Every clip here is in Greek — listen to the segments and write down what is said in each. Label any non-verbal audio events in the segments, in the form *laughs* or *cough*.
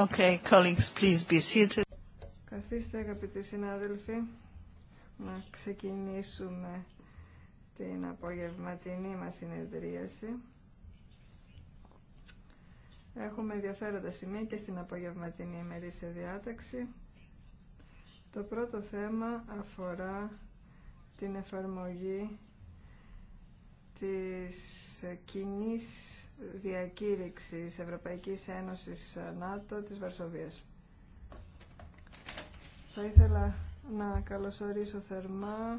Okay, colleagues, please be Καθίστε αγαπητοί συνάδελφοι, να ξεκινήσουμε την απογευματινή μας συνεδρίαση. Έχουμε ενδιαφέροντα σημεία και στην απογευματινή ημερήσια διάταξη. Το πρώτο θέμα αφορά την εφαρμογή της κοινή διακήρυξης Ευρωπαϊκής Ένωσης ΝΑΤΟ της Βαρσοβίας. Θα ήθελα να καλωσορίσω θερμά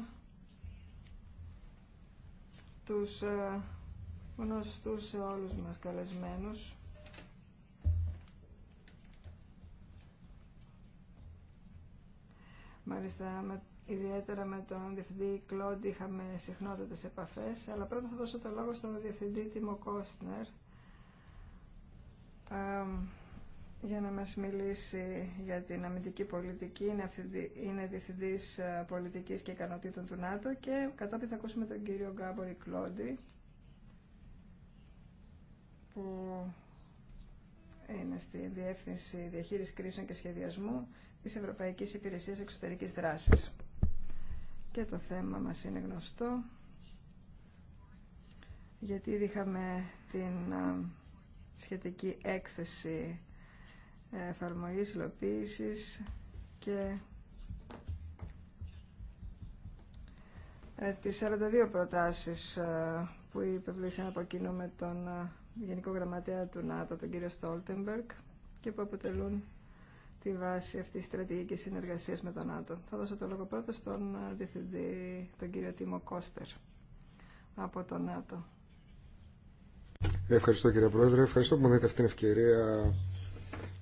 τους ε, γνωστούς σε όλους μας καλεσμένους. Μάλιστα, με Ιδιαίτερα με τον Διευθυντή Κλόντ είχαμε συχνότατες επαφές, αλλά πρώτα θα δώσω το λόγο στον Διευθυντή Τίμο Κόστνερ για να μας μιλήσει για την αμυντική πολιτική. Είναι, Διευθυντής ε, Πολιτικής και Ικανοτήτων του ΝΑΤΟ και κατόπιν θα ακούσουμε τον κύριο Γκάμπορη Κλόντι που είναι στη Διεύθυνση Διαχείρισης Κρίσεων και Σχεδιασμού της Ευρωπαϊκής Υπηρεσίας Εξωτερικής Δράσης και το θέμα μας είναι γνωστό γιατί ήδη είχαμε την σχετική έκθεση εφαρμογής υλοποίησης και ε, τις 42 προτάσεις που υπευλήσαν από κοινού με τον Γενικό Γραμματέα του ΝΑΤΟ, τον κύριο Στόλτεμπεργκ και που αποτελούν τη βάση αυτή τη στρατηγική συνεργασία με τον ΝΑΤΟ. Θα δώσω το λόγο πρώτο στον ε, διευθυντή, τον κύριο Τίμο Κώστερ από τον ΝΑΤΟ. Ευχαριστώ κύριε Πρόεδρε, ευχαριστώ που μου δίνετε αυτή την ευκαιρία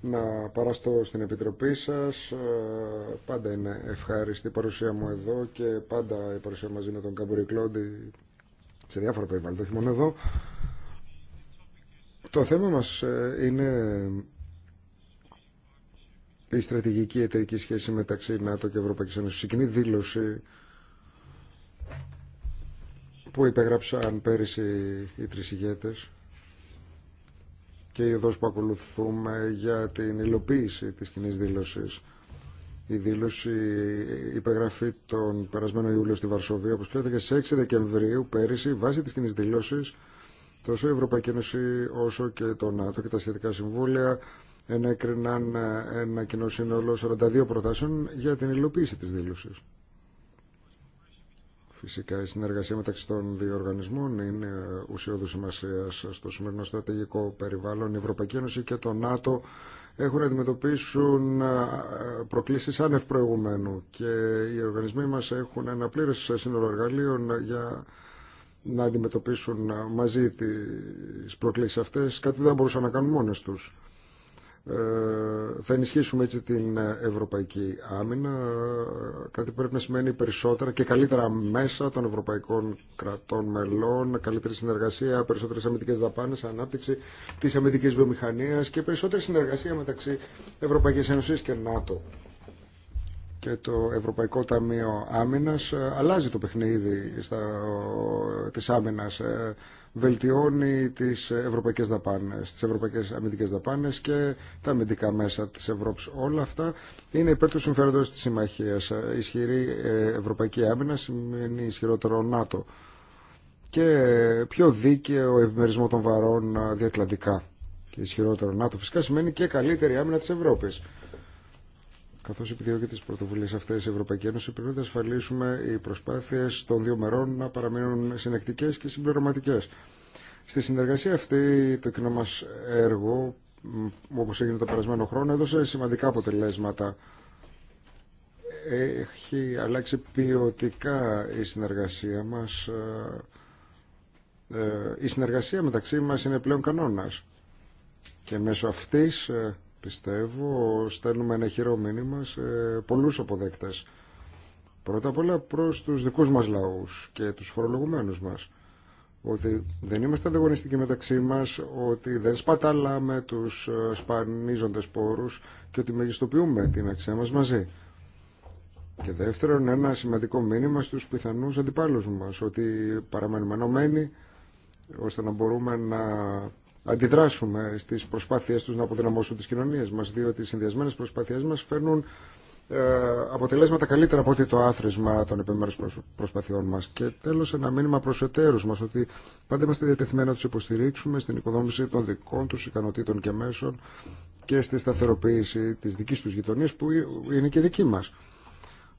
να παραστώ στην Επιτροπή σας. Ε, πάντα είναι ευχάριστη η παρουσία μου εδώ και πάντα η παρουσία μαζί με τον Καμπουρή Κλόντι σε διάφορα περιβάλλοντα, όχι μόνο εδώ. Το θέμα μας ε, είναι η στρατηγική εταιρική σχέση μεταξύ ΝΑΤΟ και Ευρωπαϊκής Ένωσης. Η κοινή δήλωση που υπεγράψαν πέρυσι οι τρεις και η οδός που ακολουθούμε για την υλοποίηση της κοινή δήλωσης. Η δήλωση υπεγραφή τον περασμένο Ιούλιο στη Βαρσοβία, όπως ξέρετε, και σε 6 Δεκεμβρίου πέρυσι, βάσει της κοινή δήλωσης, τόσο η Ευρωπαϊκή Ένωση όσο και το ΝΑΤΟ και τα σχετικά συμβούλια ενέκριναν ε, ένα κοινό σύνολο 42 προτάσεων για την υλοποίηση της δήλωσης. Φυσικά η συνεργασία μεταξύ των δύο οργανισμών είναι ουσιώδου σημασία στο σημερινό στρατηγικό περιβάλλον. Η Ευρωπαϊκή Ένωση και το ΝΑΤΟ έχουν να αντιμετωπίσουν ε, προκλήσεις άνευ προηγουμένου και οι οργανισμοί μας έχουν ένα πλήρες σύνολο εργαλείων για να αντιμετωπίσουν μαζί τις προκλήσεις αυτές, κάτι που δεν μπορούσαν να κάνουν μόνες τους. Ε, θα ενισχύσουμε έτσι την ευρωπαϊκή άμυνα, κάτι που πρέπει να σημαίνει περισσότερα και καλύτερα μέσα των ευρωπαϊκών κρατών μελών, καλύτερη συνεργασία, περισσότερες αμυντικές δαπάνες, ανάπτυξη της αμυντικής βιομηχανίας και περισσότερη συνεργασία μεταξύ Ευρωπαϊκής Ένωσης και ΝΑΤΟ και το Ευρωπαϊκό Ταμείο Άμυνας ε, αλλάζει το παιχνίδι στα, ε, της άμυνας ε, βελτιώνει τις ευρωπαϊκές δαπάνες, τις ευρωπαϊκές αμυντικές δαπάνες και τα αμυντικά μέσα της Ευρώπης. Όλα αυτά είναι υπέρ του συμφέροντος της συμμαχίας. Ισχυρή ευρωπαϊκή άμυνα σημαίνει ισχυρότερο ΝΑΤΟ και πιο δίκαιο επιμερισμό των βαρών διατλαντικά. Και ισχυρότερο ΝΑΤΟ φυσικά σημαίνει και καλύτερη άμυνα της Ευρώπης. Καθώ επιδιώκει τι πρωτοβουλίε αυτέ η Ευρωπαϊκή Ένωση, πρέπει να ασφαλίσουμε οι προσπάθειε των δύο μερών να παραμείνουν συνεκτικέ και συμπληρωματικέ. Στη συνεργασία αυτή, το κοινό μα έργο, όπω έγινε το περασμένο χρόνο, έδωσε σημαντικά αποτελέσματα. Έχει αλλάξει ποιοτικά η συνεργασία μα. Ε, ε, η συνεργασία μεταξύ μα είναι πλέον κανόνα. Και μέσω αυτής ε, πιστεύω στέλνουμε ένα χειρό μήνυμα σε πολλούς αποδέκτες. Πρώτα απ' όλα προς τους δικούς μας λαούς και τους φορολογουμένους μας. Ότι δεν είμαστε ανταγωνιστικοί μεταξύ μας, ότι δεν σπαταλάμε τους ε, σπανίζοντες πόρους και ότι μεγιστοποιούμε την αξία μας μαζί. Και δεύτερον, ένα σημαντικό μήνυμα στους πιθανούς αντιπάλους μας, ότι παραμένουμε ενωμένοι, ώστε να μπορούμε να αντιδράσουμε στις προσπάθειές τους να αποδυναμώσουν τις κοινωνίες μας, διότι οι συνδυασμένες προσπάθειές μας φέρνουν ε, αποτελέσματα καλύτερα από ότι το άθροισμα των επιμέρους προσπαθειών μας. Και τέλος ένα μήνυμα προς εταίρους μας ότι πάντα είμαστε διατεθειμένοι να τους υποστηρίξουμε στην οικοδόμηση των δικών τους ικανοτήτων και μέσων και στη σταθεροποίηση της δικής τους γειτονίας που είναι και δική μας.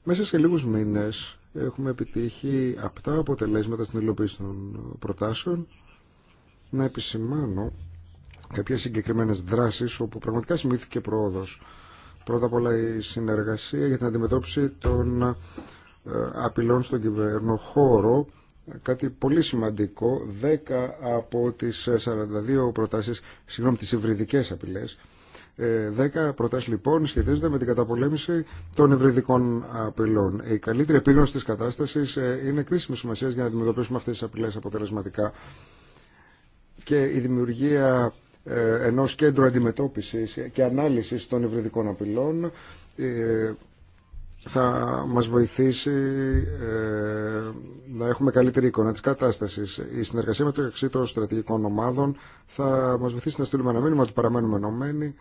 Μέσα σε λίγους μήνες έχουμε επιτύχει απτά αποτελέσματα στην υλοποίηση των προτάσεων να επισημάνω κάποιες συγκεκριμένες δράσεις όπου πραγματικά σημειώθηκε πρόοδος. Πρώτα απ' όλα η συνεργασία για την αντιμετώπιση των ε, απειλών στον κυβερνοχώρο κάτι πολύ σημαντικό 10 από τις 42 ε, προτάσεις συγγνώμη τις υβριδικές απειλές 10 ε, προτάσεις λοιπόν σχετίζονται με την καταπολέμηση των υβριδικών απειλών. Η καλύτερη επίγνωση της κατάστασης είναι κρίσιμη σημασία για να αντιμετωπίσουμε αυτές τις απειλές αποτελεσματικά και η δημιουργία ε, ενός κέντρου αντιμετώπισης και ανάλυσης των υβριδικών απειλών ε, θα μας βοηθήσει ε, να έχουμε καλύτερη εικόνα της κατάστασης. Η συνεργασία με το εξή των στρατηγικών ομάδων θα μας βοηθήσει να στείλουμε ένα μήνυμα ότι παραμένουμε ενωμένοι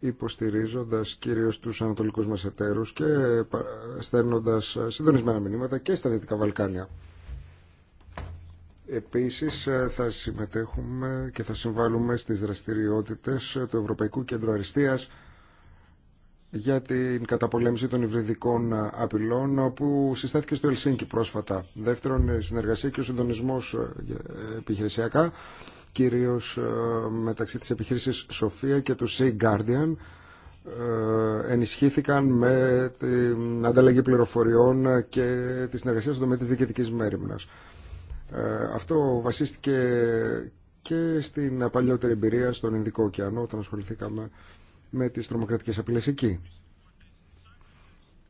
υποστηρίζοντας κυρίως τους ανατολικούς μας εταίρους και στέλνοντας συντονισμένα μηνύματα και στα Δυτικά Βαλκάνια. Επίσης ε, θα συμμετέχουμε και θα συμβάλλουμε στις δραστηριότητες του Ευρωπαϊκού Κέντρου Αριστείας για την καταπολέμηση των υβριδικών απειλών που συστάθηκε στο Ελσίνκι πρόσφατα. Δεύτερον, ε, συνεργασία και ο συντονισμός ε, επιχειρησιακά, κυρίως μεταξύ της επιχείρησης Σοφία και του Sea Guardian, ενισχύθηκαν με την ανταλλαγή πληροφοριών και τη συνεργασία στον τομέα της διοικητικής μέρημνας. Ε, αυτό βασίστηκε και στην παλιότερη εμπειρία στον Ινδικό ωκεανό όταν ασχοληθήκαμε με τις τρομοκρατικές απειλές εκεί.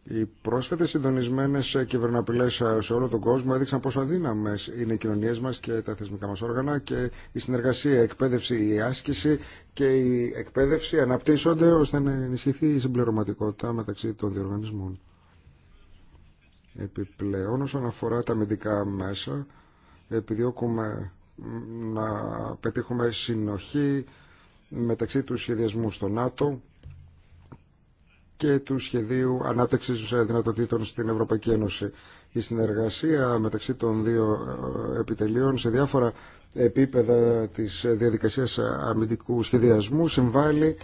Οι πρόσφατες συντονισμένες κυβερναπειλές σε όλο τον κόσμο έδειξαν πόσο αδύναμες είναι οι κοινωνίες μας και τα θεσμικά μας όργανα και η συνεργασία, η εκπαίδευση, η άσκηση και η εκπαίδευση αναπτύσσονται ώστε να ενισχυθεί η συμπληρωματικότητα μεταξύ των διοργανισμών. Επιπλέον όσον αφορά τα αμυντικά μέσα, επιδιώκουμε να πετύχουμε συνοχή μεταξύ του σχεδιασμού στο ΝΑΤΟ και του σχεδίου ανάπτυξης δυνατοτήτων στην Ευρωπαϊκή Ένωση. Η συνεργασία μεταξύ των δύο ε, επιτελείων σε διάφορα επίπεδα της διαδικασίας αμυντικού σχεδιασμού συμβάλλει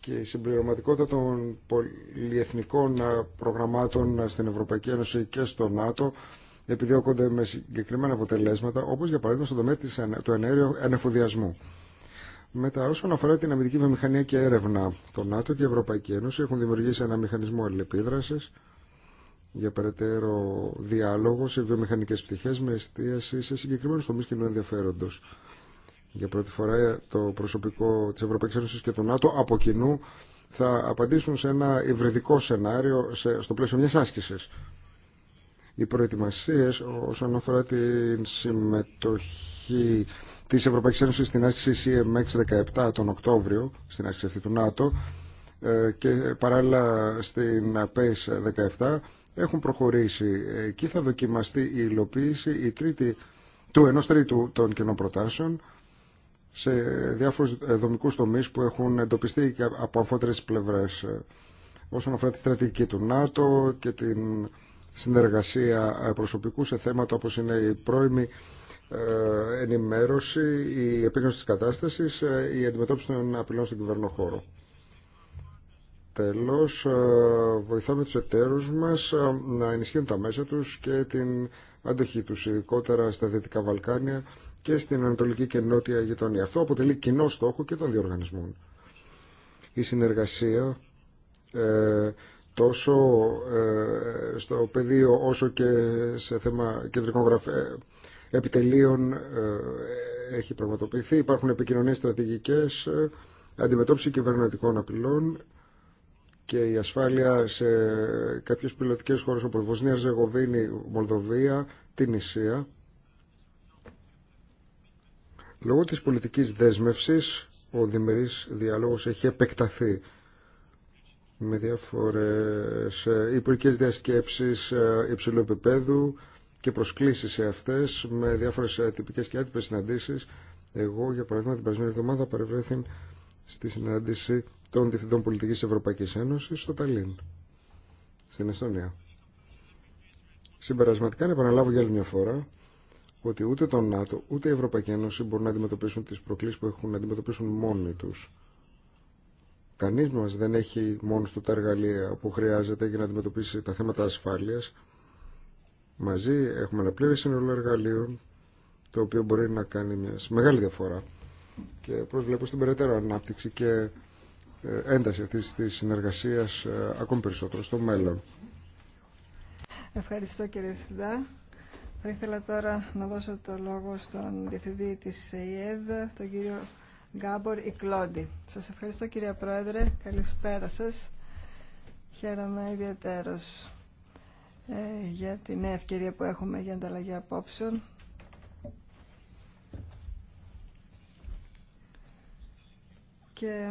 και η συμπληρωματικότητα των πολυεθνικών ε, προγραμμάτων στην Ευρωπαϊκή Ένωση και στο ΝΑΤΟ επιδιώκονται με συγκεκριμένα αποτελέσματα, όπω για παράδειγμα στον τομέα του ενέργειου ανεφοδιασμού. Μετά, όσον αφορά την αμυντική βιομηχανία και έρευνα, το ΝΑΤΟ και η Ευρωπαϊκή Ένωση έχουν δημιουργήσει ένα μηχανισμό αλληλεπίδραση για περαιτέρω διάλογο σε βιομηχανικέ πτυχέ με εστίαση σε συγκεκριμένου τομεί κοινού ενδιαφέροντο. Για πρώτη φορά, το προσωπικό τη Ευρωπαϊκή Ένωση και το ΝΑΤΟ από κοινού θα απαντήσουν σε ένα υβριδικό σενάριο στο πλαίσιο μια άσκηση οι προετοιμασίες όσον αφορά την συμμετοχή της Ευρωπαϊκής Ένωσης στην άσκηση CMX 17 τον Οκτώβριο, στην άσκηση αυτή του ΝΑΤΟ ε, και παράλληλα στην ΠΕΣ 17 έχουν προχωρήσει. Εκεί θα δοκιμαστεί η υλοποίηση η τρίτη, του ενός τρίτου των κοινών προτάσεων σε διάφορους δομικούς τομείς που έχουν εντοπιστεί από αφότερες πλευρές ε, όσον αφορά τη στρατηγική του ΝΑΤΟ και την συνεργασία προσωπικού σε θέματα όπως είναι η πρώιμη ε, ενημέρωση, η επίγνωση της κατάστασης, ε, η αντιμετώπιση των απειλών στον κυβερνοχώρο. Τέλος, ε, βοηθάμε τους εταίρους μας να ενισχύουν τα μέσα τους και την αντοχή τους, ειδικότερα στα Δυτικά Βαλκάνια και στην Ανατολική και Νότια γειτονία. Αυτό αποτελεί κοινό στόχο και των διοργανισμών. Η συνεργασία τόσο ε, στο πεδίο όσο και σε θέμα κεντρικών ε, επιτελείων ε, έχει πραγματοποιηθεί. Υπάρχουν επικοινωνίες στρατηγικές, αντιμετώπιση κυβερνητικών απειλών και η ασφάλεια σε κάποιες πιλωτικές χώρες όπως Βοσνία, Ζεγοβίνη, Μολδοβία, την Ισία. Λόγω της πολιτικής δέσμευσης ο διμερής διάλογος έχει επεκταθεί με διάφορες ε, υπουργικές διασκέψεις ε, υψηλού επίπεδου και προσκλήσεις σε αυτές με διάφορες ε, τυπικές και άτυπες συναντήσεις. Εγώ, για παράδειγμα, την περασμένη εβδομάδα παρευρέθη στη συνάντηση των Διευθυντών Πολιτικής Ευρωπαϊκής Ένωσης στο Ταλίν, στην Εστονία. Συμπερασματικά, να επαναλάβω για άλλη μια φορά ότι ούτε το ΝΑΤΟ ούτε η Ευρωπαϊκή Ένωση μπορούν να αντιμετωπίσουν τις προκλήσεις που έχουν να αντιμετωπίσουν μόνοι τους. Κανεί μας δεν έχει μόνο του τα εργαλεία που χρειάζεται για να αντιμετωπίσει τα θέματα ασφάλειας. Μαζί έχουμε ένα πλήρε σύνολο εργαλείων, το οποίο μπορεί να κάνει μια μεγάλη διαφορά. Και προσβλέπω στην περαιτέρω ανάπτυξη και ε, ένταση αυτή τη συνεργασία ε, ακόμη περισσότερο στο μέλλον. Ευχαριστώ κύριε Θηδά. Θα ήθελα τώρα να δώσω το λόγο στον Διευθυντή της ΕΙΕΔ, τον κύριο Γκάμπορ Ικλόντι. Σας ευχαριστώ κυρία Πρόεδρε, καλησπέρα σας. Χαίρομαι ιδιαίτερος ε, για την νέα ευκαιρία που έχουμε για ανταλλαγή απόψεων. Και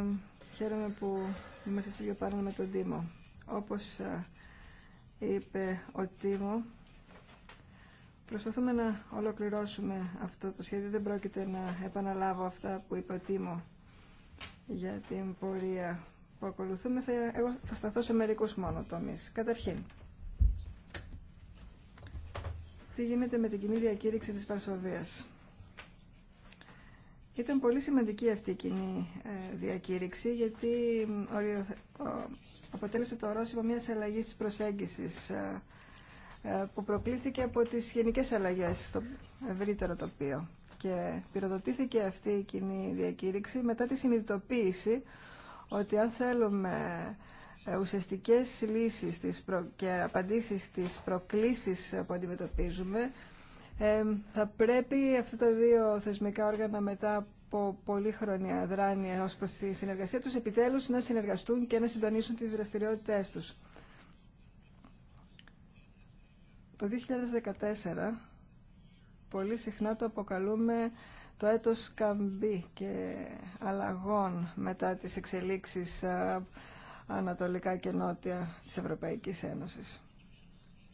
χαίρομαι που είμαστε στο ίδιο με τον Τίμο. Όπως ε, είπε ο Τίμο, Προσπαθούμε να ολοκληρώσουμε αυτό το σχέδιο. Δεν πρόκειται να επαναλάβω αυτά που είπα για την πορεία που ακολουθούμε. εγώ θα σταθώ σε μερικούς μόνο τομείς. Καταρχήν, τι γίνεται με την κοινή διακήρυξη της Παρσοβίας. Ήταν πολύ σημαντική αυτή η κοινή ε, διακήρυξη γιατί ε, αποτέλεσε το ορόσημο μιας αλλαγής της προσέγγισης ε, ε, που προκλήθηκε από τις γενικές αλλαγές στο ευρύτερο τοπίο. Και πυροδοτήθηκε αυτή η κοινή διακήρυξη μετά τη συνειδητοποίηση ότι αν θέλουμε ε, ουσιαστικές λύσεις και απαντήσεις στις προκλήσεις που αντιμετωπίζουμε, ε, θα πρέπει αυτά τα δύο θεσμικά όργανα μετά από πολύ χρόνια δράνεια ως προς τη συνεργασία τους επιτέλους να συνεργαστούν και να συντονίσουν τις δραστηριότητές τους. Το 2014 πολύ συχνά το αποκαλούμε το έτος καμπή και αλλαγών μετά τις εξελίξεις ε, ανατολικά και νότια της Ευρωπαϊκής Ένωσης.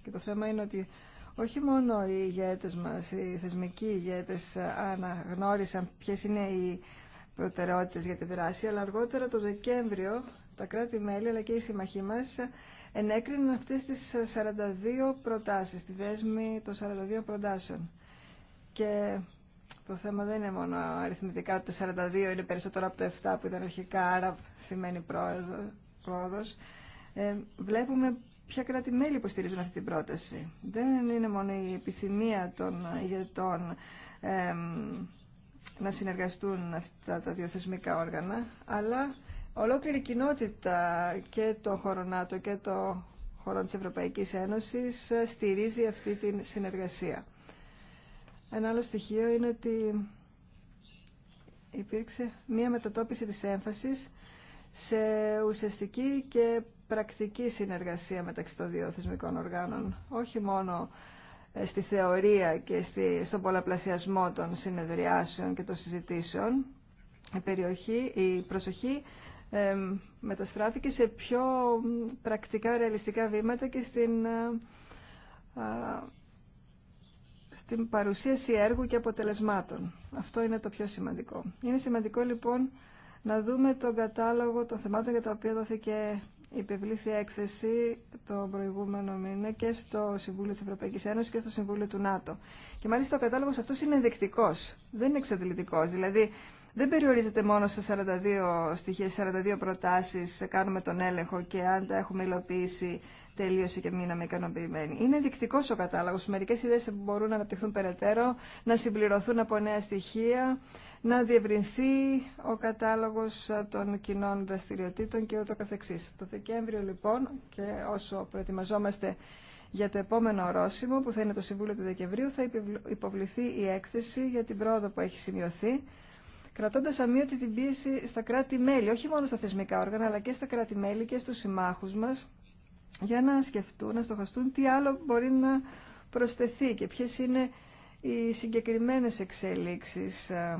Και το θέμα είναι ότι όχι μόνο οι ηγέτες μας, οι θεσμικοί ηγέτες ε, αναγνώρισαν ποιες είναι οι προτεραιότητες για τη δράση, αλλά αργότερα το Δεκέμβριο τα κράτη-μέλη αλλά και οι συμμαχοί μας ενέκριναν αυτές τις 42 προτάσεις, τη δέσμη των 42 προτάσεων. Και το θέμα δεν είναι μόνο αριθμητικά ότι τα 42 είναι περισσότερο από το 7 που ήταν αρχικά, άρα σημαίνει πρόοδο, Ε, βλέπουμε ποια κράτη-μέλη υποστηρίζουν αυτή την πρόταση. Δεν είναι μόνο η επιθυμία των ηγετών να συνεργαστούν αυτά τα δύο θεσμικά όργανα, αλλά ολόκληρη κοινότητα και το χωρονάτο και το χωρών της Ευρωπαϊκής Ένωσης ε, στηρίζει αυτή τη συνεργασία. Ένα άλλο στοιχείο είναι ότι υπήρξε μία μετατόπιση της έμφασης σε ουσιαστική και πρακτική συνεργασία μεταξύ των δύο θεσμικών οργάνων. Όχι μόνο ε, στη θεωρία και στη, στον πολλαπλασιασμό των συνεδριάσεων και των συζητήσεων. Η, περιοχή, η προσοχή μεταστράφηκε σε πιο πρακτικά ρεαλιστικά βήματα και στην, ε, στην παρουσίαση έργου και αποτελεσμάτων. Αυτό είναι το πιο σημαντικό. Είναι σημαντικό λοιπόν να δούμε τον κατάλογο των θεμάτων για τα οποία δόθηκε υπευλήθη έκθεση το προηγούμενο μήνα και στο Συμβούλιο της Ευρωπαϊκής Ένωσης και στο Συμβούλιο του ΝΑΤΟ. Και μάλιστα ο κατάλογος αυτός είναι ενδεικτικός, δεν είναι εξαντλητικός. Δηλαδή δεν περιορίζεται μόνο σε 42 στοιχεία, 42 προτάσεις, κάνουμε τον έλεγχο και αν τα έχουμε υλοποιήσει τελείωσε και μείναμε ικανοποιημένοι. Είναι δεικτικό ο κατάλογος. Μερικές ιδέες μπορούν να αναπτυχθούν περαιτέρω, να συμπληρωθούν από νέα στοιχεία, να διευρυνθεί ο κατάλογο των κοινών δραστηριοτήτων και ούτω καθεξής. Το Δεκέμβριο λοιπόν και όσο προετοιμαζόμαστε για το επόμενο ορόσημο που θα είναι το Συμβούλιο του Δεκεμβρίου θα υποβληθεί η έκθεση για την πρόοδο που έχει σημειωθεί κρατώντα αμύωτη την πίεση στα κράτη-μέλη, όχι μόνο στα θεσμικά όργανα, αλλά και στα κράτη-μέλη και στου συμμάχου μα, για να σκεφτούν, να στοχαστούν τι άλλο μπορεί να προσθεθεί και ποιε είναι οι συγκεκριμένε εξελίξει ε,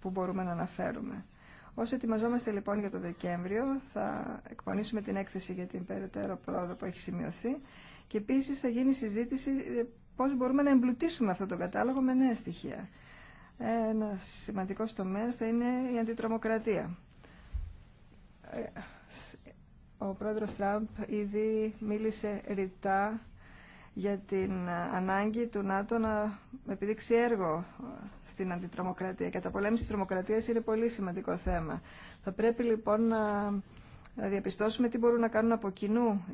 που μπορούμε να αναφέρουμε. Όσο ετοιμαζόμαστε λοιπόν για το Δεκέμβριο, θα εκπονήσουμε την έκθεση για την περαιτέρω πρόοδο που έχει σημειωθεί και επίση θα γίνει συζήτηση ε, πώς μπορούμε να εμπλουτίσουμε αυτό το κατάλογο με νέα στοιχεία. Ένα σημαντικό τομέα θα είναι η αντιτρομοκρατία. Ε, ο πρόεδρος Τραμπ ήδη μίλησε ρητά για την ανάγκη του ΝΑΤΟ να επιδείξει έργο στην αντιτρομοκρατία. Η καταπολέμηση της τρομοκρατίας είναι πολύ σημαντικό θέμα. Θα πρέπει λοιπόν να διαπιστώσουμε τι μπορούν να κάνουν από κοινού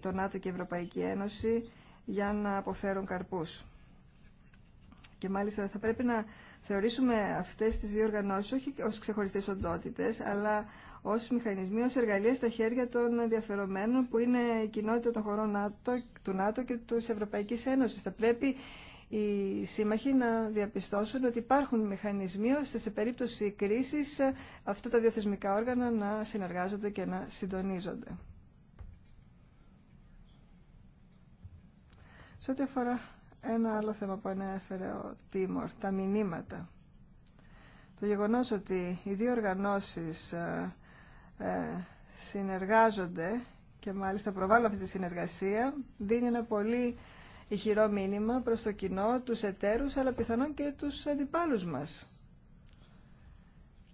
το ΝΑΤΟ και η Ευρωπαϊκή Ένωση για να αποφέρουν καρπούς. Και μάλιστα θα πρέπει να θεωρήσουμε αυτές τις δύο οργανώσεις όχι ως ξεχωριστές οντότητες, αλλά ως μηχανισμοί, ως εργαλεία στα χέρια των ενδιαφερομένων που είναι η κοινότητα των χωρών του ΝΑΤΟ και της Ευρωπαϊκής Ένωσης. Θα πρέπει οι σύμμαχοι να διαπιστώσουν ότι υπάρχουν μηχανισμοί ώστε σε περίπτωση κρίσης αυτά τα διαθεσμικά όργανα να συνεργάζονται και να συντονίζονται. Σε ό,τι αφορά ένα άλλο θέμα που ανέφερε ο Τίμορ, τα μηνύματα. Το γεγονός ότι οι δύο οργανώσεις ε, ε, συνεργάζονται και μάλιστα προβάλλουν αυτή τη συνεργασία δίνει ένα πολύ ηχηρό μήνυμα προς το κοινό, τους εταίρους αλλά πιθανόν και τους αντιπάλους μας.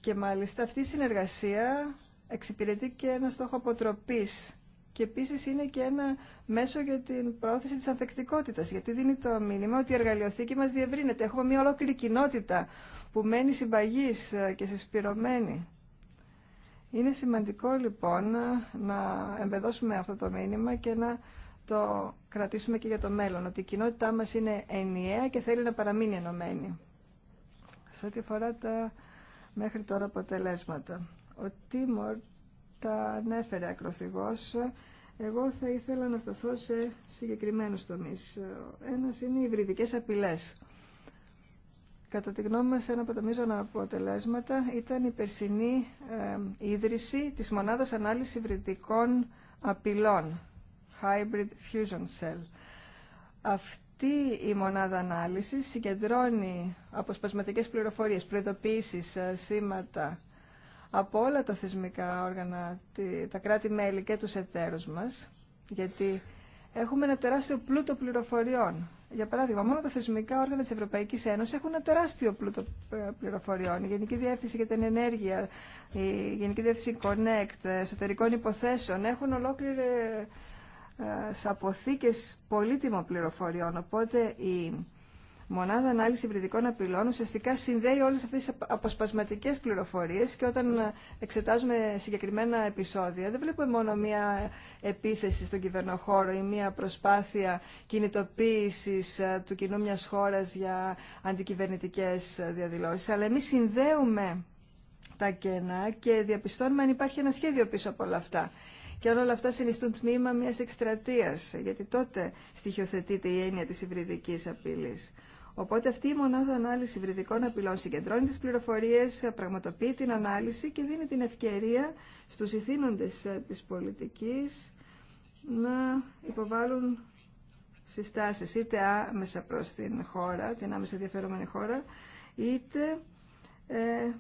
Και μάλιστα αυτή η συνεργασία εξυπηρετεί και ένα στόχο αποτροπής και επίσης είναι και ένα μέσο για την πρόθεση της ανθεκτικότητας, γιατί δίνει το μήνυμα ότι η εργαλειοθήκη μας διευρύνεται. Έχουμε μια ολόκληρη κοινότητα που μένει συμπαγής ε, και συσπηρωμένη. Είναι σημαντικό λοιπόν να εμπεδώσουμε αυτό το μήνυμα και να το κρατήσουμε και για το μέλλον, ότι η κοινότητά μας είναι ενιαία και θέλει να παραμείνει ενωμένη. Σε ό,τι αφορά τα μέχρι τώρα αποτελέσματα. Ο τα ανέφερε ακροθυγός. Εγώ θα ήθελα να σταθώ σε συγκεκριμένους τομείς. Ένας είναι οι υβριδικές απειλές. Κατά τη γνώμη μας, ένα από τα μείζωνα αποτελέσματα ήταν η περσινή ίδρυση της μονάδας ανάλυσης υβριδικών απειλών, Hybrid Fusion Cell. Αυτή η μονάδα ανάλυσης συγκεντρώνει αποσπασματικές πληροφορίες, προειδοποιήσεις, ε, σήματα, από όλα τα θεσμικά όργανα, τα κράτη-μέλη και τους εταίρους μας, γιατί έχουμε ένα τεράστιο πλούτο πληροφοριών. Για παράδειγμα, μόνο τα θεσμικά όργανα της Ευρωπαϊκής Ένωσης έχουν ένα τεράστιο πλούτο ε, πληροφοριών. Η Γενική Διεύθυνση για την Ενέργεια, η Γενική Διεύθυνση Connect, ε, εσωτερικών υποθέσεων, έχουν ολόκληρες ε, αποθήκες πολύτιμων πληροφοριών. Οπότε η μονάδα ανάλυση υβριδικών απειλών ουσιαστικά συνδέει όλες αυτές τις αποσπασματικές πληροφορίες και όταν ε, εξετάζουμε συγκεκριμένα επεισόδια δεν βλέπουμε μόνο μία επίθεση στον κυβερνοχώρο ή μία προσπάθεια κινητοποίησης ε, του κοινού μιας χώρας για αντικυβερνητικές ε, διαδηλώσεις αλλά εμείς συνδέουμε τα κενά και διαπιστώνουμε αν υπάρχει ένα σχέδιο πίσω από όλα αυτά και αν όλα αυτά συνιστούν τμήμα μιας εκστρατείας γιατί τότε στοιχειοθετείται η έννοια τη υβριδικής απειλή. Οπότε αυτή η μονάδα ανάλυση βρυδικών απειλών συγκεντρώνει τι πληροφορίε, πραγματοποιεί την ανάλυση και δίνει την ευκαιρία στους ηθήνοντε ε, τη πολιτική να υποβάλουν συστάσεις είτε άμεσα προς την χώρα, την άμεσα ενδιαφερόμενη χώρα, είτε ε, ε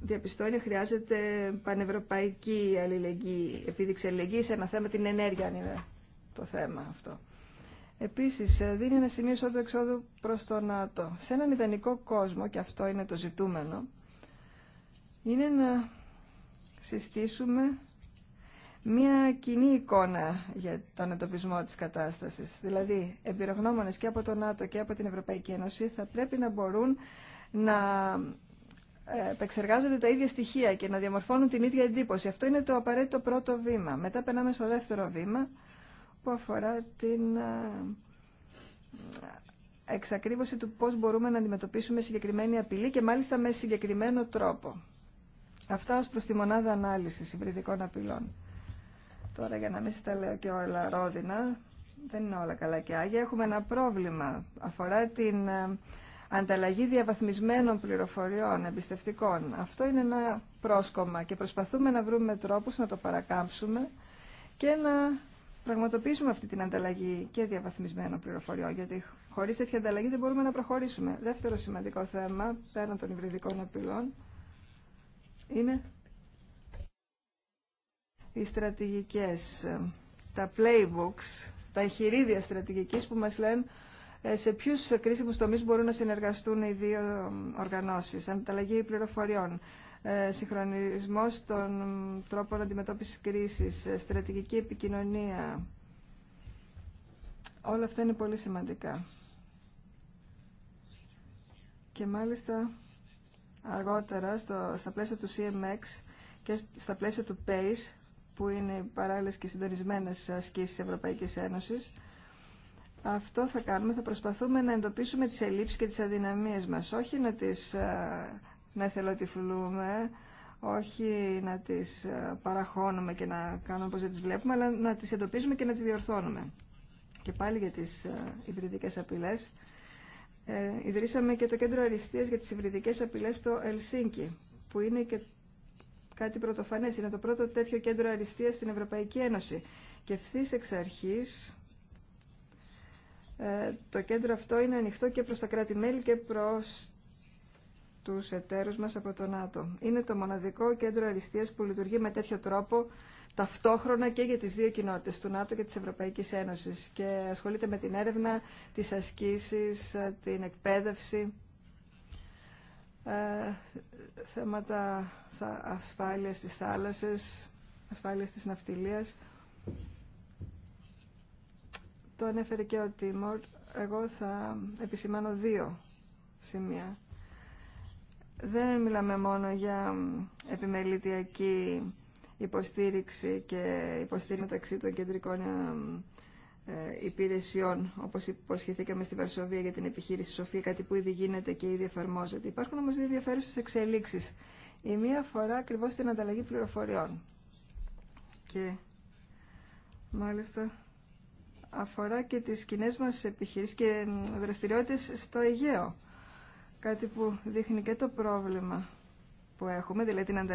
διαπιστώνει χρειάζεται πανευρωπαϊκή αλληλεγγύη, επίδειξη αλληλεγγύη σε ένα θέμα, την ενέργεια αν είναι το θέμα αυτό. Επίσης, ε, δίνει ένα σημείο εισόδου-εξόδου προς το ΝΑΤΟ. Σε έναν ιδανικό κόσμο, και αυτό είναι το ζητούμενο, είναι να συστήσουμε μία κοινή εικόνα για τον εντοπισμό της κατάστασης. Δηλαδή, εμπειρογνώμονες και από το ΝΑΤΟ και από την Ευρωπαϊκή Ένωση θα πρέπει να μπορούν να ε, επεξεργάζονται τα ίδια στοιχεία και να διαμορφώνουν την ίδια εντύπωση. Αυτό είναι το απαραίτητο πρώτο βήμα. Μετά περνάμε στο δεύτερο βήμα, που αφορά την ε, εξακρίβωση του πώς μπορούμε να αντιμετωπίσουμε συγκεκριμένη απειλή και μάλιστα με συγκεκριμένο τρόπο. Αυτά ως προς τη μονάδα ανάλυσης υβριδικών απειλών. Τώρα για να μην στα λέω και όλα ρόδινα, δεν είναι όλα καλά και άγια. Έχουμε ένα πρόβλημα. Αφορά την ε, ανταλλαγή διαβαθμισμένων πληροφοριών, εμπιστευτικών. Αυτό είναι ένα πρόσκομα και προσπαθούμε να βρούμε τρόπους να το παρακάμψουμε και να πραγματοποιήσουμε αυτή την ανταλλαγή και διαβαθμισμένων πληροφοριών, γιατί χωρί τέτοια ανταλλαγή δεν μπορούμε να προχωρήσουμε. Δεύτερο σημαντικό θέμα, πέραν των υβριδικών απειλών, είναι οι στρατηγικές, τα playbooks, τα εγχειρίδια στρατηγικής που μας λένε ε, σε ποιους κρίσιμους τομείς μπορούν να συνεργαστούν οι δύο οργανώσεις, ανταλλαγή πληροφοριών, ε, συγχρονισμός των τρόπων αντιμετώπισης κρίσης, ε, στρατηγική επικοινωνία. Όλα αυτά είναι πολύ σημαντικά. Και μάλιστα αργότερα στο, στα πλαίσια του CMX και στα πλαίσια του PACE, που είναι οι παράλληλες και συντονισμένες ασκήσεις της Ευρωπαϊκής Ένωσης, αυτό θα κάνουμε, θα προσπαθούμε να εντοπίσουμε τις ελλείψεις και τις αδυναμίες μας, όχι να τις ε, να θελοτυφλούμε, όχι να τις ε, παραχώνουμε και να κάνουμε όπως δεν τις βλέπουμε, αλλά να τις εντοπίζουμε και να τις διορθώνουμε. Και πάλι για τις ε, υβριδικές απειλές, ε, ιδρύσαμε και το Κέντρο Αριστείας για τις υβριδικές απειλές στο Ελσίνκι, που είναι και κάτι πρωτοφανέ. Είναι το πρώτο τέτοιο κέντρο αριστείας στην Ευρωπαϊκή Ένωση. Και ευθύ εξ αρχή ε, το κέντρο αυτό είναι ανοιχτό και προ τα κράτη-μέλη και προς τους εταίρους μας από τον ΝΑΤΟ. Είναι το μοναδικό κέντρο αριστείας που λειτουργεί με τέτοιο τρόπο ταυτόχρονα και για τις δύο κοινότητες, του ΝΑΤΟ και της Ευρωπαϊκής Ένωσης και ασχολείται με την έρευνα, τις ασκήσεις, την εκπαίδευση, ε, θέματα ασφάλεια τη θάλασσα, ασφάλεια τη ναυτιλίας. Το ανέφερε και ο Τίμορ. Εγώ θα επισημάνω δύο σημεία δεν μιλάμε μόνο για επιμελητιακή υποστήριξη και υποστήριξη μεταξύ των κεντρικών ε, υπηρεσιών, όπως υποσχεθήκαμε στη Βαρσοβία για την επιχείρηση Σοφία, κάτι που ήδη γίνεται και ήδη εφαρμόζεται. Υπάρχουν όμως δύο ενδιαφέρουσε εξελίξεις. Η μία αφορά ακριβώς την ανταλλαγή πληροφοριών. Και μάλιστα αφορά και τις κοινέ μας επιχειρήσεις και δραστηριότητες στο Αιγαίο κάτι που δείχνει και το πρόβλημα που έχουμε, δηλαδή την ε,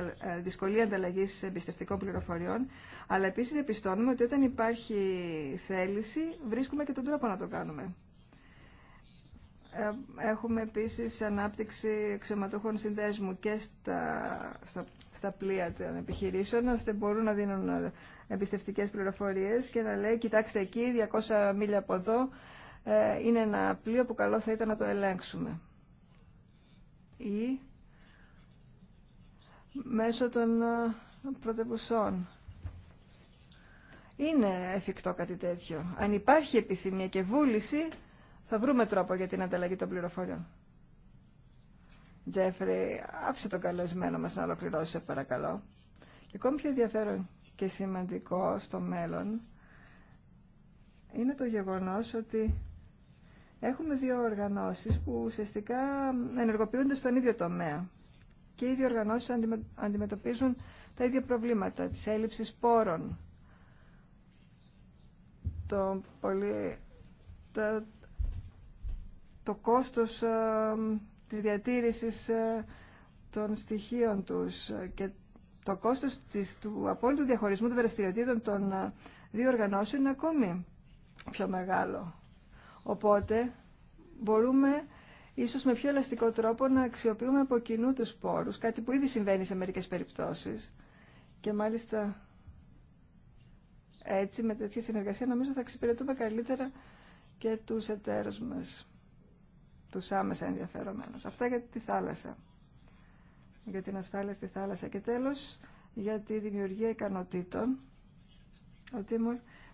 δυσκολία ανταλλαγή εμπιστευτικών πληροφοριών, αλλά επίσης διαπιστώνουμε ότι όταν υπάρχει θέληση βρίσκουμε και τον τρόπο να το κάνουμε. Ε, έχουμε επίσης ανάπτυξη εξωματοχών συνδέσμου και στα, στα, στα πλοία των επιχειρήσεων, ώστε μπορούν να δίνουν ε, εμπιστευτικές πληροφορίες και να λέει, κοιτάξτε εκεί, 200 μίλια από εδώ, είναι ένα πλοίο που καλό θα ήταν να το ελέγξουμε ή μέσω των ε, πρωτευουσών. Είναι εφικτό κάτι τέτοιο. Αν υπάρχει επιθυμία και βούληση, θα βρούμε τρόπο για την ανταλλαγή των πληροφοριών. Τζέφρι, άφησε τον καλεσμένο μας να ολοκληρώσει, παρακαλώ. Και ακόμη πιο ενδιαφέρον και σημαντικό στο μέλλον είναι το γεγονός ότι Έχουμε δύο οργανώσεις που ουσιαστικά ενεργοποιούνται στον ίδιο τομέα και οι δύο οργανώσεις αντιμετωπίζουν τα ίδια προβλήματα της έλλειψης πόρων, το, πολύ, το, το κόστος ε, της διατήρησης ε, των στοιχείων τους και το κόστος του απόλυτου διαχωρισμού των δραστηριοτήτων των ε, δύο οργανώσεων είναι ακόμη πιο μεγάλο. Οπότε μπορούμε ίσως με πιο ελαστικό τρόπο να αξιοποιούμε από κοινού τους πόρου, κάτι που ήδη συμβαίνει σε μερικές περιπτώσεις. Και μάλιστα έτσι με τέτοια συνεργασία νομίζω θα εξυπηρετούμε καλύτερα και τους εταίρους μας, τους άμεσα ενδιαφερομένους. Αυτά για τη θάλασσα, για την ασφάλεια στη θάλασσα. Και τέλος, για τη δημιουργία ικανοτήτων. Ο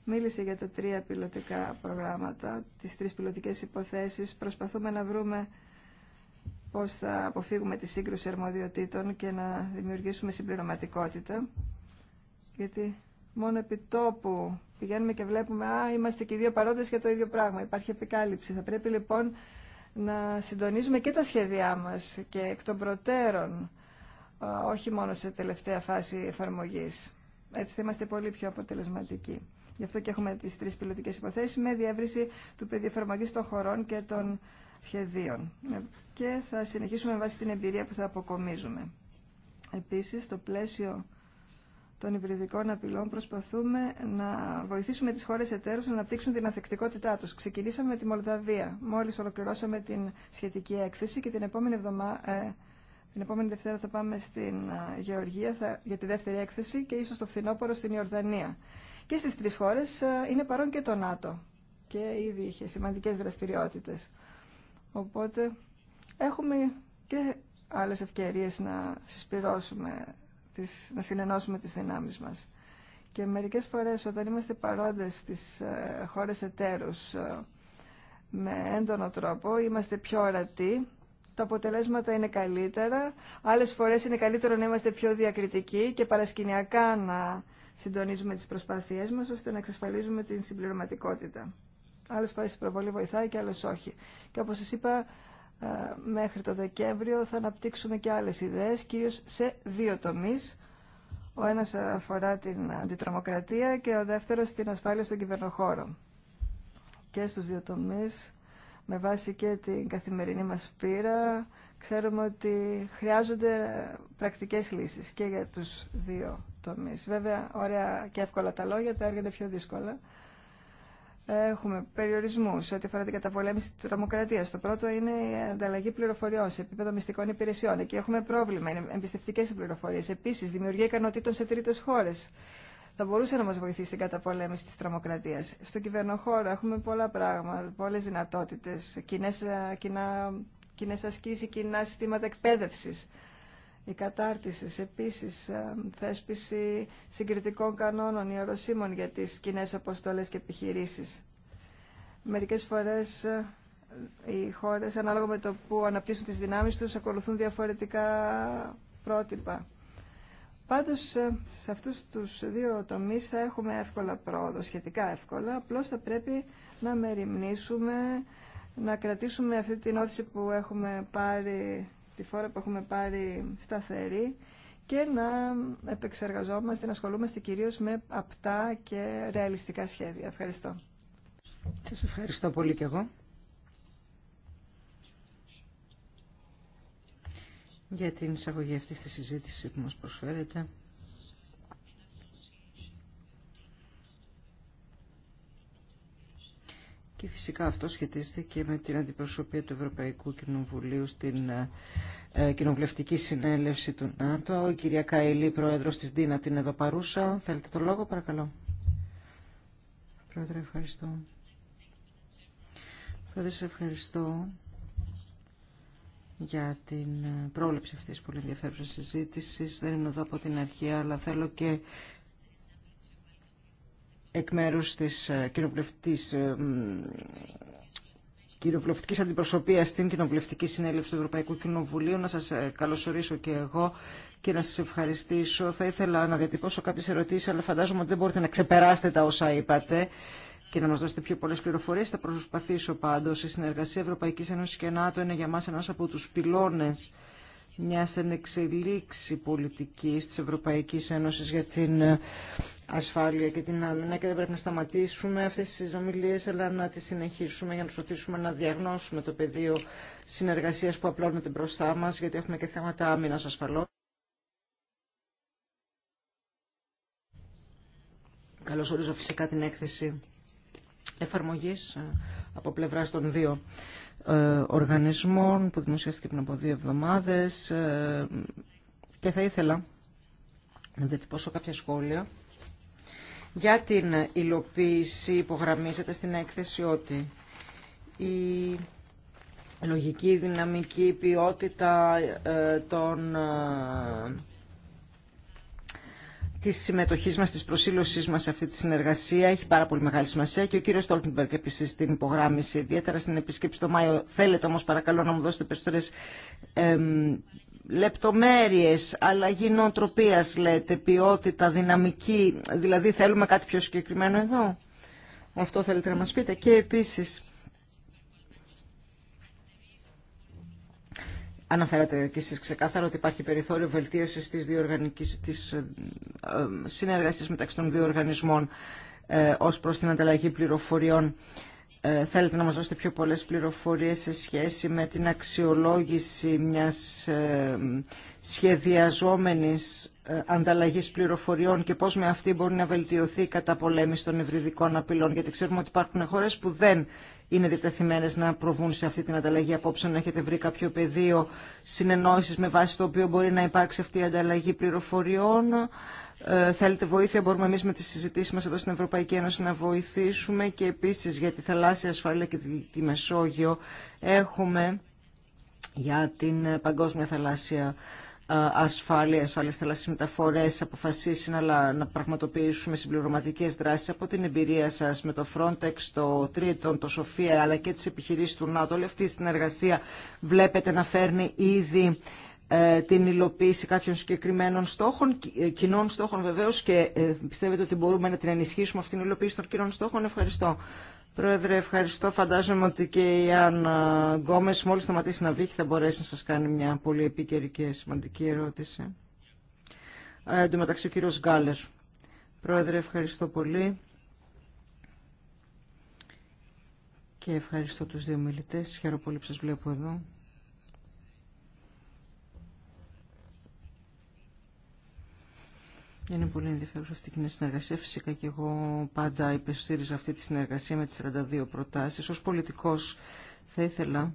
μίλησε για τα τρία πιλωτικά προγράμματα, τις τρεις πιλωτικές υποθέσεις. Προσπαθούμε να βρούμε πώς θα αποφύγουμε τη σύγκρουση αρμοδιοτήτων και να δημιουργήσουμε συμπληρωματικότητα. Γιατί μόνο επί τόπου πηγαίνουμε και βλέπουμε «Α, είμαστε και οι δύο παρόντες για το ίδιο πράγμα». Υπάρχει επικάλυψη. Θα πρέπει λοιπόν να συντονίζουμε και τα σχέδιά μας και εκ των προτέρων, όχι μόνο σε τελευταία φάση εφαρμογής. Έτσι θα είμαστε πολύ πιο αποτελεσματικοί. Γι' αυτό και έχουμε τι τρει πιλωτικέ υποθέσει με διεύρυνση του πεδίου των χωρών και των σχεδίων. Και θα συνεχίσουμε με βάση την εμπειρία που θα αποκομίζουμε. Επίση, στο πλαίσιο των υπηρετικών απειλών προσπαθούμε να βοηθήσουμε τι χώρε εταίρου να αναπτύξουν την αθεκτικότητά του. Ξεκινήσαμε με τη Μολδαβία. Μόλι ολοκληρώσαμε την σχετική έκθεση και την επόμενη, εβδομάδα. Ε, την επόμενη Δευτέρα θα πάμε στην ε, Γεωργία για τη δεύτερη έκθεση και ίσως το φθινόπωρο στην Ιορδανία. Και στις τρεις χώρες ε, είναι παρόν και το ΝΑΤΟ και ήδη είχε σημαντικές δραστηριότητες. Οπότε έχουμε και άλλες ευκαιρίες να συσπυρώσουμε, τις, να συνενώσουμε τις δυνάμεις μας. Και μερικές φορές όταν είμαστε παρόντες στις ε, χώρες εταίρους ε, με έντονο τρόπο, είμαστε πιο ορατοί, τα αποτελέσματα είναι καλύτερα, άλλες φορές είναι καλύτερο να είμαστε πιο διακριτικοί και παρασκηνιακά να συντονίζουμε τις προσπάθειές μας ώστε να εξασφαλίζουμε την συμπληρωματικότητα. Άλλε φορές η προβολή βοηθάει και άλλε όχι. Και όπως σας είπα, ε, μέχρι το Δεκέμβριο θα αναπτύξουμε και άλλες ιδέες, κυρίως σε δύο τομείς. Ο ένας αφορά την αντιτρομοκρατία και ο δεύτερος την ασφάλεια στον κυβερνοχώρο. Και στους δύο τομείς, με βάση και την καθημερινή μας πείρα, ξέρουμε ότι χρειάζονται πρακτικές λύσεις και για τους δύο Βέβαια, ωραία και εύκολα τα λόγια, τα έργα είναι πιο δύσκολα. Έχουμε περιορισμού ό,τι αφορά την καταπολέμηση τη τρομοκρατία. Το πρώτο είναι η ανταλλαγή πληροφοριών σε επίπεδο μυστικών υπηρεσιών. Εκεί έχουμε πρόβλημα. Είναι εμπιστευτικέ οι πληροφορίε. Επίση, δημιουργία ικανοτήτων σε τρίτε χώρε. Θα μπορούσε να μα βοηθήσει στην καταπολέμηση τη τρομοκρατία. Στον κυβερνοχώρο έχουμε πολλά πράγματα, πολλέ δυνατότητε, κοινέ ε, ασκήσει, κοινά συστήματα εκπαίδευση η κατάρτιση, επίσης ε, θέσπιση συγκριτικών κανόνων ή για τις κοινέ αποστολές και επιχειρήσεις. Μερικές φορές ε, οι χώρες, ανάλογα με το που αναπτύσσουν τις δυνάμεις τους, ακολουθούν διαφορετικά πρότυπα. Πάντως, ε, σε αυτούς τους δύο τομείς θα έχουμε εύκολα πρόοδο, σχετικά εύκολα, απλώς θα πρέπει να μεριμνήσουμε, να κρατήσουμε αυτή την όθηση που έχουμε πάρει τη φόρα που έχουμε πάρει σταθερή και να επεξεργαζόμαστε, να ασχολούμαστε κυρίως με απτά και ρεαλιστικά σχέδια. Ευχαριστώ. Σας ευχαριστώ πολύ και εγώ. για την εισαγωγή αυτής της συζήτησης που μας προσφέρετε. Και φυσικά αυτό σχετίζεται και με την αντιπροσωπεία του Ευρωπαϊκού Κοινοβουλίου στην ε, Κοινοβουλευτική Συνέλευση του ΝΑΤΟ. Η κυρία Καηλή, πρόεδρος της ΔΥΝΑ, την εδώ παρούσα. Θέλετε το λόγο, παρακαλώ. Πρόεδρε, ευχαριστώ. Πρόεδρε, σε ευχαριστώ για την ε, πρόληψη αυτής της πολύ ενδιαφέρουσα συζήτηση. Δεν είμαι εδώ από την αρχή, αλλά θέλω και εκ μέρου τη ε, κοινοβουλευτική ε, αντιπροσωπεία στην κοινοβουλευτική συνέλευση του Ευρωπαϊκού Κοινοβουλίου. Να σα ε, καλωσορίσω και εγώ και να σα ευχαριστήσω. Θα ήθελα να διατυπώσω κάποιε ερωτήσει, αλλά φαντάζομαι ότι δεν μπορείτε να ξεπεράσετε τα όσα είπατε και να μα δώσετε πιο πολλέ πληροφορίε. Θα προσπαθήσω πάντω. Η συνεργασία Ευρωπαϊκή Ένωση και ΝΑΤΟ είναι για μα ένα από του πυλώνε μια ενεξελίξη πολιτική τη Ευρωπαϊκή Ένωση για την ασφάλεια και την άμυνα και δεν πρέπει να σταματήσουμε αυτές τις ομιλίες αλλά να τις συνεχίσουμε για να προσπαθήσουμε να διαγνώσουμε το πεδίο συνεργασίας που απλώνεται μπροστά μας γιατί έχουμε και θέματα άμυνας ασφαλών. Καλώς ορίζω φυσικά την έκθεση εφαρμογής ε, από πλευράς των δύο ε, οργανισμών που δημοσιεύτηκε πριν από δύο εβδομάδες ε, και θα ήθελα να διατυπώσω κάποια σχόλια για την υλοποίηση υπογραμμίζεται στην έκθεση ότι η λογική, δυναμική, ποιότητα ε, των ε, τη συμμετοχή μα, τη προσήλωσή μα σε αυτή τη συνεργασία έχει πάρα πολύ μεγάλη σημασία και ο κύριος Στόλτενμπεργκ επίση την υπογράμμισε, ιδιαίτερα στην επίσκεψη το Μάιο. Θέλετε όμως παρακαλώ, να μου δώσετε περισσότερε λεπτομέρειες, αλλαγή νοοτροπίας λέτε, ποιότητα, δυναμική, δηλαδή θέλουμε κάτι πιο συγκεκριμένο εδώ. Αυτό θέλετε να μας πείτε. Και επίσης, αναφέρατε και εσείς ξεκάθαρα ότι υπάρχει περιθώριο βελτίωσης της, διοργανικής, της ε, συνεργασίας μεταξύ των δύο οργανισμών ε, ως προς την ανταλλαγή πληροφοριών. Ε, θέλετε να μας δώσετε πιο πολλές πληροφορίες σε σχέση με την αξιολόγηση μιας ε, σχεδιαζόμενης ε, ανταλλαγής πληροφοριών και πώς με αυτή μπορεί να βελτιωθεί η καταπολέμηση των ευρυδικών απειλών, γιατί ξέρουμε ότι υπάρχουν χώρες που δεν είναι διτεθειμένες να προβούν σε αυτή την ανταλλαγή απόψε, να έχετε βρει κάποιο πεδίο συνεννόησης με βάση το οποίο μπορεί να υπάρξει αυτή η ανταλλαγή πληροφοριών. Ε, θέλετε βοήθεια, μπορούμε εμεί με τι συζητήσει μα εδώ στην Ευρωπαϊκή Ένωση να βοηθήσουμε και επίση για τη θαλάσσια ασφάλεια και τη, Μεσόγειο έχουμε για την παγκόσμια θαλάσσια ε, ασφάλεια, ασφάλεια θαλάσσιες μεταφορές, αποφασίσει να, να πραγματοποιήσουμε συμπληρωματικές δράσεις από την εμπειρία σας με το Frontex, το Τρίτον, το Σοφία αλλά και τις επιχειρήσεις του ΝΑΤΟ. Όλη αυτή η συνεργασία βλέπετε να φέρνει ήδη ε, την υλοποίηση κάποιων συγκεκριμένων στόχων, ε, κοινών στόχων βεβαίω. και ε, πιστεύετε ότι μπορούμε να την ενισχύσουμε αυτήν την υλοποίηση των κοινών στόχων. Ευχαριστώ. Πρόεδρε, ευχαριστώ. Φαντάζομαι ότι και η Αν Γκόμε, μόλις σταματήσει να βγει θα μπορέσει να σα κάνει μια πολύ επίκαιρη και σημαντική ερώτηση. Ε, εν τω μεταξύ ο κύριο Γκάλερ. Πρόεδρε, ευχαριστώ πολύ. Και ευχαριστώ τους δύο μιλητές. Χαίρομαι πολύ που σας βλέπω εδώ. Είναι πολύ ενδιαφέρουσα αυτή η συνεργασία. Φυσικά και εγώ πάντα υπεστήριζα αυτή τη συνεργασία με τις 42 προτάσεις. Ως πολιτικός θα ήθελα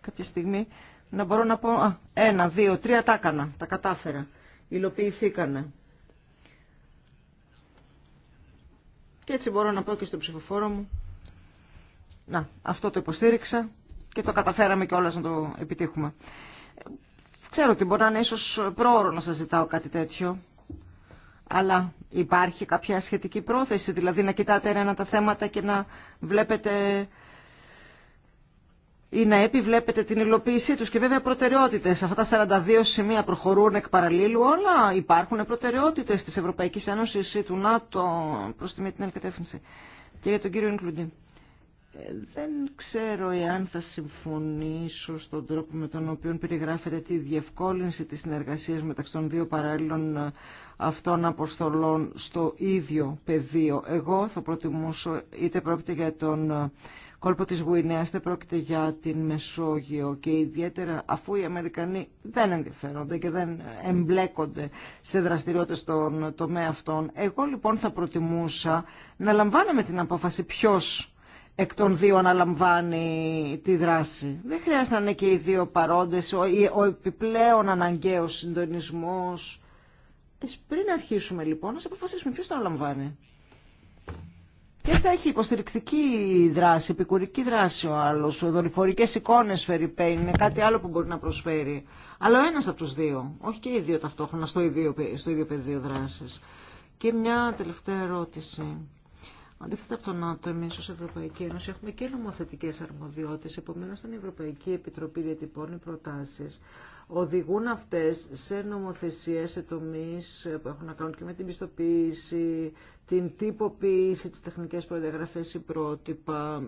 κάποια στιγμή να μπορώ να πω α, ένα, δύο, τρία τα έκανα, τα κατάφερα, υλοποιηθήκανε. Και έτσι μπορώ να πω και στο ψηφοφόρο μου, να, αυτό το υποστήριξα και το καταφέραμε και όλα να το επιτύχουμε. Ξέρω ότι μπορεί να είναι ίσως πρόωρο να σας ζητάω κάτι τέτοιο. Αλλά υπάρχει κάποια σχετική πρόθεση, δηλαδή να κοιτάτε ένα τα θέματα και να βλέπετε ή να επιβλέπετε την υλοποίησή τους. Και βέβαια προτεραιότητες. Αυτά τα 42 σημεία προχωρούν εκ παραλίλου όλα. Υπάρχουν προτεραιότητες της Ευρωπαϊκής Ένωσης ή του ΝΑΤΟ προς τη μία την άλλη Και για τον κύριο Ινκλουντή δεν ξέρω εάν θα συμφωνήσω στον τρόπο με τον οποίο περιγράφεται τη διευκόλυνση της συνεργασίας μεταξύ των δύο παράλληλων ε, αυτών αποστολών στο ίδιο πεδίο. Εγώ θα προτιμούσω είτε πρόκειται για τον ε, κόλπο της Γουινέας, είτε πρόκειται για την Μεσόγειο και ιδιαίτερα αφού οι Αμερικανοί δεν ενδιαφέρονται και δεν εμπλέκονται σε δραστηριότητες στον τομέα αυτών. Εγώ λοιπόν θα προτιμούσα να λαμβάνουμε την απόφαση ποιος εκ των δύο αναλαμβάνει τη δράση. Δεν χρειάζεται να είναι και οι δύο παρόντες, ο, επιπλέον αναγκαίος συντονισμός. Πριν αρχίσουμε λοιπόν, να αποφασίσουμε ποιος το αναλαμβάνει. Και θα έχει υποστηρικτική δράση, επικουρική δράση ο άλλος, δορυφορικές εικόνες φέρει είναι κάτι άλλο που μπορεί να προσφέρει. Αλλά ο ένας από τους δύο, όχι και οι δύο ταυτόχρονα στο ίδιο, πεδίο δράσης. Και μια τελευταία ερώτηση Αντίθετα από τον ΝΑΤΟ, εμεί ω Ευρωπαϊκή Ένωση έχουμε και νομοθετικέ αρμοδιότητε. Επομένω, όταν η Ευρωπαϊκή Επιτροπή διατυπώνει προτάσει, οδηγούν αυτέ σε νομοθεσίε, σε τομεί που έχουν να κάνουν και με την πιστοποίηση, την τυποποίηση, τι τεχνικέ προδιαγραφέ ή πρότυπα.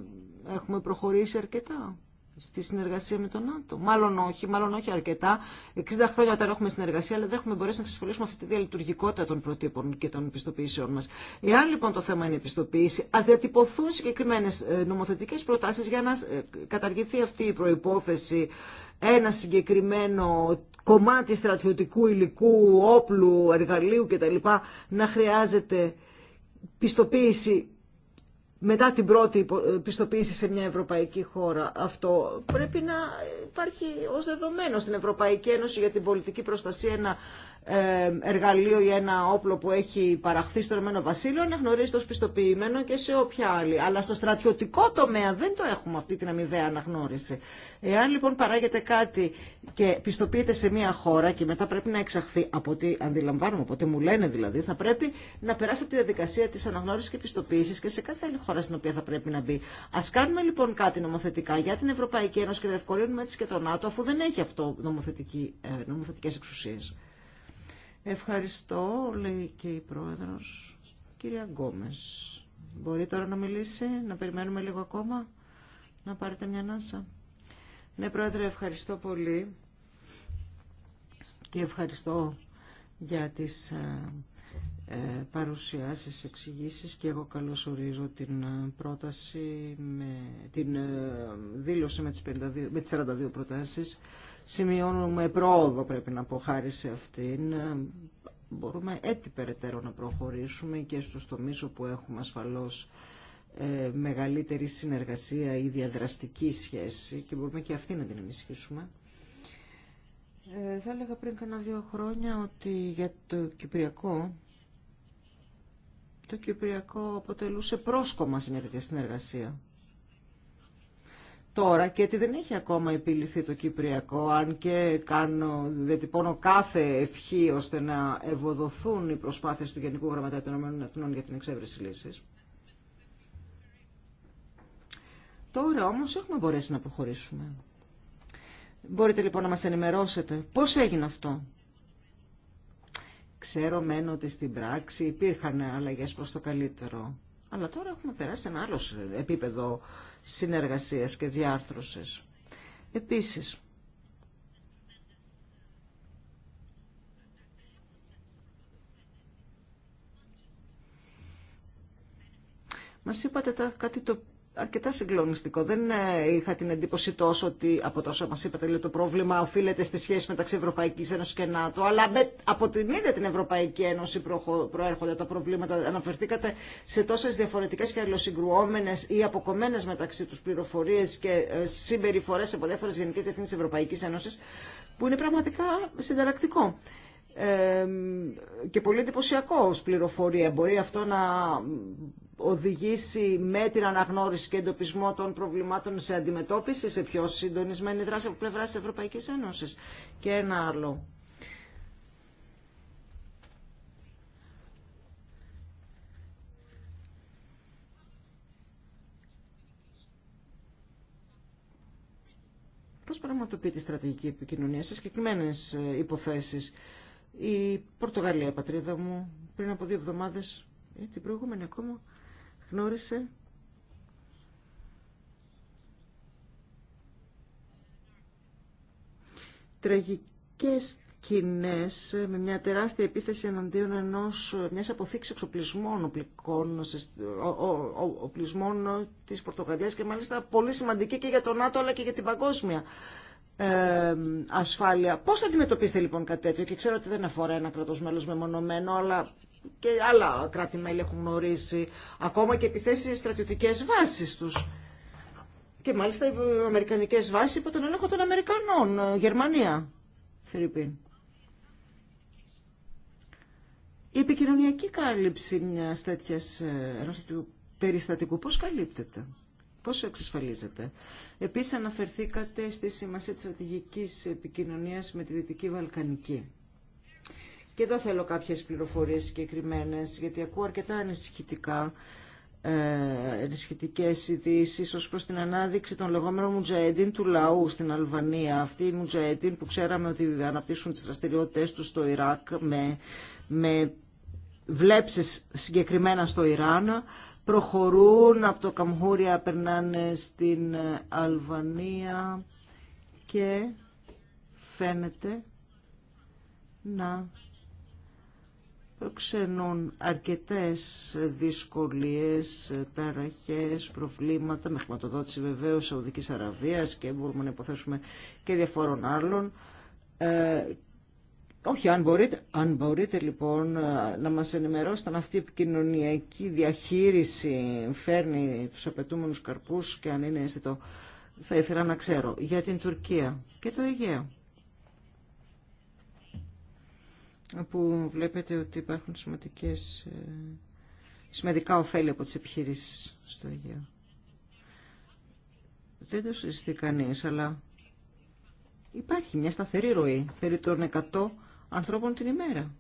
Έχουμε προχωρήσει αρκετά στη συνεργασία με τον ΝΑΤΟ. Μάλλον όχι, μάλλον όχι αρκετά. 60 χρόνια τώρα έχουμε συνεργασία, αλλά δεν έχουμε μπορέσει να εξασφαλίσουμε αυτή τη διαλειτουργικότητα των προτύπων και των πιστοποιήσεων μα. Εάν λοιπόν το θέμα είναι η πιστοποίηση, α διατυπωθούν συγκεκριμένε ε, νομοθετικέ προτάσει για να ε, καταργηθεί αυτή η προπόθεση ένα συγκεκριμένο κομμάτι στρατιωτικού υλικού, όπλου, εργαλείου κτλ. να χρειάζεται πιστοποίηση μετά την πρώτη ε, πιστοποίηση σε μια ευρωπαϊκή χώρα. Αυτό πρέπει να υπάρχει ως δεδομένο στην Ευρωπαϊκή Ένωση για την πολιτική προστασία ένα ε, εργαλείο ή ένα όπλο που έχει παραχθεί στο Ρωμένο Βασίλειο να γνωρίζεται ως πιστοποιημένο και σε όποια άλλη. Αλλά στο στρατιωτικό τομέα δεν το έχουμε αυτή την αμοιβαία αναγνώριση. Εάν λοιπόν παράγεται κάτι και πιστοποιείται σε μια χώρα και μετά πρέπει να εξαχθεί από ό,τι αντιλαμβάνομαι, από ό,τι μου λένε δηλαδή, θα πρέπει να περάσει από τη διαδικασία της αναγνώρισης και πιστοποίησης και σε κάθε άλλη χώρα στην οποία θα πρέπει να μπει. Ας κάνουμε λοιπόν κάτι νομοθετικά για την Ευρωπαϊκή Ένωση και διευκολύνουμε έτσι και τον ΝΑΤΟ αφού δεν έχει αυτό ε, νομοθετικές εξουσίες. Ευχαριστώ, λέει και η Πρόεδρος. Κυρία Γκόμες, μπορεί τώρα να μιλήσει, να περιμένουμε λίγο ακόμα, να πάρετε μια ανάσα. Ναι, Πρόεδρε, ευχαριστώ πολύ και ευχαριστώ για τις ε, ε παρουσιάσεις, εξηγήσει και εγώ καλωσορίζω την ε, πρόταση, με, την ε, δήλωση με τις, 52, με τις 42 προτάσεις σημειώνουμε πρόοδο πρέπει να πω χάρη σε αυτήν. Μπορούμε έτσι περαιτέρω να προχωρήσουμε και στους τομείς όπου έχουμε ασφαλώς ε, μεγαλύτερη συνεργασία ή διαδραστική σχέση και μπορούμε και αυτή να την ενισχύσουμε. Ε, θα έλεγα πριν κάνα δύο χρόνια ότι για το Κυπριακό το Κυπριακό αποτελούσε πρόσκομα στην συνεργασία τώρα και ότι δεν έχει ακόμα επιληθεί το Κυπριακό, αν και κάνω, διατυπώνω κάθε ευχή ώστε να ευοδοθούν οι προσπάθειες του Γενικού Γραμματέα των Εθνών για την εξέβρεση λύσης. Τώρα όμως έχουμε μπορέσει να προχωρήσουμε. Μπορείτε λοιπόν να μας ενημερώσετε πώς έγινε αυτό. Ξέρω μένω ότι στην πράξη υπήρχαν αλλαγές προς το καλύτερο. Αλλά τώρα έχουμε περάσει ένα άλλο επίπεδο συνεργασίας και διάρθρωσης. Επίσης, Μας είπατε τα, κάτι το αρκετά συγκλονιστικό. Δεν ε, είχα την εντύπωση τόσο ότι από τόσο μα είπατε λέει, το πρόβλημα οφείλεται στη σχέση μεταξύ Ευρωπαϊκή Ένωση και ΝΑΤΟ, αλλά με, από την ίδια την Ευρωπαϊκή Ένωση προέρχονται τα προβλήματα. Αναφερθήκατε σε τόσε διαφορετικέ και αλληλοσυγκρουόμενε ή αποκομμένε μεταξύ του πληροφορίε και ε, συμπεριφορέ από διάφορε γενικέ διευθύνσει Ευρωπαϊκής Ευρωπαϊκή Ένωση, που είναι πραγματικά συνταρακτικό. Ε, και πολύ εντυπωσιακό ω πληροφορία. Μπορεί αυτό να οδηγήσει με την αναγνώριση και εντοπισμό των προβλημάτων σε αντιμετώπιση, σε πιο συντονισμένη δράση από πλευρά τη Ευρωπαϊκή Ένωση. Και ένα άλλο. Πώς πραγματοποιεί τη στρατηγική επικοινωνία σε συγκεκριμένε ε, υποθέσεις. Η Πορτογαλία, πατρίδα μου, πριν από δύο εβδομάδες, την προηγούμενη ακόμα, γνώρισε τραγικές σκηνές με μια τεράστια επίθεση εναντίον ενός, μιας αποθήκης εξοπλισμών οπλικών, οπλισμών της Πορτογαλίας και μάλιστα πολύ σημαντική και για τον ΝΑΤΟ αλλά και για την παγκόσμια ε, ασφάλεια. Πώς θα αντιμετωπίσετε λοιπόν κάτι τέτοιο και ξέρω ότι δεν αφορά ένα κρατός μέλος μεμονωμένο αλλά και άλλα κράτη-μέλη έχουν γνωρίσει, ακόμα και επιθέσει σε στρατιωτικές βάσεις τους. Και μάλιστα οι αμερικανικέ βάσει υπό τον έλεγχο των Αμερικανών, ε, Γερμανία, Φιλιππίν. Η επικοινωνιακή κάλυψη μια τέτοια ε, περιστατικού Πώ καλύπτεται. Πόσο εξασφαλίζεται. Επίσης αναφερθήκατε στη σημασία της στρατηγικής επικοινωνίας με τη Δυτική Βαλκανική. Και εδώ θέλω κάποιες πληροφορίες συγκεκριμένε, γιατί ακούω αρκετά ανησυχητικά ενισχυτικές ειδήσει ως προς την ανάδειξη των λεγόμενων μουτζαέντιν του λαού στην Αλβανία. Αυτοί οι μουτζαέντιν που ξέραμε ότι αναπτύσσουν τις δραστηριότητε τους στο Ιράκ με, με βλέψεις συγκεκριμένα στο Ιράν, προχωρούν από το Καμχούρια, περνάνε στην Αλβανία και φαίνεται να Ξενών αρκετές δυσκολίες, ταραχές, προβλήματα με χρηματοδότηση βεβαίως Σαουδικής Αραβίας και μπορούμε να υποθέσουμε και διαφόρων άλλων. Ε, όχι, αν μπορείτε, αν λοιπόν ε, να μας ενημερώσετε αν αυτή η επικοινωνιακή διαχείριση φέρνει τους απαιτούμενους καρπούς και αν είναι αίσθητο, θα ήθελα να ξέρω, για την Τουρκία και το Αιγαίο. όπου βλέπετε ότι υπάρχουν σημαντικές, ε, σημαντικά ωφέλη από τις επιχειρήσεις στο Αιγαίο. Δεν το συζητεί κανείς, αλλά υπάρχει μια σταθερή ροή περί των 100 ανθρώπων την ημέρα.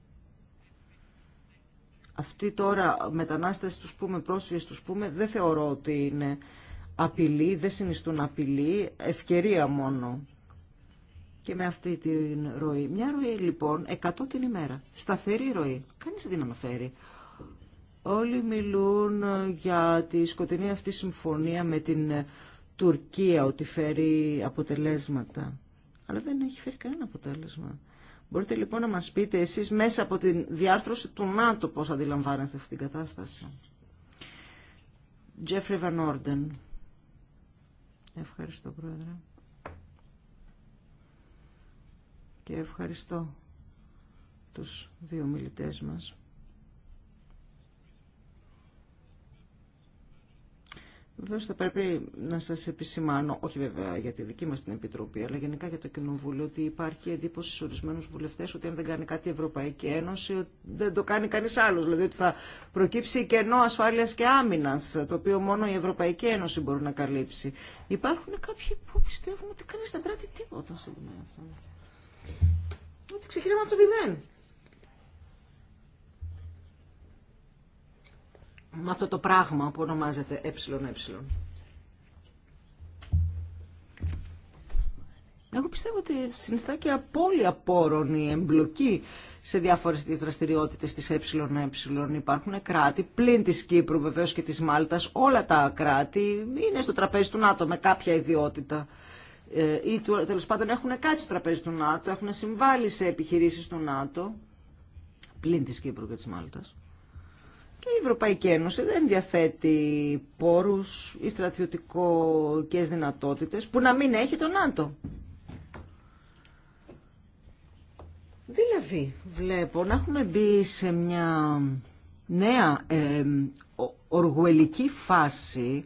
Αυτοί τώρα μετανάστες τους πούμε, πρόσφυγες τους πούμε, δεν θεωρώ ότι είναι απειλή, δεν συνιστούν απειλή, ευκαιρία μόνο και με αυτή την ροή. Μια ροή λοιπόν 100 την ημέρα. Σταθερή ροή. Κανείς δεν την αναφέρει. Όλοι μιλούν ε, για τη σκοτεινή αυτή συμφωνία με την ε, Τουρκία ότι φέρει αποτελέσματα. Αλλά δεν έχει φέρει κανένα αποτέλεσμα. Μπορείτε λοιπόν να μας πείτε εσείς μέσα από τη διάρθρωση του ΝΑΤΟ πώς αντιλαμβάνεστε αυτή την κατάσταση. Τζέφρι Ευχαριστώ πρόεδρε. ευχαριστώ τους δύο μιλητές μας. Βεβαίω θα πρέπει να σας επισημάνω, όχι βέβαια για τη δική μας την Επιτροπή, αλλά γενικά για το Κοινοβούλιο, ότι υπάρχει εντύπωση στους ορισμένους βουλευτές ότι αν δεν κάνει κάτι η Ευρωπαϊκή Ένωση, δεν το κάνει κανείς άλλος. Δηλαδή ότι θα προκύψει κενό ασφάλειας και άμυνας, το οποίο μόνο η Ευρωπαϊκή Ένωση μπορεί να καλύψει. Υπάρχουν κάποιοι που πιστεύουν ότι κανείς δεν πράττει τίποτα σε αυτό. Ότι ξεκινάμε από το μηδέν. Με αυτό το πράγμα που ονομάζεται ε. ε. Εγώ πιστεύω ότι συνιστά και απόλυτη πόρων η εμπλοκή σε διάφορε δραστηριότητε τη ΕΕ. Υπάρχουν κράτη, πλην τη Κύπρου βεβαίω και τη Μάλτα, όλα τα κράτη είναι στο τραπέζι του ΝΑΤΟ με κάποια ιδιότητα. Ε, ή τέλο πάντων έχουν κάτσει στο τραπέζι του ΝΑΤΟ, έχουν συμβάλει σε επιχειρήσεις του ΝΑΤΟ, πλην της Κύπρου και της Μάλτας. Και η Ευρωπαϊκή Ένωση δεν διαθέτει πόρους ή στρατιωτικές δυνατότητες που να μην έχει το ΝΑΤΟ. Δηλαδή, βλέπω να έχουμε μπει σε μια νέα ε, οργουελική φάση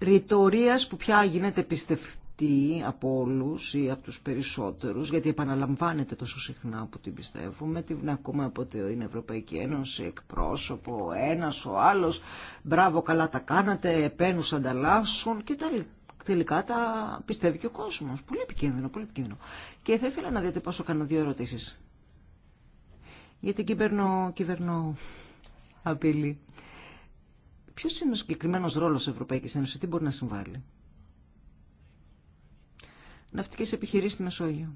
ρητορίας που πια γίνεται πιστευτή γιατί από όλου ή από του περισσότερου, γιατί επαναλαμβάνεται τόσο συχνά που την πιστεύουμε, την ακούμε από την Ευρωπαϊκή Ένωση, εκπρόσωπο, ένα ο άλλο, μπράβο καλά τα κάνατε, επένου ανταλλάσσουν και Τελικά τα πιστεύει και ο κόσμο. Πολύ επικίνδυνο, πολύ επικίνδυνο. Και θα ήθελα να δείτε πόσο δύο ερωτήσει. Για την κυβερνό, κυβερνό απειλή. είναι ο συγκεκριμένο ρόλο τη Ευρωπαϊκή Ένωση, τι μπορεί να συμβάλλει ναυτικές επιχειρήσεις στη Μεσόγειο.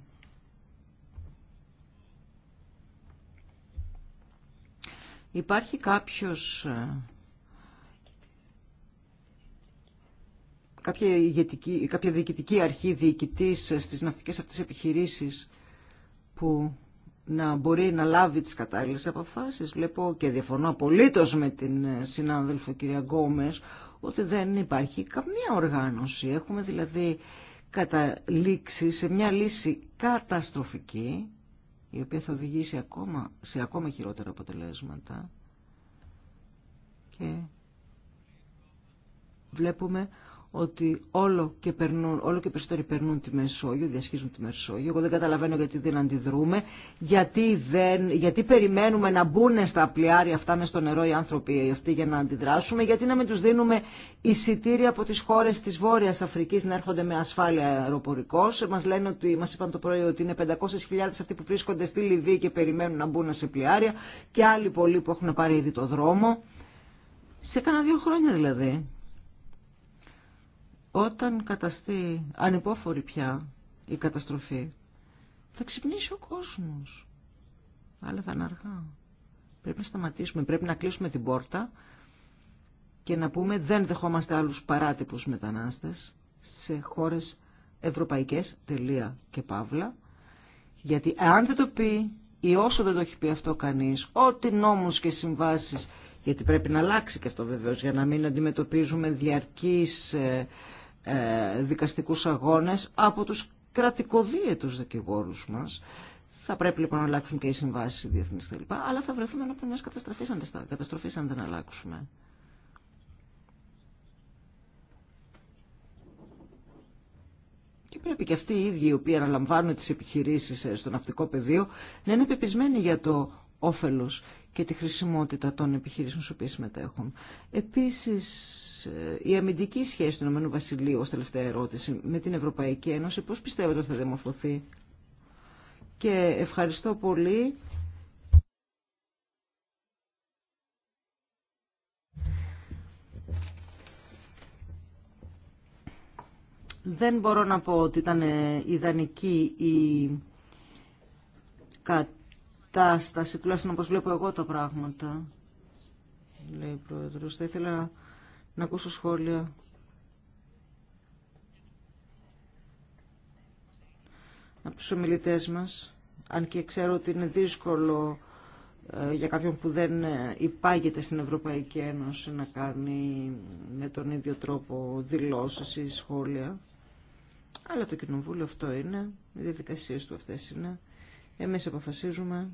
Υπάρχει κάποιος, ε, κάποια, ηγετική, διοικητική αρχή διοικητής στις ναυτικές αυτές επιχειρήσεις που να μπορεί να λάβει τις κατάλληλες αποφάσεις. Βλέπω και διαφωνώ απολύτως με την ε, συνάδελφο κυρία Γκόμες ότι δεν υπάρχει καμία οργάνωση. Έχουμε δηλαδή καταλήξει σε μια λύση καταστροφική, η οποία θα οδηγήσει ακόμα, σε ακόμα χειρότερα αποτελέσματα. Και βλέπουμε ότι όλο και, περνούν, όλο και περισσότεροι περνούν τη Μεσόγειο, διασχίζουν τη Μεσόγειο. Εγώ δεν καταλαβαίνω γιατί δεν αντιδρούμε, γιατί, δεν, γιατί περιμένουμε να μπουν στα πλοιάρια αυτά με στο νερό οι άνθρωποι αυτοί για να αντιδράσουμε, γιατί να μην τους δίνουμε εισιτήρια από τις χώρες της Βόρειας Αφρικής να έρχονται με ασφάλεια αεροπορικός. Μας λένε ότι, μας είπαν το πρωί ότι είναι 500.000 αυτοί που βρίσκονται στη Λιβύη και περιμένουν να μπουν σε πλοιάρια και άλλοι πολλοί που έχουν πάρει ήδη το δρόμο. Σε κάνα δύο χρόνια δηλαδή όταν καταστεί ανυπόφορη πια η καταστροφή, θα ξυπνήσει ο κόσμος. Αλλά θα είναι αργά. Πρέπει να σταματήσουμε, πρέπει να κλείσουμε την πόρτα και να πούμε δεν δεχόμαστε άλλους παράτυπους μετανάστες σε χώρες ευρωπαϊκές, τελεία και παύλα, γιατί αν δεν το πει ή όσο δεν το έχει πει αυτό κανείς, ό,τι νόμους και συμβάσεις, γιατί πρέπει να αλλάξει και αυτό βεβαίως για να μην αντιμετωπίζουμε διαρκείς ε, ε, δικαστικούς αγώνες από τους κρατικοδίαιτους δικηγόρους μας. Θα πρέπει λοιπόν να αλλάξουν και οι συμβάσει διεθνεί κλπ. Αλλά θα βρεθούμε από μια καταστροφή αν δεν αλλάξουμε. Και πρέπει και αυτοί οι ίδιοι οι οποίοι αναλαμβάνουν τις επιχειρήσεις ε, στο ναυτικό πεδίο να είναι πεπισμένοι για το όφελο και τη χρησιμότητα των επιχειρήσεων στις οποίες συμμετέχουν. Επίσης, ε, η αμυντική σχέση του Ηνωμένου Βασιλείου, ως τελευταία ερώτηση, με την Ευρωπαϊκή Ένωση, πώς πιστεύετε ότι θα διαμορφωθεί. Και ευχαριστώ πολύ. Δεν μπορώ να πω ότι ήταν ε, ιδανική η κατάσταση, τουλάχιστον όπως βλέπω εγώ τα πράγματα, λέει η Πρόεδρος. Θα ήθελα να, ακούσω σχόλια. από τους ομιλητές μας, αν και ξέρω ότι είναι δύσκολο ε, για κάποιον που δεν ε, υπάγεται στην Ευρωπαϊκή Ένωση να κάνει με τον ίδιο τρόπο δηλώσεις ή σχόλια. Αλλά το Κοινοβούλιο αυτό είναι, οι διαδικασίες του αυτές είναι. Εμείς αποφασίζουμε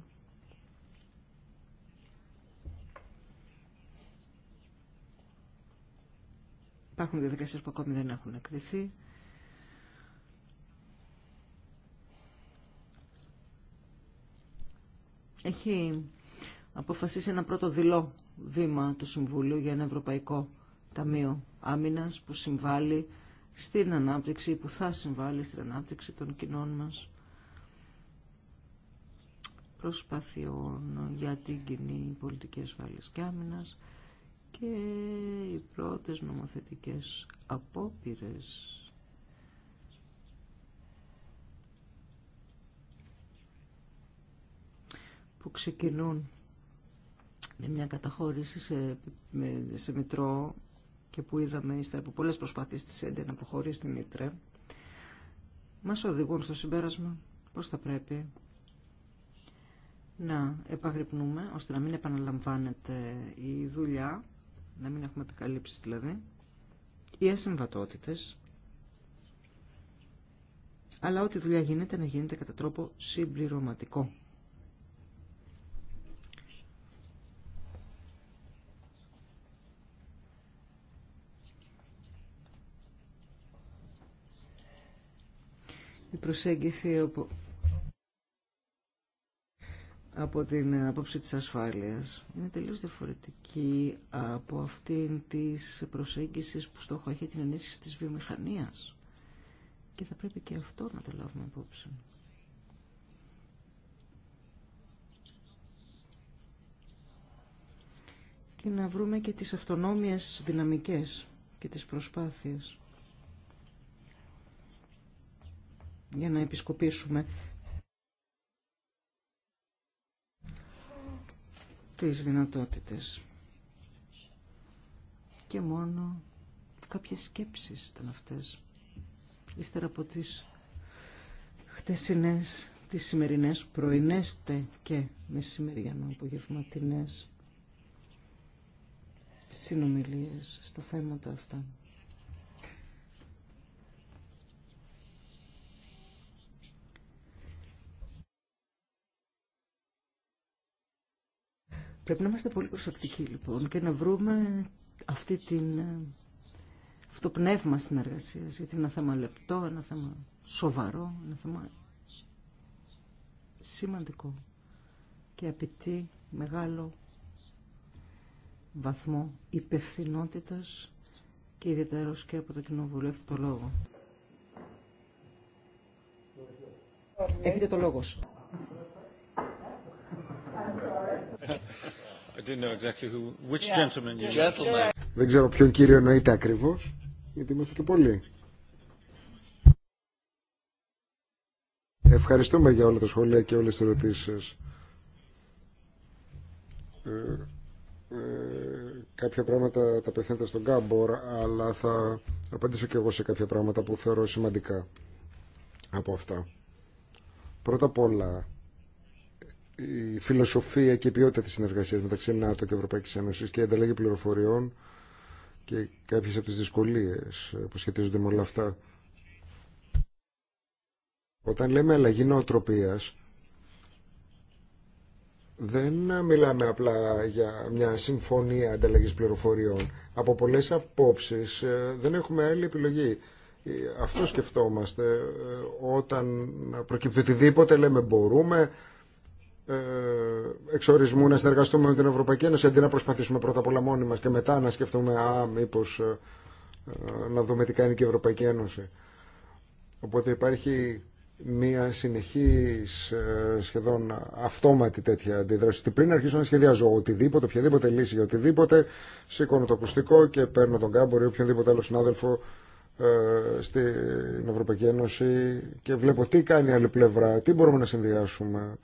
Υπάρχουν διαδικασίες που ακόμη δεν έχουν εκριθεί. Έχει αποφασίσει ένα πρώτο δηλό βήμα του Συμβουλίου για ένα Ευρωπαϊκό Ταμείο Άμυνας που συμβάλλει στην ανάπτυξη, που θα συμβάλλει στην ανάπτυξη των κοινών μας προσπαθειών για την κοινή πολιτική ασφάλεια και άμυνα και οι πρώτες νομοθετικές απόπειρες που ξεκινούν με μια καταχώρηση σε, Μητρό και που είδαμε ύστερα από πολλές προσπάθειες της ΕΝΤΕ να προχωρήσει στην Μήτρε μας οδηγούν στο συμπέρασμα πως θα πρέπει να επαγρυπνούμε ώστε να μην επαναλαμβάνεται η δουλειά, να μην έχουμε επικαλύψεις δηλαδή, οι ασυμβατότητες, αλλά ό,τι δουλειά γίνεται να γίνεται κατά τρόπο συμπληρωματικό. Η προσέγγιση όπου από την απόψη της ασφάλειας είναι τελείως διαφορετική από αυτήν της προσέγγισης που στόχο έχει την ενίσχυση της βιομηχανίας και θα πρέπει και αυτό να το λάβουμε υπόψη. Και να βρούμε και τις αυτονόμιες δυναμικές και τις προσπάθειες για να επισκοπήσουμε τις δυνατότητες και μόνο κάποιες σκέψεις ήταν αυτές ύστερα από τις χτεσινές τις σημερινές πρωινές και μεσημεριανό απογευματινές συνομιλίες στα θέματα αυτά Πρέπει να είμαστε πολύ προσεκτικοί λοιπόν και να βρούμε αυτή την, ε, αυτό το πνεύμα συνεργασίας, γιατί είναι ένα θέμα λεπτό, ένα θέμα σοβαρό, ένα θέμα σημαντικό και απαιτεί μεγάλο βαθμό υπευθυνότητας και ιδιαίτερο και από το Κοινοβουλίο. Έχετε το λόγο. Έχετε το λόγο. Δεν ξέρω ποιον κύριο εννοείται ακριβώς, γιατί είμαστε και πολλοί. Ευχαριστούμε για όλα τα σχόλια και όλες τις ερωτήσεις σας. Ε, ε, κάποια πράγματα τα πεθαίνετε στον Γκάμπορ, αλλά θα απαντήσω και εγώ σε κάποια πράγματα που θεωρώ σημαντικά από αυτά. Πρώτα απ' όλα, η φιλοσοφία και η ποιότητα της συνεργασίας μεταξύ ΝΑΤΟ και Ευρωπαϊκής Ένωσης και η ανταλλαγή πληροφοριών και κάποιες από τις δυσκολίες ε, που σχετίζονται με όλα αυτά. Όταν λέμε αλλαγή νοοτροπίας, δεν μιλάμε απλά για μια συμφωνία ανταλλαγής πληροφοριών. Από πολλές απόψεις ε, δεν έχουμε άλλη επιλογή. Ε, αυτό σκεφτόμαστε όταν προκύπτει οτιδήποτε λέμε μπορούμε, ε, εξορισμού να συνεργαστούμε με την Ευρωπαϊκή Ένωση αντί να προσπαθήσουμε πρώτα απ' όλα μόνοι μας και μετά να σκεφτούμε α, μήπως ε, ε, να δούμε τι κάνει και η Ευρωπαϊκή Ένωση. Οπότε υπάρχει μια συνεχής σχεδόν αυτόματη τέτοια αντίδραση ότι πριν αρχίσω να σχεδιάζω οτιδήποτε, οποιαδήποτε λύση για οτιδήποτε σήκωνω το ακουστικό και παίρνω τον κάμπορ ή οποιονδήποτε άλλο συνάδελφο στην Ευρωπαϊκή Ένωση και βλέπω τι κάνει η άλλη πλευρά, τι μπορούμε να συνδυάσουμε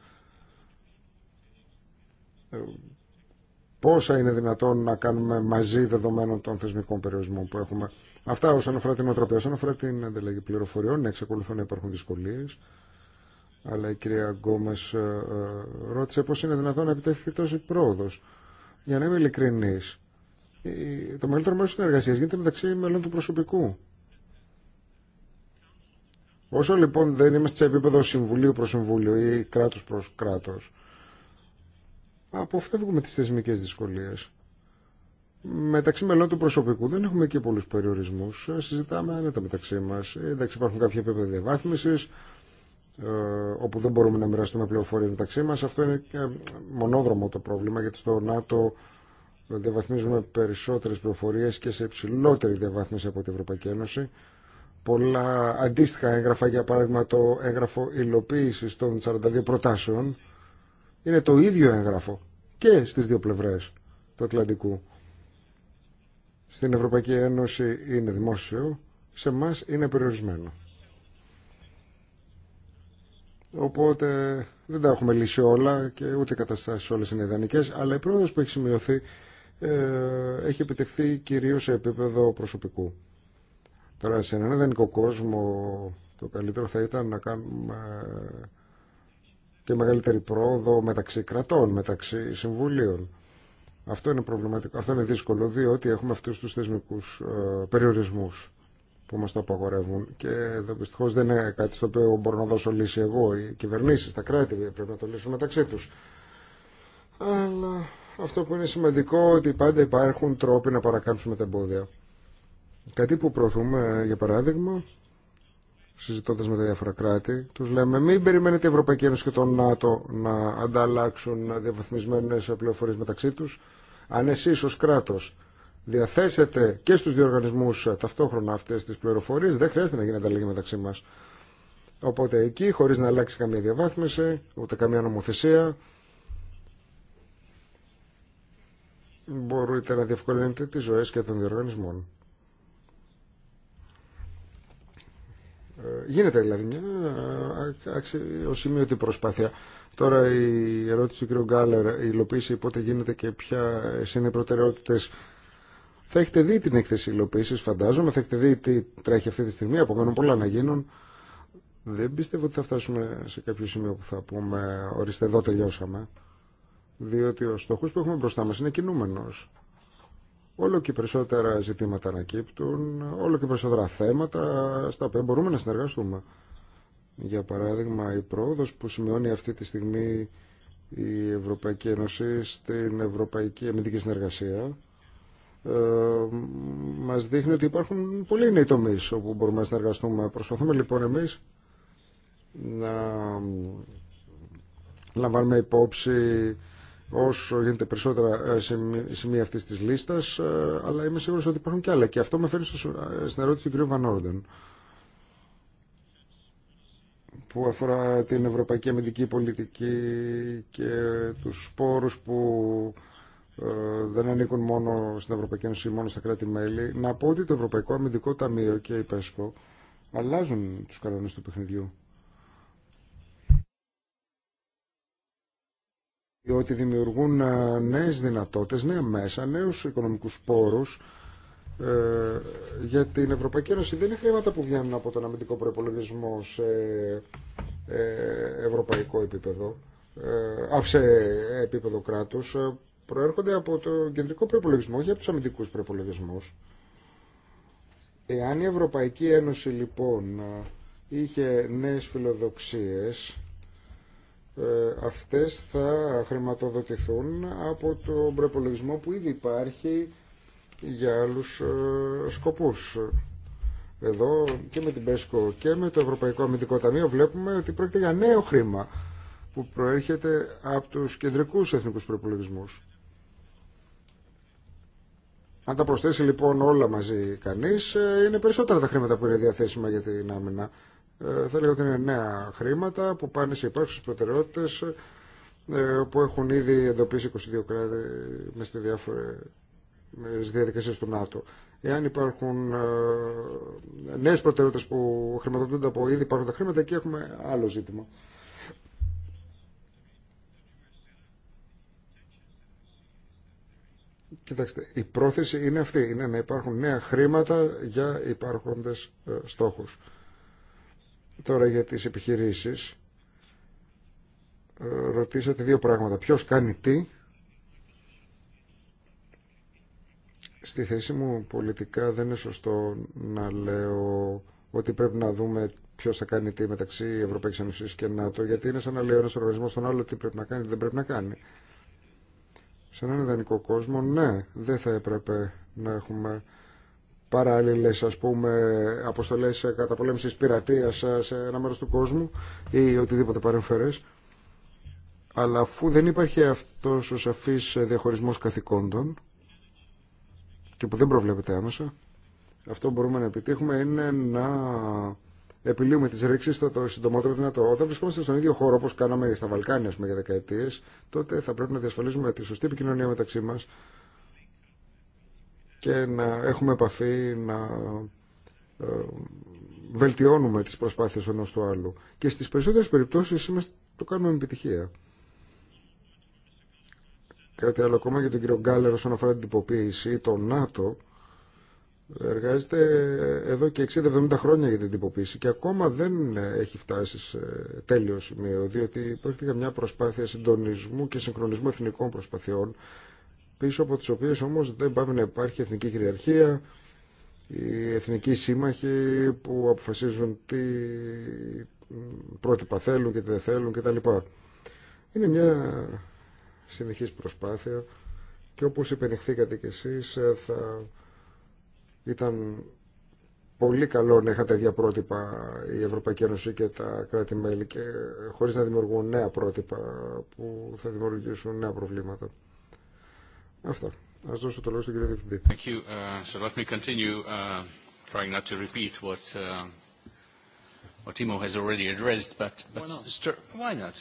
ε, πόσα είναι δυνατόν να κάνουμε μαζί δεδομένων των θεσμικών περιορισμών που έχουμε. Αυτά όσον αφορά την οτροπία. Όσον αφορά την ανταλλαγή πληροφοριών, να εξακολουθούν να υπάρχουν δυσκολίε. Αλλά η κυρία Γκόμε ε, ε, ρώτησε πώ είναι δυνατόν να επιτεθεί τόση πρόοδο. Για να είμαι ειλικρινή, το μεγαλύτερο μέρο τη συνεργασία γίνεται μεταξύ μελών του προσωπικού. Όσο λοιπόν δεν είμαστε σε επίπεδο συμβουλίου προ συμβούλιο ή κράτο προ κράτο, αποφεύγουμε τις θεσμικές δυσκολίες. Μεταξύ μελών του προσωπικού δεν έχουμε και πολλούς περιορισμούς. Συζητάμε άνετα μεταξύ μας. Εντάξει υπάρχουν κάποια επίπεδα διαβάθμισης ε, όπου δεν μπορούμε να μοιραστούμε πληροφορία μεταξύ μας. Αυτό είναι και μονόδρομο το πρόβλημα γιατί στο ΝΑΤΟ διαβαθμίζουμε περισσότερες πληροφορίες και σε υψηλότερη διαβάθμιση από την Ευρωπαϊκή Ένωση. Πολλά αντίστοιχα έγγραφα, για παράδειγμα το έγγραφο υλοποίηση των 42 προτάσεων, είναι το ίδιο έγγραφο και στις δύο πλευρές του Ατλαντικού. Στην Ευρωπαϊκή Ένωση είναι δημόσιο, σε μας είναι περιορισμένο. Οπότε δεν τα έχουμε λύσει όλα και ούτε οι καταστάσει όλε είναι ιδανικέ, αλλά η πρόοδο που έχει σημειωθεί ε, έχει επιτευχθεί κυρίω σε επίπεδο προσωπικού. Τώρα, σε έναν ιδανικό κόσμο, το καλύτερο θα ήταν να κάνουμε και μεγαλύτερη πρόοδο μεταξύ κρατών, μεταξύ συμβουλίων. Αυτό είναι προβληματικό, αυτό είναι δύσκολο, διότι έχουμε αυτού τους θεσμικού ε, περιορισμούς που μας το απαγορεύουν και εδώ δυστυχώ δεν είναι κάτι στο οποίο μπορώ να δώσω λύση εγώ. Οι κυβερνήσει, τα κράτη πρέπει να το λύσουν μεταξύ του. Αλλά αυτό που είναι σημαντικό ότι πάντα υπάρχουν τρόποι να παρακάμψουμε τα εμπόδια. Κάτι που προωθούμε, για παράδειγμα, Συζητώντα με τα διάφορα κράτη, τους λέμε μην περιμένετε η Ευρωπαϊκή Ένωση και το ΝΑΤΟ να ανταλλάξουν διαβαθμισμένε πληροφορίε μεταξύ τους. Αν εσείς ω κράτος διαθέσετε και στους δύο ταυτόχρονα αυτές τις πληροφορίε, δεν χρειάζεται να γίνει ανταλλαγή μεταξύ μας. Οπότε εκεί, χωρί να αλλάξει καμία διαβάθμιση, ούτε καμία νομοθεσία, μπορείτε να διευκολύνετε τι ζωέ και των διοργανισμών. Ε, γίνεται δηλαδή μια ε, αξιοσημείωτη προσπάθεια. Τώρα η ερώτηση του κ. Γκάλερ, η υλοποίηση πότε γίνεται και ποια είναι οι προτεραιότητε. Θα έχετε δει την έκθεση υλοποίηση, φαντάζομαι, θα έχετε δει τι τρέχει αυτή τη στιγμή, απομένουν πολλά να γίνουν. Δεν πιστεύω ότι θα φτάσουμε σε κάποιο σημείο που θα πούμε ορίστε εδώ τελειώσαμε. Διότι ο στόχο που έχουμε μπροστά μα είναι κινούμενο όλο και περισσότερα ζητήματα ανακύπτουν, όλο και περισσότερα θέματα στα οποία μπορούμε να συνεργαστούμε. Για παράδειγμα, η πρόοδος που σημειώνει αυτή τη στιγμή η Ευρωπαϊκή Ένωση στην Ευρωπαϊκή Αμυντική Συνεργασία ε, μας δείχνει ότι υπάρχουν πολλοί νέοι τομείς όπου μπορούμε να συνεργαστούμε. Προσπαθούμε λοιπόν εμείς να ε, λαμβάνουμε υπόψη όσο γίνεται περισσότερα ε, σημεία αυτή της λίστας, ε, αλλά είμαι σίγουρος ότι υπάρχουν και άλλα. Και αυτό με φέρνει ε, στην ερώτηση του κ. Βανόρντεν, που αφορά την ευρωπαϊκή αμυντική πολιτική και τους πόρους που δεν ανήκουν μόνο στην Ευρωπαϊκή Ένωση ή μόνο στα κράτη-μέλη. Να πω ότι το Ευρωπαϊκό Αμυντικό Ταμείο και η ΠΕΣΚΟ αλλάζουν τους κανόνες του παιχνιδιού. ότι δημιουργούν ε, νέες δυνατότητες, νέα μέσα, νέους οικονομικούς πόρους ε, για την Ευρωπαϊκή Ένωση. Δεν είναι χρήματα που βγαίνουν από τον αμυντικό προπολογισμό σε ε, ευρωπαϊκό επίπεδο, ε, σε επίπεδο κράτους, ε, προέρχονται από το κεντρικό προπολογισμό από τους αμυντικούς προπολογισμούς. Εάν η Ευρωπαϊκή Ένωση λοιπόν είχε νέες φιλοδοξίες ε, αυτές θα χρηματοδοτηθούν από τον προπολογισμό που ήδη υπάρχει για άλλους ε, σκοπούς. Εδώ και με την ΠΕΣΚΟ και με το Ευρωπαϊκό Αμυντικό Ταμείο βλέπουμε ότι πρόκειται για νέο χρήμα που προέρχεται από τους κεντρικούς εθνικούς προπολογισμούς. Αν τα προσθέσει λοιπόν όλα μαζί κανείς, ε, είναι περισσότερα τα χρήματα που είναι διαθέσιμα για την άμυνα ε, θα έλεγα ότι είναι νέα χρήματα που πάνε σε υπάρχουσες προτεραιότητες ε, που έχουν ήδη εντοπίσει 22 κράτη με στη διάφορα διαδικασίες του ΝΑΤΟ. Εάν υπάρχουν ε, νέες προτεραιότητες που χρηματοδοτούνται από ήδη υπάρχοντα χρήματα, εκεί έχουμε άλλο ζήτημα. Κοιτάξτε, η πρόθεση είναι αυτή, είναι να υπάρχουν νέα χρήματα για υπάρχοντες στόχους. Τώρα για τις επιχειρήσεις. Ε, ρωτήσατε δύο πράγματα. Ποιος κάνει τι. Στη θέση μου πολιτικά δεν είναι σωστό να λέω ότι πρέπει να δούμε ποιος θα κάνει τι μεταξύ Ευρωπαϊκής Ένωση και ΝΑΤΟ, γιατί είναι σαν να λέει ένας οργανισμό στον άλλο τι πρέπει να κάνει, τι δεν πρέπει να κάνει. Σε έναν ιδανικό κόσμο, ναι, δεν θα έπρεπε να έχουμε παράλληλες ας πούμε αποστολές καταπολέμησης πειρατείας σε ένα μέρος του κόσμου ή οτιδήποτε παρεμφερές αλλά αφού δεν υπάρχει αυτός ο σαφής διαχωρισμός καθηκόντων και που δεν προβλέπεται άμεσα αυτό που μπορούμε να επιτύχουμε είναι να επιλύουμε τις ρήξεις στο το συντομότερο δυνατό. Όταν βρισκόμαστε στον ίδιο χώρο όπως κάναμε στα Βαλκάνια πούμε, για δεκαετίες τότε θα πρέπει να διασφαλίζουμε τη σωστή επικοινωνία μεταξύ μας και να έχουμε επαφή, να ε, βελτιώνουμε τις προσπάθειες ενό του άλλου. Και στις περισσότερες περιπτώσεις είμαστε, το κάνουμε με επιτυχία. Κάτι άλλο ακόμα για τον κύριο Γκάλερ όσον αφορά την τυποποίηση, το ΝΑΤΟ εργάζεται εδώ και 60-70 χρόνια για την τυποποίηση και ακόμα δεν έχει φτάσει σε τέλειο σημείο, διότι πρόκειται μια προσπάθεια συντονισμού και συγχρονισμού εθνικών προσπαθειών πίσω από τις οποίες όμως δεν πάμε να υπάρχει εθνική κυριαρχία, οι εθνικοί σύμμαχοι που αποφασίζουν τι πρότυπα θέλουν και τι δεν θέλουν κτλ. Είναι μια συνεχής προσπάθεια και όπως υπενηχθήκατε κι εσείς θα ήταν πολύ καλό να είχατε δια πρότυπα η Ευρωπαϊκή Ένωση και τα κράτη-μέλη και χωρίς να δημιουργούν νέα πρότυπα που θα δημιουργήσουν νέα προβλήματα. Αυτά. Α δώσω το λόγο στον κύριο Διευθυντή. Thank you. Uh, so let me continue uh, trying not to repeat what uh, what Timo has already addressed, but but why not? why not?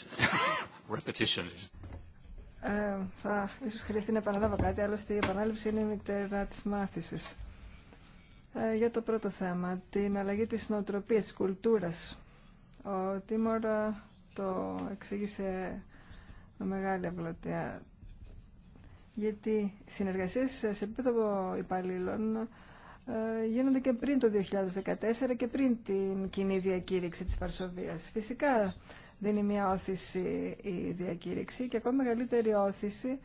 *laughs* Repetition is. Ε, θα ίσως χρειαστεί να επαναλάβω κάτι, άλλωστε η επανάληψη είναι η μητέρα της μάθησης. Ε, για το πρώτο θέμα, την αλλαγή της νοοτροπίας, της κουλτούρας. Ο Τίμορ ε, το εξήγησε με μεγάλη απλωτία γιατί συνεργασίες σε επίπεδο υπαλλήλων ε, γίνονται και πριν το 2014 και πριν την κοινή διακήρυξη της Βαρσοβίας. Φυσικά δίνει μια όθηση η διακήρυξη και ακόμα μεγαλύτερη όθηση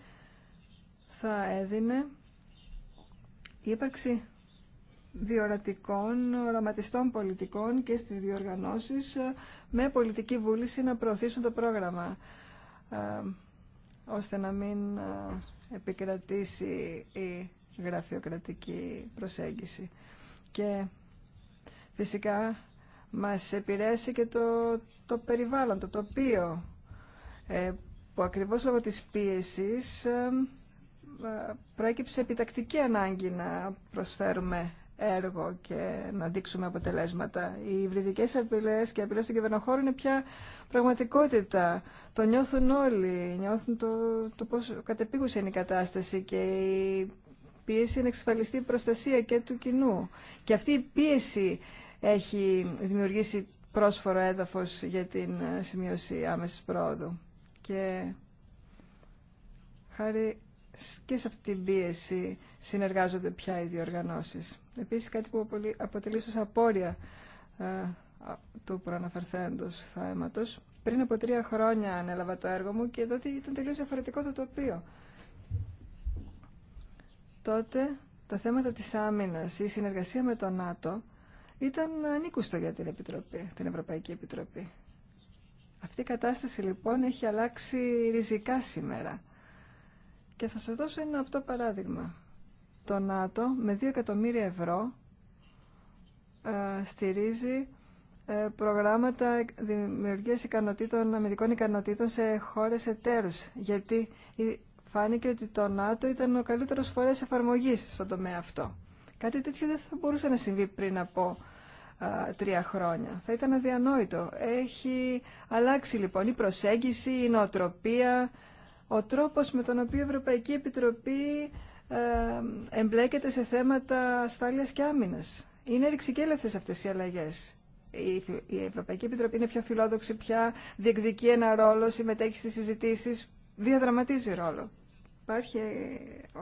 θα έδινε η ύπαρξη διορατικών, οραματιστών πολιτικών και στις διοργανώσεις ε, με πολιτική βούληση να προωθήσουν το πρόγραμμα ε, ώστε να μην επικρατήσει η γραφειοκρατική προσέγγιση. Και φυσικά μας επηρέασε και το, το περιβάλλον, το τοπίο, ε, που ακριβώς λόγω της πίεσης ε, ε, προέκυψε επιτακτική ανάγκη να προσφέρουμε έργο και να δείξουμε αποτελέσματα. Οι υβριδικές απειλές και απειλές στον κυβερνοχώρο είναι πια πραγματικότητα. Το νιώθουν όλοι, νιώθουν το, το πόσο είναι η κατάσταση και η πίεση να εξασφαλιστεί προστασία και του κοινού. Και αυτή η πίεση έχει δημιουργήσει πρόσφορο έδαφος για την σημείωση άμεσης πρόοδου. Και χάρη και σε αυτή την πίεση συνεργάζονται πια οι διοργανώσεις. Επίσης κάτι που αποτελεί ίσως απόρρια ε, του προαναφερθέντος θέματος. Πριν από τρία χρόνια ανέλαβα το έργο μου και τότε ήταν τελείως διαφορετικό το τοπίο. Τότε τα θέματα της άμυνας, η συνεργασία με το ΝΑΤΟ ήταν ανήκουστο για την, Επιτροπή, την Ευρωπαϊκή Επιτροπή. Αυτή η κατάσταση λοιπόν έχει αλλάξει ριζικά σήμερα. Και θα σας δώσω ένα αυτό παράδειγμα. Το ΝΑΤΟ με 2 εκατομμύρια ευρώ ε, στηρίζει ε, προγράμματα δημιουργίας ικανοτήτων, αμυντικών ικανοτήτων σε χώρες εταίρους. Γιατί φάνηκε ότι το ΝΑΤΟ ήταν ο καλύτερος φορέας εφαρμογής στον τομέα αυτό. Κάτι τέτοιο δεν θα μπορούσε να συμβεί πριν από τρία χρόνια. Θα ήταν αδιανόητο. Έχει αλλάξει λοιπόν η προσέγγιση, η νοοτροπία, ο τρόπος με τον οποίο η Ευρωπαϊκή Επιτροπή ε, εμπλέκεται σε θέματα ασφάλειας και άμυνας. Είναι ρηξικέλευτες αυτές οι αλλαγές. Η Ευρωπαϊκή Επιτροπή είναι πιο φιλόδοξη πια, διεκδικεί ένα ρόλο, συμμετέχει στις συζητήσεις, διαδραματίζει ρόλο. Υπάρχει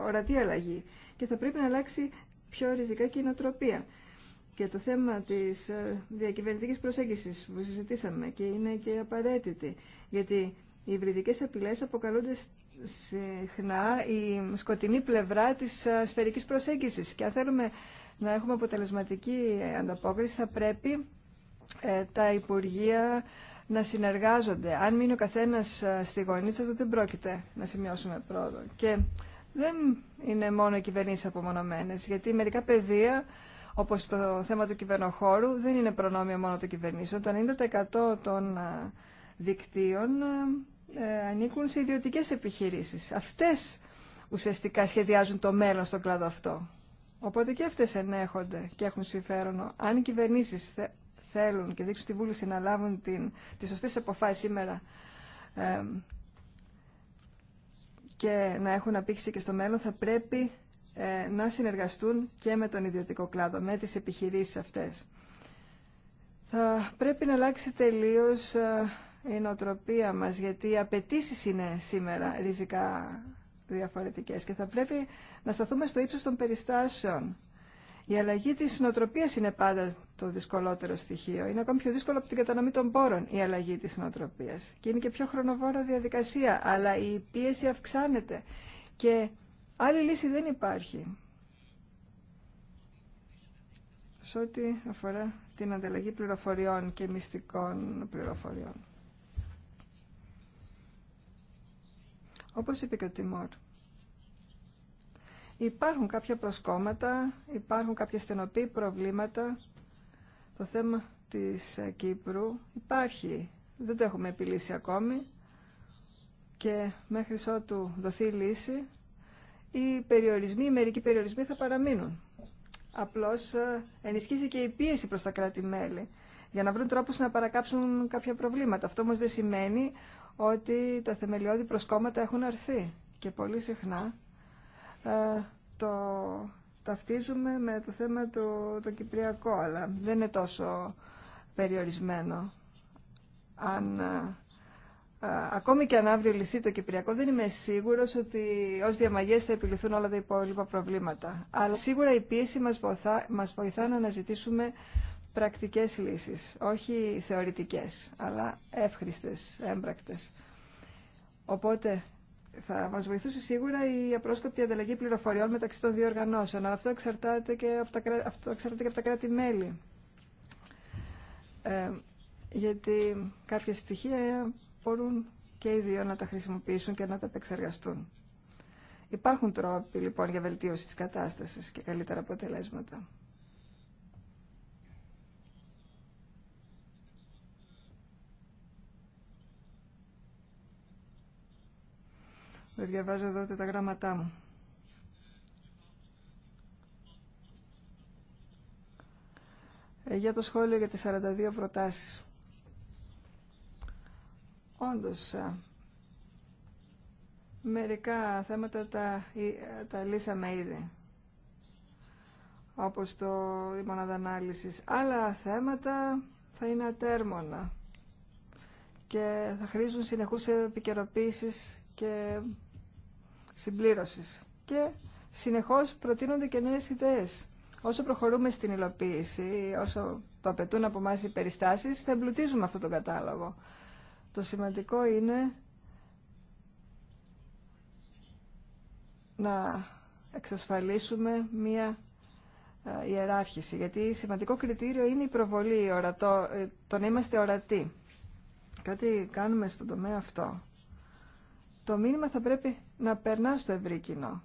ορατή αλλαγή και θα πρέπει να αλλάξει πιο ριζικά και η Και το θέμα της ε, διακυβερνητικής προσέγγισης που συζητήσαμε και είναι και απαραίτητη, γιατί οι υβριδικές απειλές αποκαλούνται συχνά η σκοτεινή πλευρά της ε, σφαιρικής προσέγγισης και αν θέλουμε να έχουμε αποτελεσματική ανταπόκριση θα πρέπει ε, τα Υπουργεία να συνεργάζονται. Αν μείνει ο καθένας ε, στη γωνίτσα, δεν πρόκειται να σημειώσουμε πρόοδο. Και δεν είναι μόνο οι κυβερνήσεις απομονωμένες, γιατί μερικά πεδία, όπως το θέμα του κυβερνοχώρου, δεν είναι προνόμιο μόνο των κυβερνήσεων. Το 90% των δικτύων ε, ανήκουν σε ιδιωτικές επιχειρήσεις. Αυτές ουσιαστικά σχεδιάζουν το μέλλον στον κλάδο αυτό. Οπότε και αυτές ενέχονται και έχουν συμφέρον. Αν οι κυβερνήσεις θέλουν και δείξουν τη βούληση να λάβουν την, τις σωστές αποφάσεις σήμερα και να έχουν απήχηση και στο μέλλον, θα πρέπει ε, να συνεργαστούν και με τον ιδιωτικό κλάδο, με τις επιχειρήσεις αυτές. Θα πρέπει να αλλάξει τελείως... Ε, η νοοτροπία μας, γιατί οι απαιτήσει είναι σήμερα ριζικά διαφορετικές και θα πρέπει να σταθούμε στο ύψος των περιστάσεων. Η αλλαγή της νοοτροπίας είναι πάντα το δυσκολότερο στοιχείο. Είναι ακόμη πιο δύσκολο από την κατανομή των πόρων η αλλαγή της νοοτροπίας. Και είναι και πιο χρονοβόρα διαδικασία, αλλά η πίεση αυξάνεται. Και άλλη λύση δεν υπάρχει. Σε ό,τι αφορά την ανταλλαγή πληροφοριών και μυστικών πληροφοριών. Όπως είπε και ο Τιμόρ, υπάρχουν κάποια προσκόμματα, υπάρχουν κάποια στενοπή προβλήματα. Το θέμα της ε, Κύπρου υπάρχει, δεν το έχουμε επιλύσει ακόμη και μέχρι ότου δοθεί λύση, οι περιορισμοί, οι μερικοί περιορισμοί θα παραμείνουν. Απλώς ε, ενισχύθηκε η πίεση προς τα κράτη-μέλη για να βρουν τρόπους να παρακάψουν κάποια προβλήματα. Αυτό όμως δεν σημαίνει ότι τα θεμελιώδη προσκόμματα έχουν αρθεί και πολύ συχνά ε, το ταυτίζουμε με το θέμα του το κυπριακό, αλλά δεν είναι τόσο περιορισμένο. Αν, ε, ε, ακόμη και αν αύριο λυθεί το κυπριακό, δεν είμαι σίγουρος ότι ως διαμαγές θα επιληθούν όλα τα υπόλοιπα προβλήματα. Αλλά σίγουρα η πίεση μας βοηθά, μας βοηθά να αναζητήσουμε πρακτικές λύσεις, όχι θεωρητικές, αλλά εύχριστες, έμπρακτες. Οπότε θα μας βοηθούσε σίγουρα η απρόσκοπτη ανταλλαγή πληροφοριών μεταξύ των δύο οργανώσεων, αλλά αυτό εξαρτάται και από τα, αυτό εξαρτάται και από τα κράτη-μέλη. Ε, γιατί κάποια στοιχεία μπορούν και οι δύο να τα χρησιμοποιήσουν και να τα επεξεργαστούν. Υπάρχουν τρόποι λοιπόν για βελτίωση της κατάστασης και καλύτερα αποτελέσματα. Δεν διαβάζω εδώ τα γράμματά μου. Ε, για το σχόλιο για τις 42 προτάσεις. Όντως, μερικά θέματα τα, ε, τα λύσαμε ήδη, όπως το, η μονάδα Άλλα θέματα θα είναι ατέρμονα και θα χρήζουν συνεχούς επικαιροποίησεις και συμπλήρωσης. Και συνεχώς προτείνονται και νέες ιδέες. Όσο προχωρούμε στην υλοποίηση, όσο το απαιτούν από εμά οι περιστάσεις, θα εμπλουτίζουμε αυτόν τον κατάλογο. Το σημαντικό είναι να εξασφαλίσουμε μία ε, ιεράρχηση, γιατί σημαντικό κριτήριο είναι η προβολή, ε, το να είμαστε ορατοί. Κάτι κάνουμε στον τομέα αυτό το μήνυμα θα πρέπει να περνά στο ευρύ κοινό.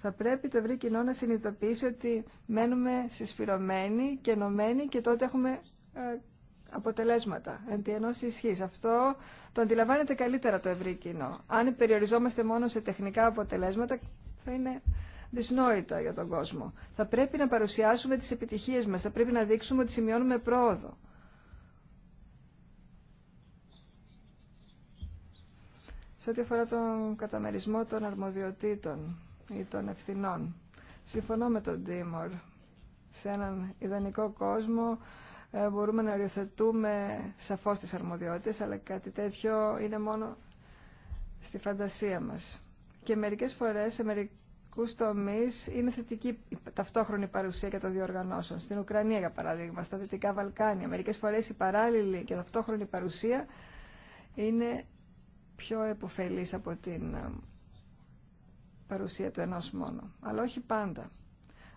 Θα πρέπει το ευρύ κοινό να συνειδητοποιήσει ότι μένουμε συσφυρωμένοι και ενωμένοι και τότε έχουμε ε, αποτελέσματα, εν τη ενός ισχύς. Αυτό το αντιλαμβάνεται καλύτερα το ευρύ κοινό. Αν περιοριζόμαστε μόνο σε τεχνικά αποτελέσματα, θα είναι δυσνόητα για τον κόσμο. Θα πρέπει να παρουσιάσουμε τις επιτυχίες μας, θα πρέπει να δείξουμε ότι σημειώνουμε πρόοδο. σε ό,τι αφορά τον καταμερισμό των αρμοδιοτήτων ή των ευθυνών. Συμφωνώ με τον Τίμορ. Σε έναν ιδανικό κόσμο ε, μπορούμε να οριοθετούμε σαφώς τις αρμοδιότητες, αλλά κάτι τέτοιο είναι μόνο στη φαντασία μας. Και μερικές φορές, σε μερικούς τομείς, είναι θετική η ταυτόχρονη παρουσία και των διοργανώσεων. Στην Ουκρανία, για παράδειγμα, στα Δυτικά Βαλκάνια. Μερικές φορές η παράλληλη και ταυτόχρονη παρουσία είναι πιο επωφελής από την ε, παρουσία του ενός μόνο. Αλλά όχι πάντα.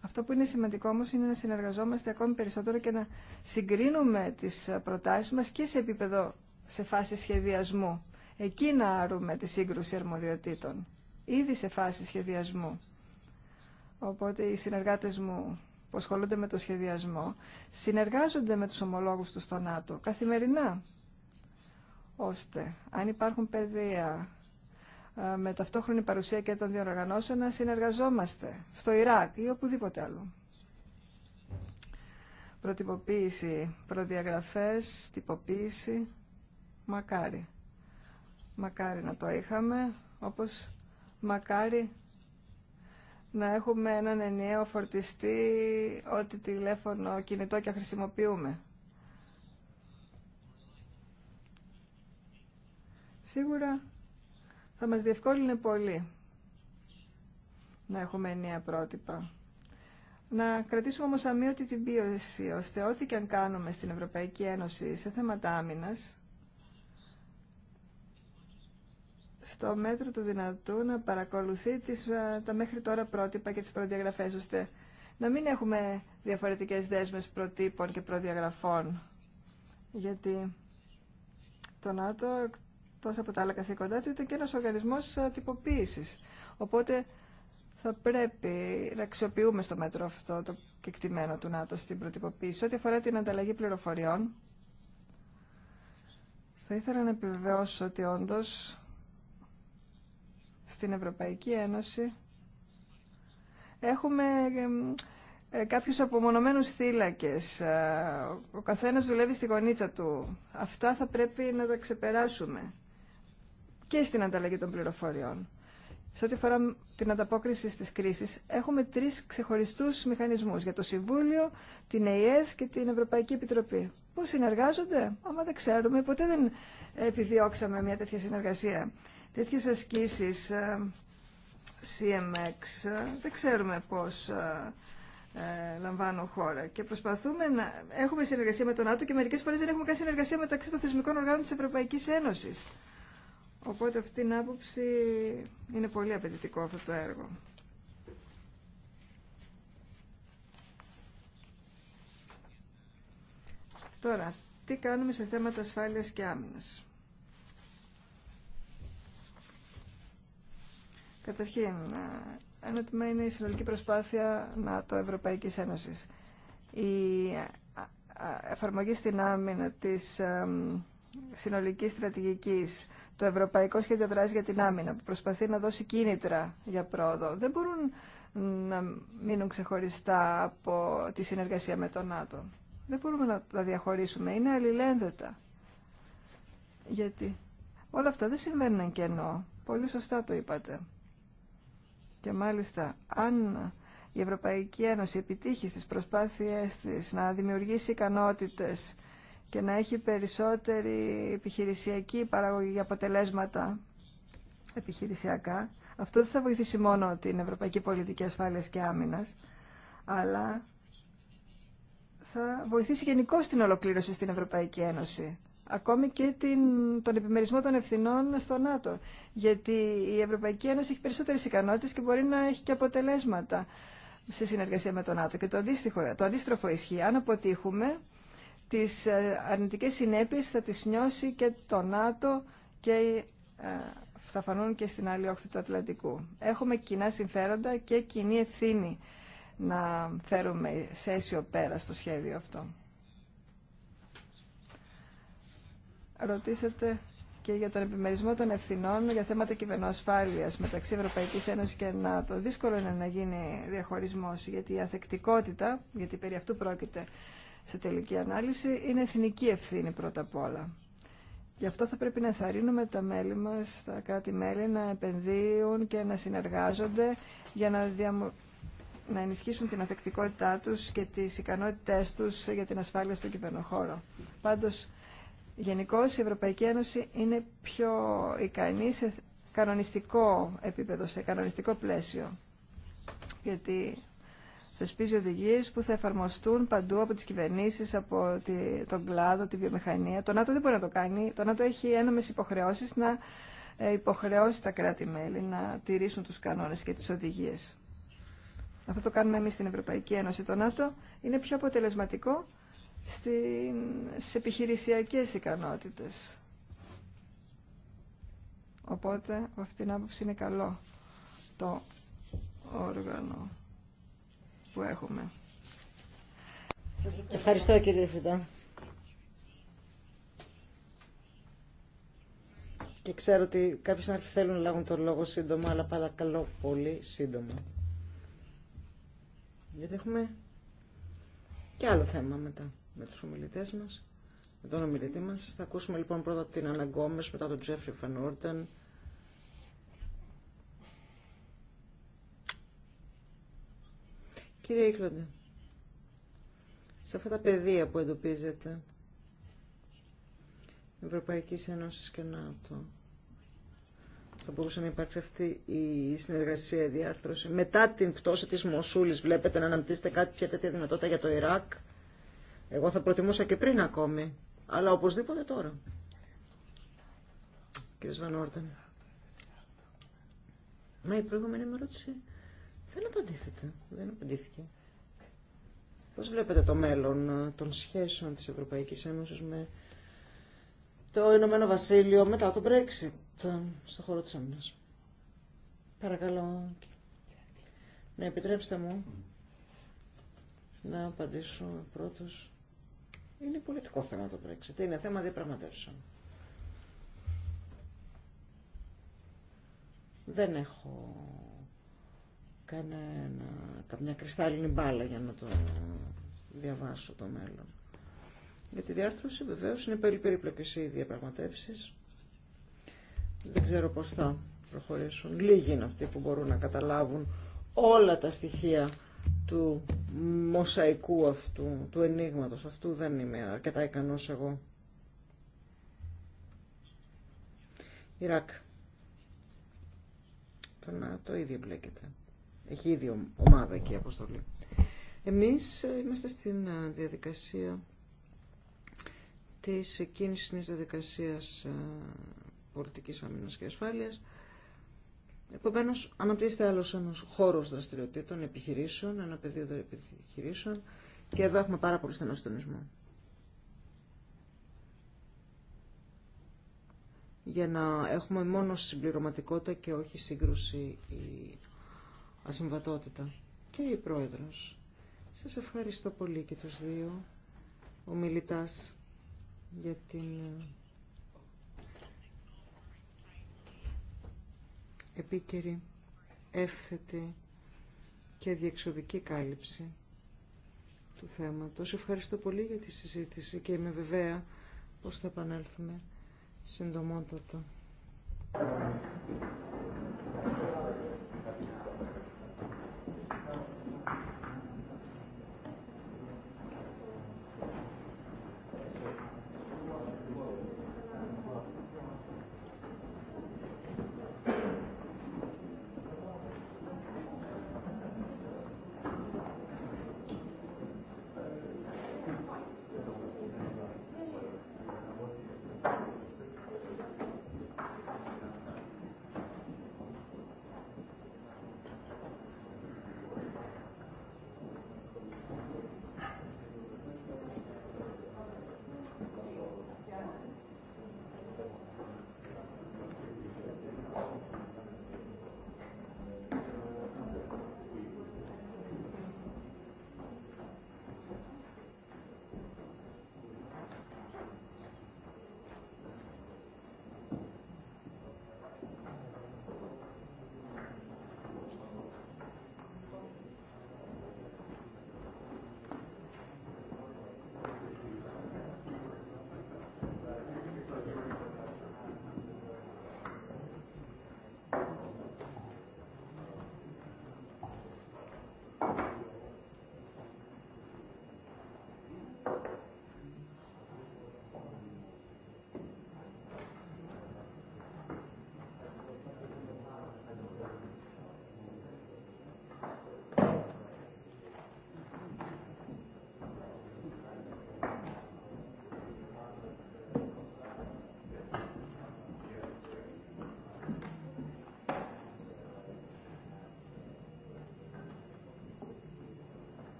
Αυτό που είναι σημαντικό όμως είναι να συνεργαζόμαστε ακόμη περισσότερο και να συγκρίνουμε τις προτάσεις μας και σε επίπεδο, σε φάση σχεδιασμού. Εκεί να άρουμε τη σύγκρουση αρμοδιοτήτων. Ήδη σε φάση σχεδιασμού. Οπότε οι συνεργάτες μου που ασχολούνται με το σχεδιασμό συνεργάζονται με τους ομολόγους του στο ΝΑΤΟ καθημερινά ώστε αν υπάρχουν παιδεία ε, με ταυτόχρονη παρουσία και των διοργανώσεων να συνεργαζόμαστε στο Ιράκ ή οπουδήποτε άλλο. Προτυποποίηση, προδιαγραφές, τυποποίηση, μακάρι. Μακάρι να το είχαμε, όπως μακάρι να έχουμε έναν ενιαίο φορτιστή ό,τι τηλέφωνο κινητό και χρησιμοποιούμε. Σίγουρα θα μας διευκόλυνε πολύ να έχουμε ενιαία πρότυπα. Να κρατήσουμε όμως αμύωτη την πίεση, ώστε ό,τι και αν κάνουμε στην Ευρωπαϊκή Ένωση σε θέματα άμυνας, στο μέτρο του δυνατού να παρακολουθεί τις, τα μέχρι τώρα πρότυπα και τις προδιαγραφές, ώστε να μην έχουμε διαφορετικές δέσμες προτύπων και προδιαγραφών. Γιατί το ΝΑΤΟ τόσα από τα άλλα καθήκοντά του, ήταν και ένας οργανισμός ε, τυποποίησης. Οπότε θα πρέπει να αξιοποιούμε στο μέτρο αυτό το κεκτημένο του ΝΑΤΟ στην προτυποποίηση. Ό,τι αφορά την ανταλλαγή πληροφοριών, θα ήθελα να επιβεβαιώσω ότι όντως στην Ευρωπαϊκή Ένωση έχουμε ε, κάποιους απομονωμένους θύλακες. Ε, ο καθένας δουλεύει στη γωνίτσα του. Αυτά θα πρέπει να τα ξεπεράσουμε και στην ανταλλαγή των πληροφοριών. Σε ό,τι αφορά την ανταπόκριση στις κρίσεις, έχουμε τρεις ξεχωριστούς μηχανισμούς για το Συμβούλιο, την ΕΕΔ και την Ευρωπαϊκή Επιτροπή. Πώς συνεργάζονται, άμα δεν ξέρουμε, ποτέ δεν επιδιώξαμε μια τέτοια συνεργασία. Τέτοιες ασκήσεις ε, CMX ε, δεν ξέρουμε πώς ε, λαμβάνουν χώρα και προσπαθούμε να έχουμε συνεργασία με τον ΝΑΤΟ και μερικές φορές δεν έχουμε καν συνεργασία μεταξύ των θεσμικών οργάνων της Ευρωπαϊκής Ένωσης. Οπότε αυτή την άποψη είναι πολύ απαιτητικό αυτό το έργο. Τώρα, τι κάνουμε σε θέματα ασφάλειας και άμυνας. Καταρχήν, ε, ένα τμήμα είναι η συνολική προσπάθεια το Ευρωπαϊκής Ένωσης. Η ε, ε, εφαρμογή στην άμυνα της συνολικής στρατηγικής, το Ευρωπαϊκό Σχέδιο Δράση για την Άμυνα, που προσπαθεί να δώσει κίνητρα για πρόοδο, δεν μπορούν να μείνουν ξεχωριστά από τη συνεργασία με τον ΝΑΤΟ. Δεν μπορούμε να τα διαχωρίσουμε. Είναι αλληλένδετα. Γιατί όλα αυτά δεν συμβαίνουν κενό. Πολύ σωστά το είπατε. Και μάλιστα, αν η Ευρωπαϊκή Ένωση επιτύχει στις προσπάθειές της να δημιουργήσει ικανότητες και να έχει περισσότερη επιχειρησιακή παραγωγή αποτελέσματα επιχειρησιακά. Αυτό δεν θα βοηθήσει μόνο την Ευρωπαϊκή Πολιτική Ασφάλειας και Άμυνας, αλλά θα βοηθήσει γενικώ την ολοκλήρωση στην Ευρωπαϊκή Ένωση. Ακόμη και την, τον επιμερισμό των ευθυνών στο ΝΑΤΟ. Γιατί η Ευρωπαϊκή Ένωση έχει περισσότερε ικανότητε και μπορεί να έχει και αποτελέσματα σε συνεργασία με τον ΝΑΤΟ. Και το, το αντίστροφο ισχύει. Αν αποτύχουμε, τις ε, αρνητικές συνέπειες θα τις νιώσει και το ΝΑΤΟ και ε, θα φανούν και στην άλλη όχθη του Ατλαντικού. Έχουμε κοινά συμφέροντα και κοινή ευθύνη να φέρουμε σε αίσιο πέρα στο σχέδιο αυτό. Ρωτήσατε και για τον επιμερισμό των ευθυνών για θέματα κυβερνοασφάλεια μεταξύ Ευρωπαϊκή Ένωση και ΝΑΤΟ. Δύσκολο είναι να γίνει διαχωρισμό γιατί η αθεκτικότητα, γιατί περί αυτού πρόκειται σε τελική ανάλυση είναι εθνική ευθύνη πρώτα απ' όλα. Γι' αυτό θα πρέπει να ενθαρρύνουμε τα μέλη μας, τα κράτη-μέλη, να επενδύουν και να συνεργάζονται για να, να ενισχύσουν την αθεκτικότητά τους και τις ικανότητές τους για την ασφάλεια στον κυβερνοχώρο. Πάντως, γενικώ η Ευρωπαϊκή Ένωση είναι πιο ικανή σε κανονιστικό επίπεδο, σε κανονιστικό πλαίσιο. Γιατί θεσπίζει οδηγίε που θα εφαρμοστούν παντού από τις κυβερνήσει, από τον κλάδο, τη βιομηχανία. Το ΝΑΤΟ δεν μπορεί να το κάνει. Το ΝΑΤΟ έχει ένομες υποχρεώσεις να ε, υποχρεώσει τα κράτη-μέλη να τηρήσουν τους κανόνες και τις οδηγίες. Αυτό το κάνουμε εμείς στην Ευρωπαϊκή Ένωση. Το ΝΑΤΟ είναι πιο αποτελεσματικό στις επιχειρησιακές ικανότητες. Οπότε, από αυτήν την άποψη είναι καλό το όργανο που έχουμε. Ευχαριστώ κύριε Φιντά. Και ξέρω ότι κάποιοι συνάδελφοι θέλουν να λάβουν τον λόγο σύντομα, αλλά παρακαλώ πολύ σύντομα. Γιατί έχουμε και άλλο θέμα μετά με τους ομιλητές μας, με τον ομιλητή μας. Θα ακούσουμε λοιπόν πρώτα την Αναγκόμες, μετά τον Τζέφρι Φανόρτεν, Κύριε Ήκλοντε, σε αυτά τα πεδία που εντοπίζετε ευρωπαϊκή Ένωσης και ΝΑΤΟ θα μπορούσε να υπάρξει αυτή η συνεργασία, η διάρθρωση. Μετά την πτώση της Μοσούλης βλέπετε να αναπτύσσετε κάτι πια τέτοια δυνατότητα για το Ιράκ. Εγώ θα προτιμούσα και πριν ακόμη, αλλά οπωσδήποτε τώρα. Κύριε Σβανόρτεν. Μα η προηγούμενη μου ερώτηση δεν απαντήθηκε. Δεν απαντήθηκε. Πώς βλέπετε το μέλλον ε, των σχέσεων της Ευρωπαϊκής Ένωσης με το Ηνωμένο Βασίλειο μετά το Brexit ε, στο χώρο της άμυνας. Παρακαλώ. Ναι, επιτρέψτε μου να απαντήσω πρώτος. Είναι πολιτικό θέμα το Brexit. Είναι θέμα διαπραγματεύσεων. Δεν έχω κανένα, καμιά κρυστάλλινη μπάλα για να το διαβάσω το μέλλον. Για τη διάρθρωση βεβαίως είναι πολύ περίπλοκες οι διαπραγματεύσεις. Δεν ξέρω πώς θα προχωρήσουν. Λίγοι είναι αυτοί που μπορούν να καταλάβουν όλα τα στοιχεία του μοσαϊκού αυτού, του ενίγματος αυτού. Δεν είμαι αρκετά ικανός εγώ. Ιράκ. Το να το ίδιο μπλέκεται. Έχει ίδια ομάδα εκεί η αποστολή. Εμείς ε, είμαστε στην ε, διαδικασία της εκείνης της διαδικασίας ε, πολιτικής άμυνας και ασφάλειας. Επομένως, αναπτύσσεται άλλος ένας χώρος δραστηριοτήτων, επιχειρήσεων, ένα πεδίο επιχειρήσεων και εδώ έχουμε πάρα πολύ στενό συντονισμό. για να έχουμε μόνο συμπληρωματικότητα και όχι σύγκρουση ασυμβατότητα. Και η Πρόεδρος. Σας ευχαριστώ πολύ και τους δύο ομιλητάς για την ε, επίκαιρη, εύθετη και διεξοδική κάλυψη του θέματος. Ευχαριστώ πολύ για τη συζήτηση και είμαι βεβαία πως θα επανέλθουμε συντομότατα.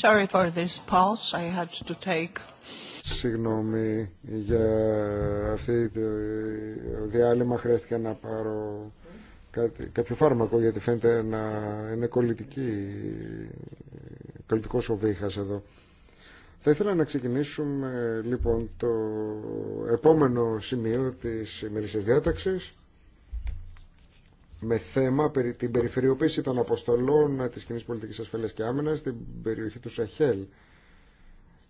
Sorry Συγγνώμη για αυτή το διάλειμμα χρειάστηκε να πάρω κάποιο φάρμακο γιατί φαίνεται να είναι κολλητική, κολλητικός ο βήχας εδώ. Θα ήθελα να ξεκινήσουμε λοιπόν το επόμενο σημείο της ημερήσιας διάταξης με θέμα περί την περιφερειοποίηση των αποστολών της κοινή πολιτικής ασφαλείας και άμυνας στην περιοχή του Σαχέλ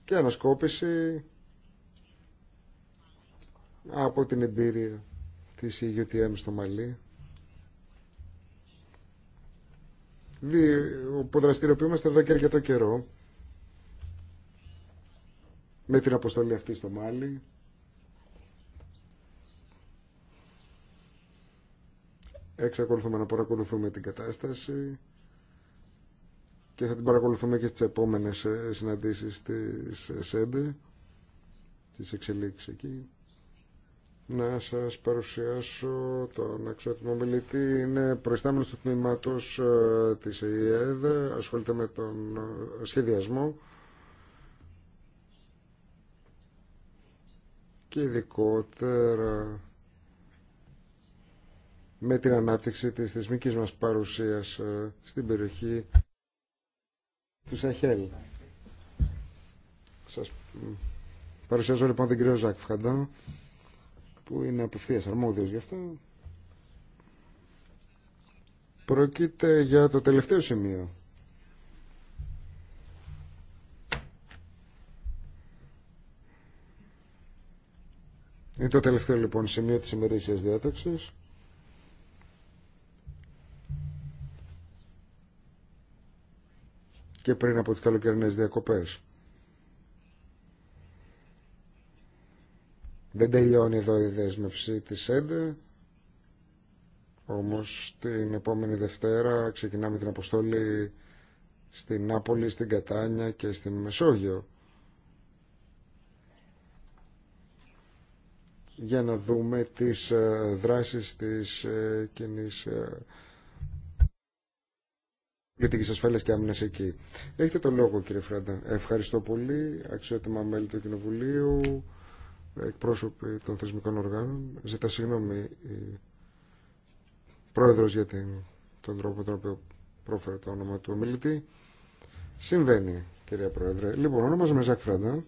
και ανασκόπηση από την εμπειρία της EUTM στο Μαλί που δραστηριοποιούμαστε εδώ και αρκετό καιρό με την αποστολή αυτή στο Μάλι Εξακολουθούμε να παρακολουθούμε την κατάσταση και θα την παρακολουθούμε και στις επόμενες ε, συναντήσεις της ε, ΣΕΝΤΕ, της εξελίξης εκεί. Να σας παρουσιάσω τον αξιότιμο μιλητή. Είναι προϊστάμενος του τμήματος ε, της ΕΕΔ, ασχολείται με τον σχεδιασμό και ειδικότερα με την ανάπτυξη της θεσμικής μας παρουσίας ε, στην περιοχή του Σαχέλ. Σας παρουσιάζω λοιπόν τον κύριο Ζακ Φχαντά, που είναι απευθείας αρμόδιος γι' αυτό. Προκείται για το τελευταίο σημείο. Είναι το τελευταίο λοιπόν σημείο της ημερήσιας διάταξης. και πριν από τις καλοκαιρινές διακοπές. Δεν τελειώνει εδώ η δέσμευση της ΕΝΤΕ, όμως την επόμενη Δευτέρα ξεκινάμε την αποστολή στην Νάπολη, στην Κατάνια και στην Μεσόγειο. για να δούμε τις ε, δράσεις της ε, κοινής ε, τις ασφάλειες και άμυνας εκεί. Έχετε το λόγο, κύριε Φράντα. Ευχαριστώ πολύ, αξιότιμα μέλη του Κοινοβουλίου, εκπρόσωποι των θεσμικών οργάνων. Ζητά συγγνώμη, πρόεδρος για τον τρόπο τον οποίο πρόφερε το όνομα του ομιλητή. Συμβαίνει, κυρία Πρόεδρε. Λοιπόν, ονομάζομαι Ζακ Φράντα.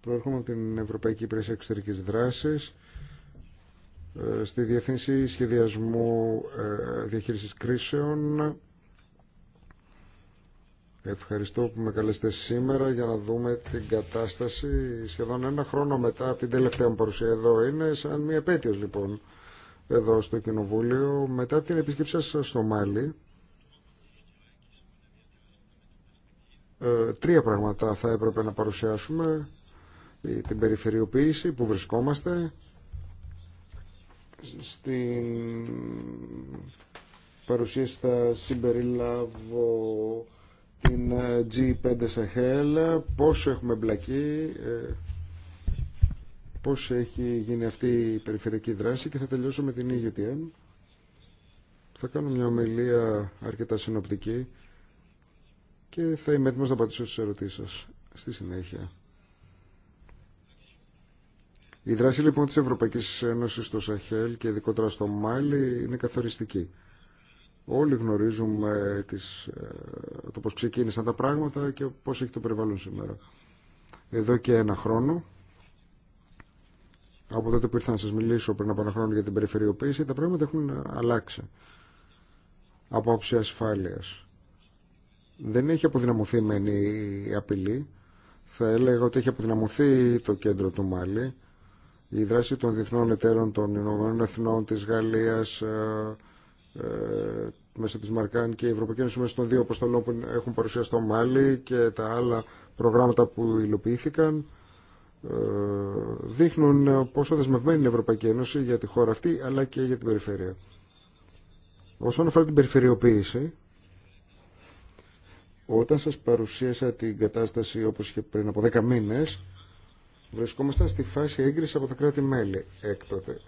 Προέρχομαι την Ευρωπαϊκή Υπηρεσία Εξωτερικής Δράσης ε, στη Διευθύνση Σχεδιασμού ε, Διαχείρισης Κρίσεων. Ευχαριστώ που με καλέσετε σήμερα για να δούμε την κατάσταση σχεδόν ένα χρόνο μετά από την τελευταία μου παρουσία εδώ. Είναι σαν μια επέτειος λοιπόν εδώ στο Κοινοβούλιο μετά από την επίσκεψή σα στο Μάλι. Ε, τρία πράγματα θα έπρεπε να παρουσιάσουμε. την περιφερειοποίηση που βρισκόμαστε, στην παρουσίαση θα συμπεριλάβω την G5 Sahel, πόσο έχουμε μπλακεί, ε, πώς έχει γίνει αυτή η περιφερειακή δράση και θα τελειώσω με την EUTM. Θα κάνω μια ομιλία αρκετά συνοπτική και θα είμαι έτοιμος να απαντήσω στις ερωτήσεις σας στη συνέχεια. Η δράση λοιπόν της Ευρωπαϊκής Ένωσης στο Σαχέλ και ειδικότερα στο Μάλι είναι καθοριστική. Όλοι γνωρίζουμε τις, ε, το πώς ξεκίνησαν τα πράγματα και πώς έχει το περιβάλλον σήμερα. Εδώ και ένα χρόνο, από τότε που ήρθα να σας μιλήσω πριν από ένα χρόνο για την περιφερειοποίηση, τα πράγματα έχουν αλλάξει από άψη ασφάλειας. Δεν έχει αποδυναμωθεί μεν η απειλή. Θα έλεγα ότι έχει αποδυναμωθεί το κέντρο του Μάλι η δράση των διεθνών εταίρων των Ηνωμένων Εθνών, της Γαλλίας, ε, ε, μέσα της Μαρκάν και η Ευρωπαϊκή Ένωση μέσα των δύο αποστολών που έχουν παρουσία στο Μάλι και τα άλλα προγράμματα που υλοποιήθηκαν ε, δείχνουν πόσο δεσμευμένη είναι η Ευρωπαϊκή Ένωση για τη χώρα αυτή αλλά και για την περιφέρεια. Όσον αφορά την περιφερειοποίηση, όταν σας παρουσίασα την κατάσταση όπως είχε πριν από 10 μήνες, Βρισκόμασταν στη φάση έγκρισης από τα κράτη-μέλη έκτοτε.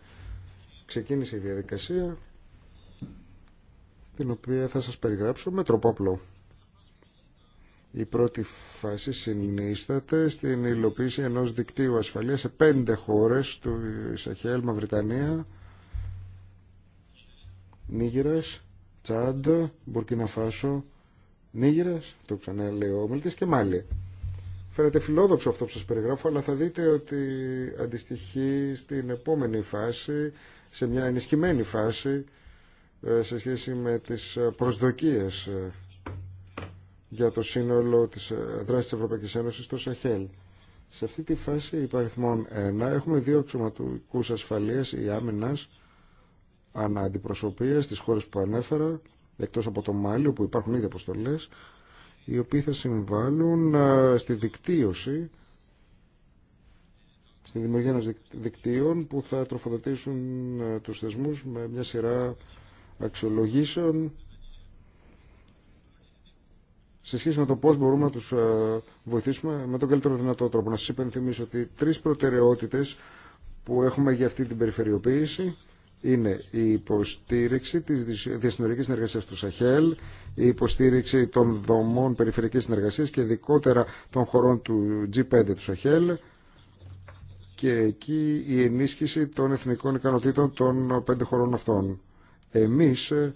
Ξεκίνησε η διαδικασία, την οποία θα σας περιγράψω με τρόπο απλό. Η πρώτη φάση συνίσταται στην υλοποίηση ενός δικτύου ασφαλείας σε πέντε χώρες του Ισαχέλ, Μαυριτανία, Νίγηρας, Τσάντ, Μπουρκίνα Φάσο, Νίγηρας, το ξανά λέει ο και Μάλι. Φαίνεται φιλόδοξο αυτό που σας περιγράφω, αλλά θα δείτε ότι αντιστοιχεί στην επόμενη φάση, σε μια ενισχυμένη φάση, ε, σε σχέση με τις ε, προσδοκίες ε, για το σύνολο της δράσης της Ευρωπαϊκής Ένωσης στο Σαχέλ. Σε αυτή τη φάση υπαριθμών 1 έχουμε δύο αξιωματικούς ασφαλείας ή άμυνας ανά στι στις χώρες που ανέφερα, εκτός από το Μάλιο, που υπάρχουν ήδη αποστολές, οι οποίοι θα συμβάλλουν στη δικτύωση στη δημιουργία ενός δικτύων που θα τροφοδοτήσουν τους θεσμούς με μια σειρά αξιολογήσεων σε σχέση με το πώς μπορούμε να τους βοηθήσουμε με τον καλύτερο δυνατό τρόπο. Να σας υπενθυμίσω ότι τρεις προτεραιότητες που έχουμε για αυτή την περιφερειοποίηση είναι η υποστήριξη της διασυνορικής συνεργασίας του Σαχέλ, η υποστήριξη των δομών περιφερειακής συνεργασίας και ειδικότερα των χωρών του G5 του Σαχέλ και εκεί η ενίσχυση των εθνικών ικανοτήτων των πέντε χωρών αυτών. Εμείς ε,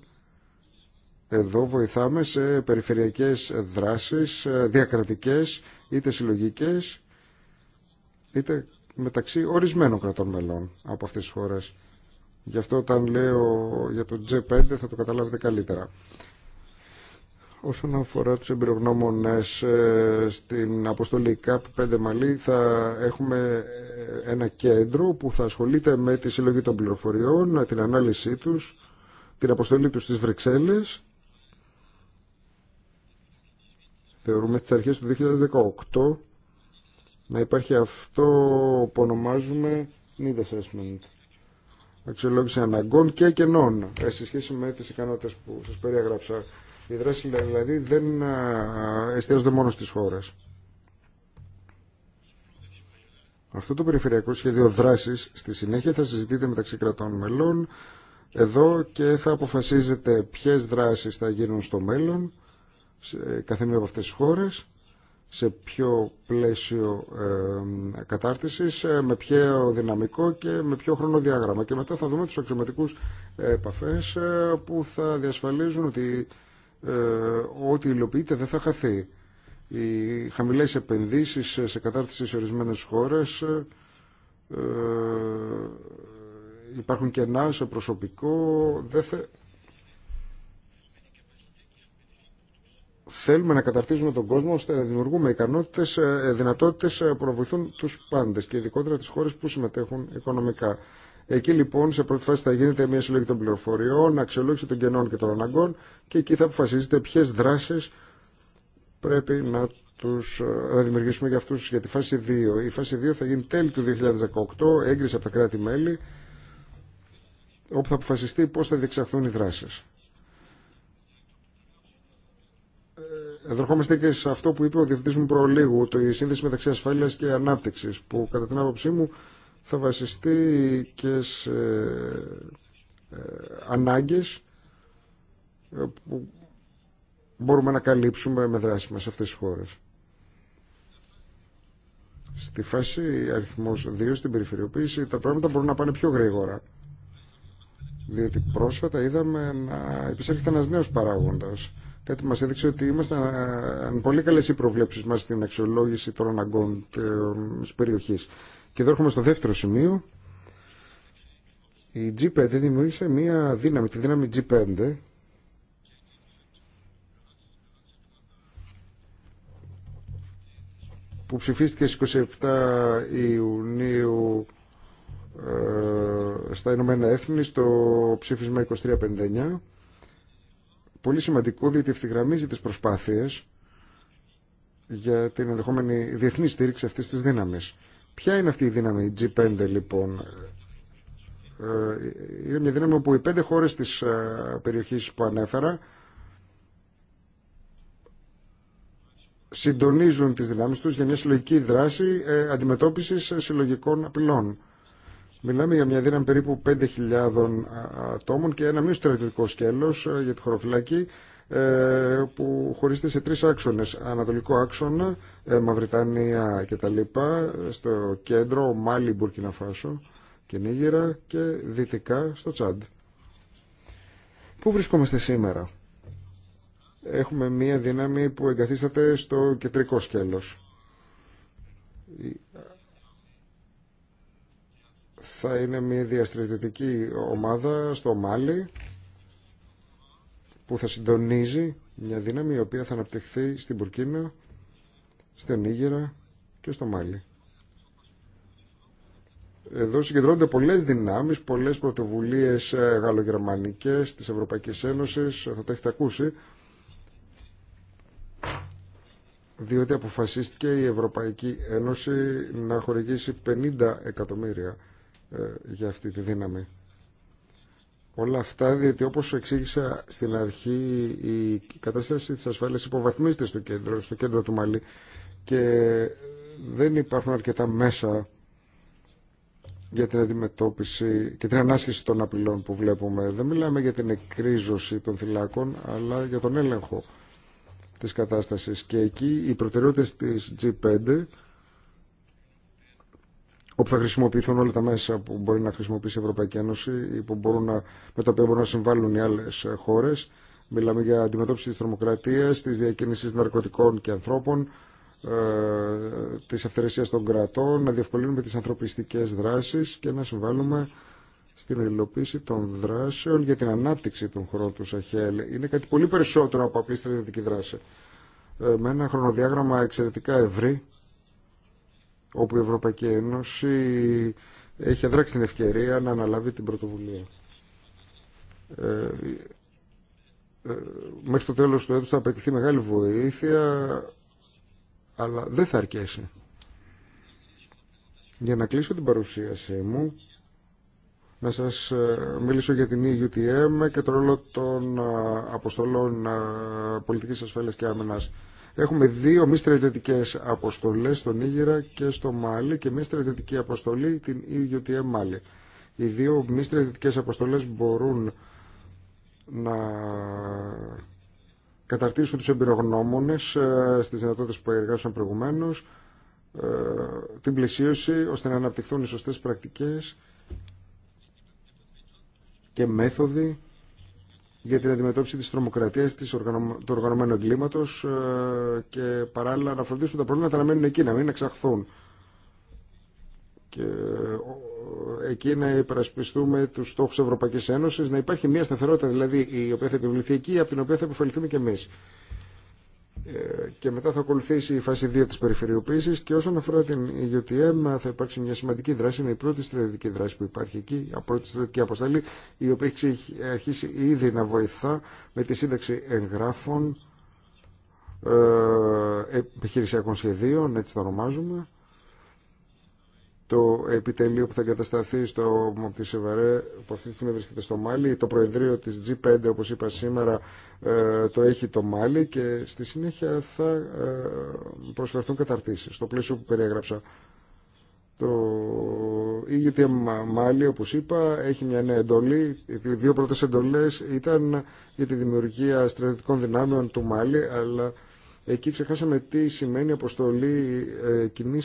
εδώ βοηθάμε σε περιφερειακές δράσεις, ε, διακρατικές, είτε συλλογικές, είτε μεταξύ ορισμένων κρατών μελών από αυτές τις χώρες. Γι' αυτό όταν λέω για το G5 θα το καταλάβετε καλύτερα. Όσον αφορά τους εμπειρογνώμονες ε, στην αποστολή ΚΑΠ 5 Μαλή θα έχουμε ε, ένα κέντρο που θα ασχολείται με τη συλλογή των πληροφοριών, την ανάλυση τους, την αποστολή τους στις Βρυξέλλες. Θεωρούμε στις αρχές του 2018 να υπάρχει αυτό που ονομάζουμε need assessment αξιολόγηση αναγκών και κενών ε, σε σχέση με τις ικανότητες που σας περιέγραψα. Οι δράσει δηλαδή δεν εστιάζονται μόνο στις χώρες. Αυτό το περιφερειακό σχέδιο δράσης στη συνέχεια θα συζητείται μεταξύ κρατών μελών εδώ και θα αποφασίζετε ποιες δράσεις θα γίνουν στο μέλλον σε κάθε μία από αυτές τις χώρες σε ποιο πλαίσιο ε, κατάρτισης, με ποιο δυναμικό και με ποιο χρονοδιάγραμμα. Και μετά θα δούμε τους αξιωματικούς επαφές ε, που θα διασφαλίζουν ότι ε, ό,τι υλοποιείται δεν θα χαθεί. Οι χαμηλές επενδύσεις σε κατάρτιση σε ορισμένες χώρες ε, ε υπάρχουν κενά σε προσωπικό, δεν, Θέλουμε να καταρτίζουμε τον κόσμο ώστε να δημιουργούμε ικανότητε δυνατότητε ε, που να βοηθούν του πάντε και ειδικότερα τι χώρε που συμμετέχουν οικονομικά. Εκεί λοιπόν σε πρώτη φάση θα γίνεται μια συλλογή των πληροφοριών, αξιολόγηση των κενών και των αναγκών και εκεί θα αποφασίζετε ποιε δράσει πρέπει να τους ε, να δημιουργήσουμε για αυτού για τη φάση 2. Η φάση 2 θα γίνει τέλη του 2018, έγκριση από τα κράτη-μέλη, όπου θα αποφασιστεί πώ θα διεξαχθούν οι δράσει. Εδερχόμαστε και σε αυτό που είπε ο διευθυντή μου προλίγου, το η σύνδεση μεταξύ ασφάλεια και ανάπτυξη, που κατά την άποψή μου θα βασιστεί και σε ε, ανάγκε ε, που μπορούμε να καλύψουμε με δράση μας σε αυτές τις χώρες. Στη φάση αριθμός 2, στην περιφερειοποίηση, τα πράγματα μπορούν να πάνε πιο γρήγορα. Διότι πρόσφατα είδαμε να επισέρχεται ένα νέο παράγοντα. Κάτι που έδειξε ότι ήμασταν ε, πολύ καλές οι προβλέψει μας στην αξιολόγηση των αναγκών ε, τη περιοχή. Και εδώ έρχομαι στο δεύτερο σημείο. Η G5 δημιούργησε μία δύναμη, τη δύναμη G5, που ψηφίστηκε στις 27 Ιουνίου ε, στα Ηνωμένα Έθνη στο ψήφισμα 2359 πολύ σημαντικό διότι ευθυγραμμίζει τις προσπάθειες για την ενδεχόμενη διεθνή στήριξη αυτής της δύναμης. Ποια είναι αυτή η δύναμη, η G5 λοιπόν. Ε, είναι μια δύναμη όπου οι πέντε χώρες της ε, περιοχής που ανέφερα συντονίζουν τις δυνάμεις τους για μια συλλογική δράση ε, αντιμετώπισης συλλογικών απειλών. Μιλάμε για μια δύναμη περίπου 5.000 ατόμων και ένα μη στρατιωτικό σκέλο ε, για τη χωροφυλακή ε, που χωρίζεται σε τρει άξονε. Ανατολικό άξονα, ε, Μαυριτανία και τα στο κέντρο, Μάλι, Μπουρκινα και Νίγηρα και δυτικά στο Τσάντ. Πού βρισκόμαστε σήμερα. Έχουμε μία δύναμη που εγκαθίσταται στο κεντρικό σκέλος θα είναι μια διαστρατητική ομάδα στο Μάλι που θα συντονίζει μια δύναμη η οποία θα αναπτυχθεί στην Πουρκίνα, στην Ήγερα και στο Μάλι. Εδώ συγκεντρώνονται πολλές δυνάμεις, πολλές πρωτοβουλίες ε, γαλλογερμανικές της Ευρωπαϊκής Ένωσης, θα το έχετε ακούσει, διότι αποφασίστηκε η Ευρωπαϊκή Ένωση να χορηγήσει 50 εκατομμύρια ε, για αυτή τη δύναμη. Όλα αυτά, διότι όπως εξήγησα στην αρχή, η κατάσταση της ασφάλειας υποβαθμίζεται στο κέντρο, στο κέντρο του Μαλή και δεν υπάρχουν αρκετά μέσα για την αντιμετώπιση και την ανάσχεση των απειλών που βλέπουμε. Δεν μιλάμε για την εκρίζωση των θυλάκων, αλλά για τον έλεγχο της κατάστασης. Και εκεί οι προτεραιότητες της G5 όπου θα χρησιμοποιηθούν όλα τα μέσα που μπορεί να χρησιμοποιήσει η Ευρωπαϊκή Ένωση ή που μπορούν να, με τα οποία μπορούν να συμβάλλουν οι άλλε χώρε. Μιλάμε για αντιμετώπιση τη τρομοκρατίας, τη διακίνηση ναρκωτικών και ανθρώπων, ε, της αυθαιρεσίας των κρατών, να διευκολύνουμε τι ανθρωπιστικέ δράσει και να συμβάλλουμε στην υλοποίηση των δράσεων για την ανάπτυξη των χωρών του Σαχέλ. Είναι κάτι πολύ περισσότερο από απλή στρατιωτική δράση. Ε, με ένα χρονοδιάγραμμα εξαιρετικά ευρύ, όπου η Ευρωπαϊκή Ένωση έχει αδράξει την ευκαιρία να αναλάβει την πρωτοβουλία. Ε, ε, μέχρι το τέλος του έτους θα απαιτηθεί μεγάλη βοήθεια, αλλά δεν θα αρκέσει. Για να κλείσω την παρουσίασή μου, να σας ε, μιλήσω για την EUTM και το ρόλο των ε, αποστολών ε, πολιτικής ασφάλειας και άμενας. Έχουμε δύο μη στρατιωτικέ αποστολέ στον Νίγηρα και στο Μάλι και μη στρατιωτική αποστολή την EUTM Μάλι. Οι δύο μη στρατιωτικέ αποστολέ μπορούν να καταρτήσουν τους εμπειρογνώμονες ε, στις δυνατότητε που εργάσαν προηγουμένως, ε, την πλησίωση ώστε να αναπτυχθούν οι σωστές πρακτικές και μέθοδοι για την αντιμετώπιση της τρομοκρατίας, της του οργανωμένου εγκλήματος ε, και παράλληλα να φροντίσουν τα προβλήματα να μένουν εκεί, να μην εξαχθούν. Και εκεί να υπερασπιστούμε τους στόχους Ευρωπαϊκής Ένωσης, να υπάρχει μια σταθερότητα δηλαδή η οποία θα επιβληθεί εκεί, από την οποία θα επωφεληθούμε και εμείς και μετά θα ακολουθήσει η φάση 2 της περιφερειοποίησης και όσον αφορά την UTM θα υπάρξει μια σημαντική δράση, είναι η πρώτη στρατιωτική δράση που υπάρχει εκεί, η πρώτη στρατιωτική αποστολή η οποία έχει αρχίσει ήδη να βοηθά με τη σύνταξη εγγράφων ε, επιχειρησιακών σχεδίων, έτσι τα ονομάζουμε το επιτελείο που θα εγκατασταθεί στο τη Σεβαρέ, που αυτή τη στιγμή βρίσκεται στο Μάλι. Το Προεδρείο τη G5, όπω είπα σήμερα, ε, το έχει το Μάλι και στη συνέχεια θα ε, προσφερθούν καταρτήσει Στο πλαίσιο που περιέγραψα το EUTM Μάλι, όπω είπα, έχει μια νέα εντολή. Οι δύο πρώτε εντολές ήταν για τη δημιουργία στρατιωτικών δυνάμεων του Μάλι, αλλά εκεί ξεχάσαμε τι σημαίνει αποστολή ε, κοινή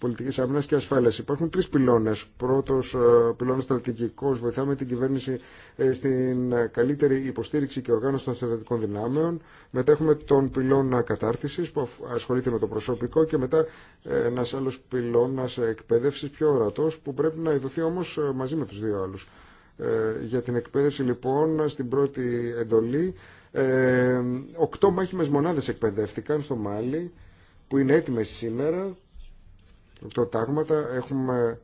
πολιτική άμυνα και ασφάλεια. Υπάρχουν τρει πυλώνες. Πρώτο, ε, πυλώνα στρατηγικό, βοηθάμε την κυβέρνηση ε, στην καλύτερη υποστήριξη και οργάνωση των στρατιωτικών δυνάμεων. Μετά έχουμε τον πυλώνα κατάρτισης που ασχολείται με το προσωπικό και μετά ε, ένα άλλο πυλώνας εκπαίδευση πιο ορατό, που πρέπει να ειδωθεί όμω μαζί με του δύο άλλου. Για την εκπαίδευση λοιπόν στην πρώτη εντολή οκτώ μάχημες μονάδες εκπαιδεύτηκαν στο Μάλι που είναι έτοιμες σήμερα το τάγματα έχουμε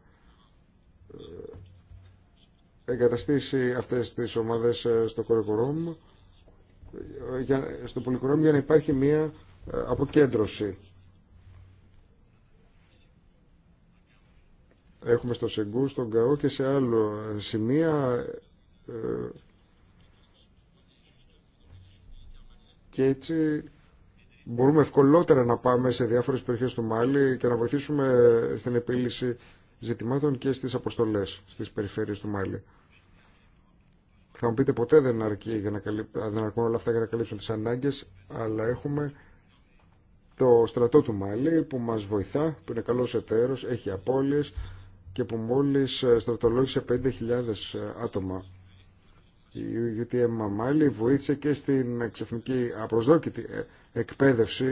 ε, εγκαταστήσει αυτές τις ομάδες ε, στο Κορεκορόμ στο Πολυκορόμ για να υπάρχει μια ε, αποκέντρωση. Έχουμε στο Σεγκού, στον Καό και σε άλλο σημεία και έτσι μπορούμε ευκολότερα να πάμε σε διάφορες περιοχές του Μάλι και να βοηθήσουμε στην επίλυση ζητημάτων και στις αποστολές στις περιφέρειες του Μάλι. Θα μου πείτε ποτέ δεν, αρκεί για να καλύπ... δεν αρκούν όλα αυτά για να καλύψουν τις ανάγκες, αλλά έχουμε το στρατό του Μάλι που μας βοηθά, που είναι καλός εταίρος, έχει απώλειες και που μόλις στρατολόγησε 5.000 άτομα η UTM Μαμάλη βοήθησε και στην ξεφνική απροσδόκητη ε, εκπαίδευση.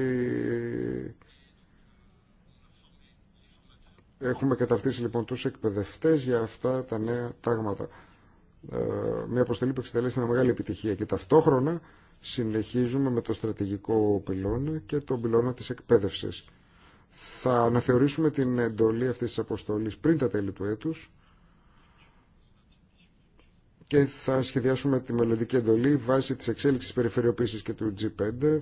Έχουμε καταρτήσει λοιπόν τους εκπαιδευτές για αυτά τα νέα τάγματα. Ε, μια αποστολή που εξετελέσει με μεγάλη επιτυχία και ταυτόχρονα συνεχίζουμε με το στρατηγικό πυλώνα και τον πυλώνα της εκπαίδευσης. Θα αναθεωρήσουμε την εντολή αυτής της αποστολής πριν τα τέλη του έτους και θα σχεδιάσουμε τη μελλοντική εντολή βάσει τη εξέλιξη τη περιφερειοποίηση και του G5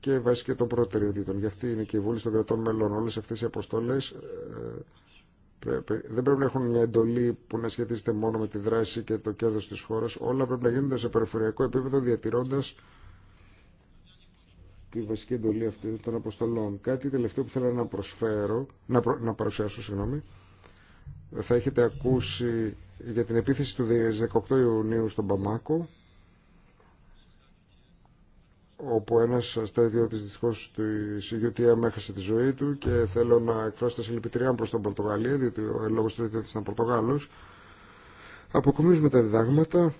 και βάσει και των προτεραιοτήτων. Γι' αυτή είναι και η βούληση των κρατών μελών. Όλε αυτέ οι αποστολέ ε, δεν πρέπει να έχουν μια εντολή που να σχετίζεται μόνο με τη δράση και το κέρδο τη χώρα. Όλα πρέπει να γίνονται σε περιφερειακό επίπεδο διατηρώντας τη βασική εντολή αυτή των αποστολών. Κάτι τελευταίο που θέλω να προσφέρω, να, να παρουσιάσω, συγγνώμη. Θα έχετε ακούσει για την επίθεση του 18 Ιουνίου στον Παμάκο όπου ένας στρατιώτης δυστυχώς του UTM έχασε τη ζωή του και θέλω να εκφράσω τα μου προς τον Πορτογαλία διότι ο λόγος στρατιώτης ήταν Πορτογάλος αποκομίζουμε τα διδάγματα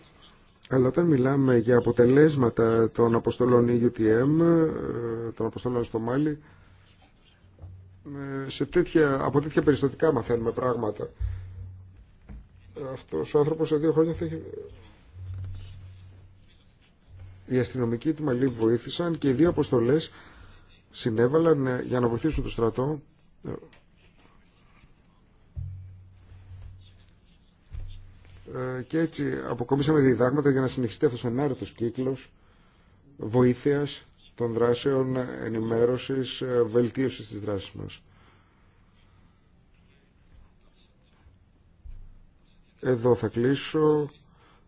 αλλά όταν μιλάμε για αποτελέσματα των αποστολών UTM ε, των αποστολών στο Μάλι, ε, σε τέτοια, από τέτοια περιστατικά μαθαίνουμε πράγματα αυτός ο άνθρωπος σε δύο χρόνια θα έχει... Οι αστυνομικοί του Μαλή βοήθησαν και οι δύο αποστολές συνέβαλαν ε, για να βοηθήσουν το στρατό ε, και έτσι αποκομίσαμε διδάγματα για να συνεχιστεί αυτός ο ενάρετος κύκλος βοήθειας των δράσεων ενημέρωσης, ε, βελτίωσης της δράσης μας. Εδώ θα κλείσω.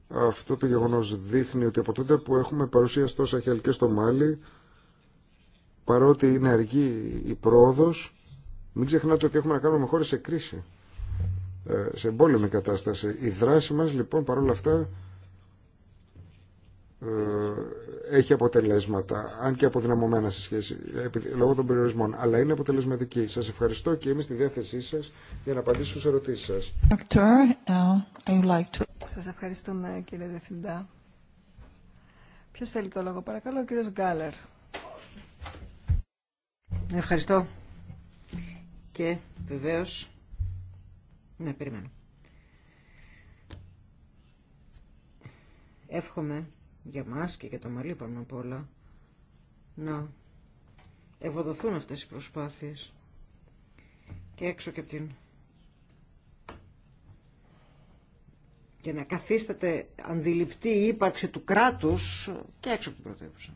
Αυτό το γεγονός δείχνει ότι από τότε που έχουμε παρουσία στο Σαχέλ και στο Μάλι, παρότι είναι αργή η πρόοδος, μην ξεχνάτε ότι έχουμε να κάνουμε χώρε χώρες σε κρίση, ε, σε εμπόλεμη κατάσταση. Η δράση μας λοιπόν παρόλα αυτά ε, έχει αποτελέσματα, αν και αποδυναμωμένα σε σχέση, λόγω των περιορισμών, αλλά είναι αποτελεσματική. Σας ευχαριστώ και είμαι στη διάθεσή σα για να απαντήσω στι ερωτήσεις σας. Σας ευχαριστούμε κύριε Διευθυντά. Ποιο θέλει το λόγο παρακαλώ, ο κύριος Γκάλερ. Ευχαριστώ. Και βεβαίω Ναι, περιμένω. Εύχομαι για μας και για το μαλλί πάνω απ' όλα, να ευοδοθούν αυτές οι προσπάθειες και έξω και την... και να καθίσταται αντιληπτή η ύπαρξη του κράτους και έξω από την πρωτεύουσα.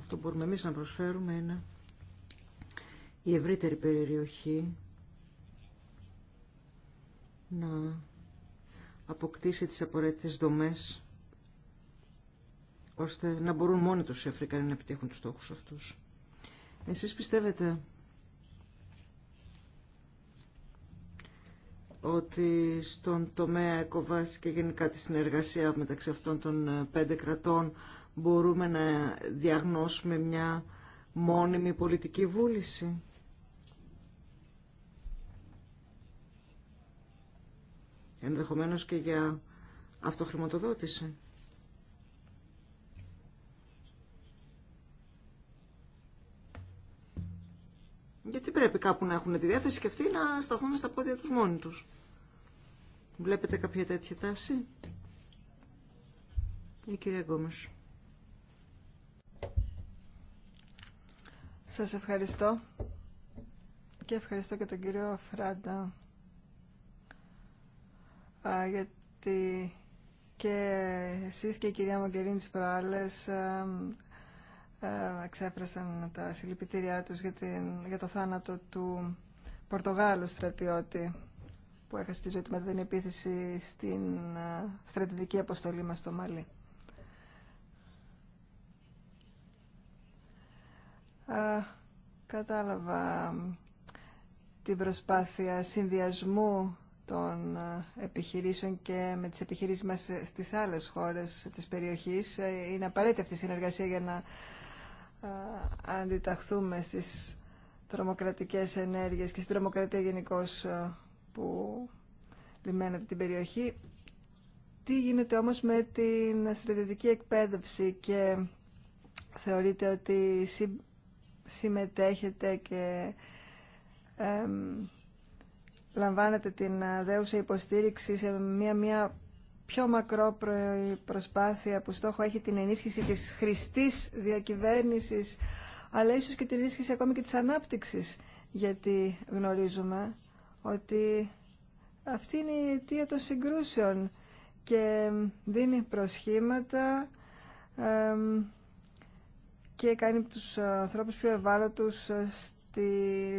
Αυτό μπορούμε εμείς να προσφέρουμε είναι η ευρύτερη περιοχή να αποκτήσει τις απαραίτητε δομές ώστε να μπορούν μόνοι τους οι Αφρικανοί να επιτύχουν τους στόχους αυτούς. Εσείς πιστεύετε ότι στον τομέα ΕΚΟΒΑΣ και γενικά τη συνεργασία μεταξύ αυτών των ε, πέντε κρατών μπορούμε να διαγνώσουμε μια μόνιμη πολιτική βούληση ενδεχομένως και για αυτοχρηματοδότηση. Γιατί πρέπει κάπου να έχουν τη διάθεση και αυτοί να σταθούν στα πόδια τους μόνοι τους. Βλέπετε κάποια τέτοια τάση. Η κυρία Γκόμες. Σας ευχαριστώ και ευχαριστώ και τον κύριο Φράντα γιατί και εσείς και η κυρία Μογκερίνη της προάλλες εξέφρασαν τα συλληπιτήριά τους για, την, για το θάνατο του Πορτογάλου στρατιώτη που έχασε τη ζωή του με την επίθεση στην στρατιωτική αποστολή μας στο Μαλί. κατάλαβα την προσπάθεια συνδυασμού των ε, επιχειρήσεων και με τις επιχειρήσεις μας στις άλλες χώρες της περιοχής. Ε, είναι απαραίτητη αυτή η συνεργασία για να ε, αντιταχθούμε στις τρομοκρατικές ενέργειες και στην τρομοκρατία γενικώ που λιμένεται την περιοχή. Τι γίνεται όμως με την στρατιωτική εκπαίδευση και θεωρείτε ότι συμμετέχετε και λαμβάνετε την ε, δέουσα υποστήριξη σε μια, μια πιο μακρό προσπάθεια που στόχο έχει την ενίσχυση της χρηστής διακυβέρνησης αλλά ίσως και την ενίσχυση ακόμη και της ανάπτυξης γιατί γνωρίζουμε ότι αυτή είναι η αιτία των συγκρούσεων και δίνει προσχήματα και κάνει τους ε, ανθρώπους πιο ευάλωτους ε, στη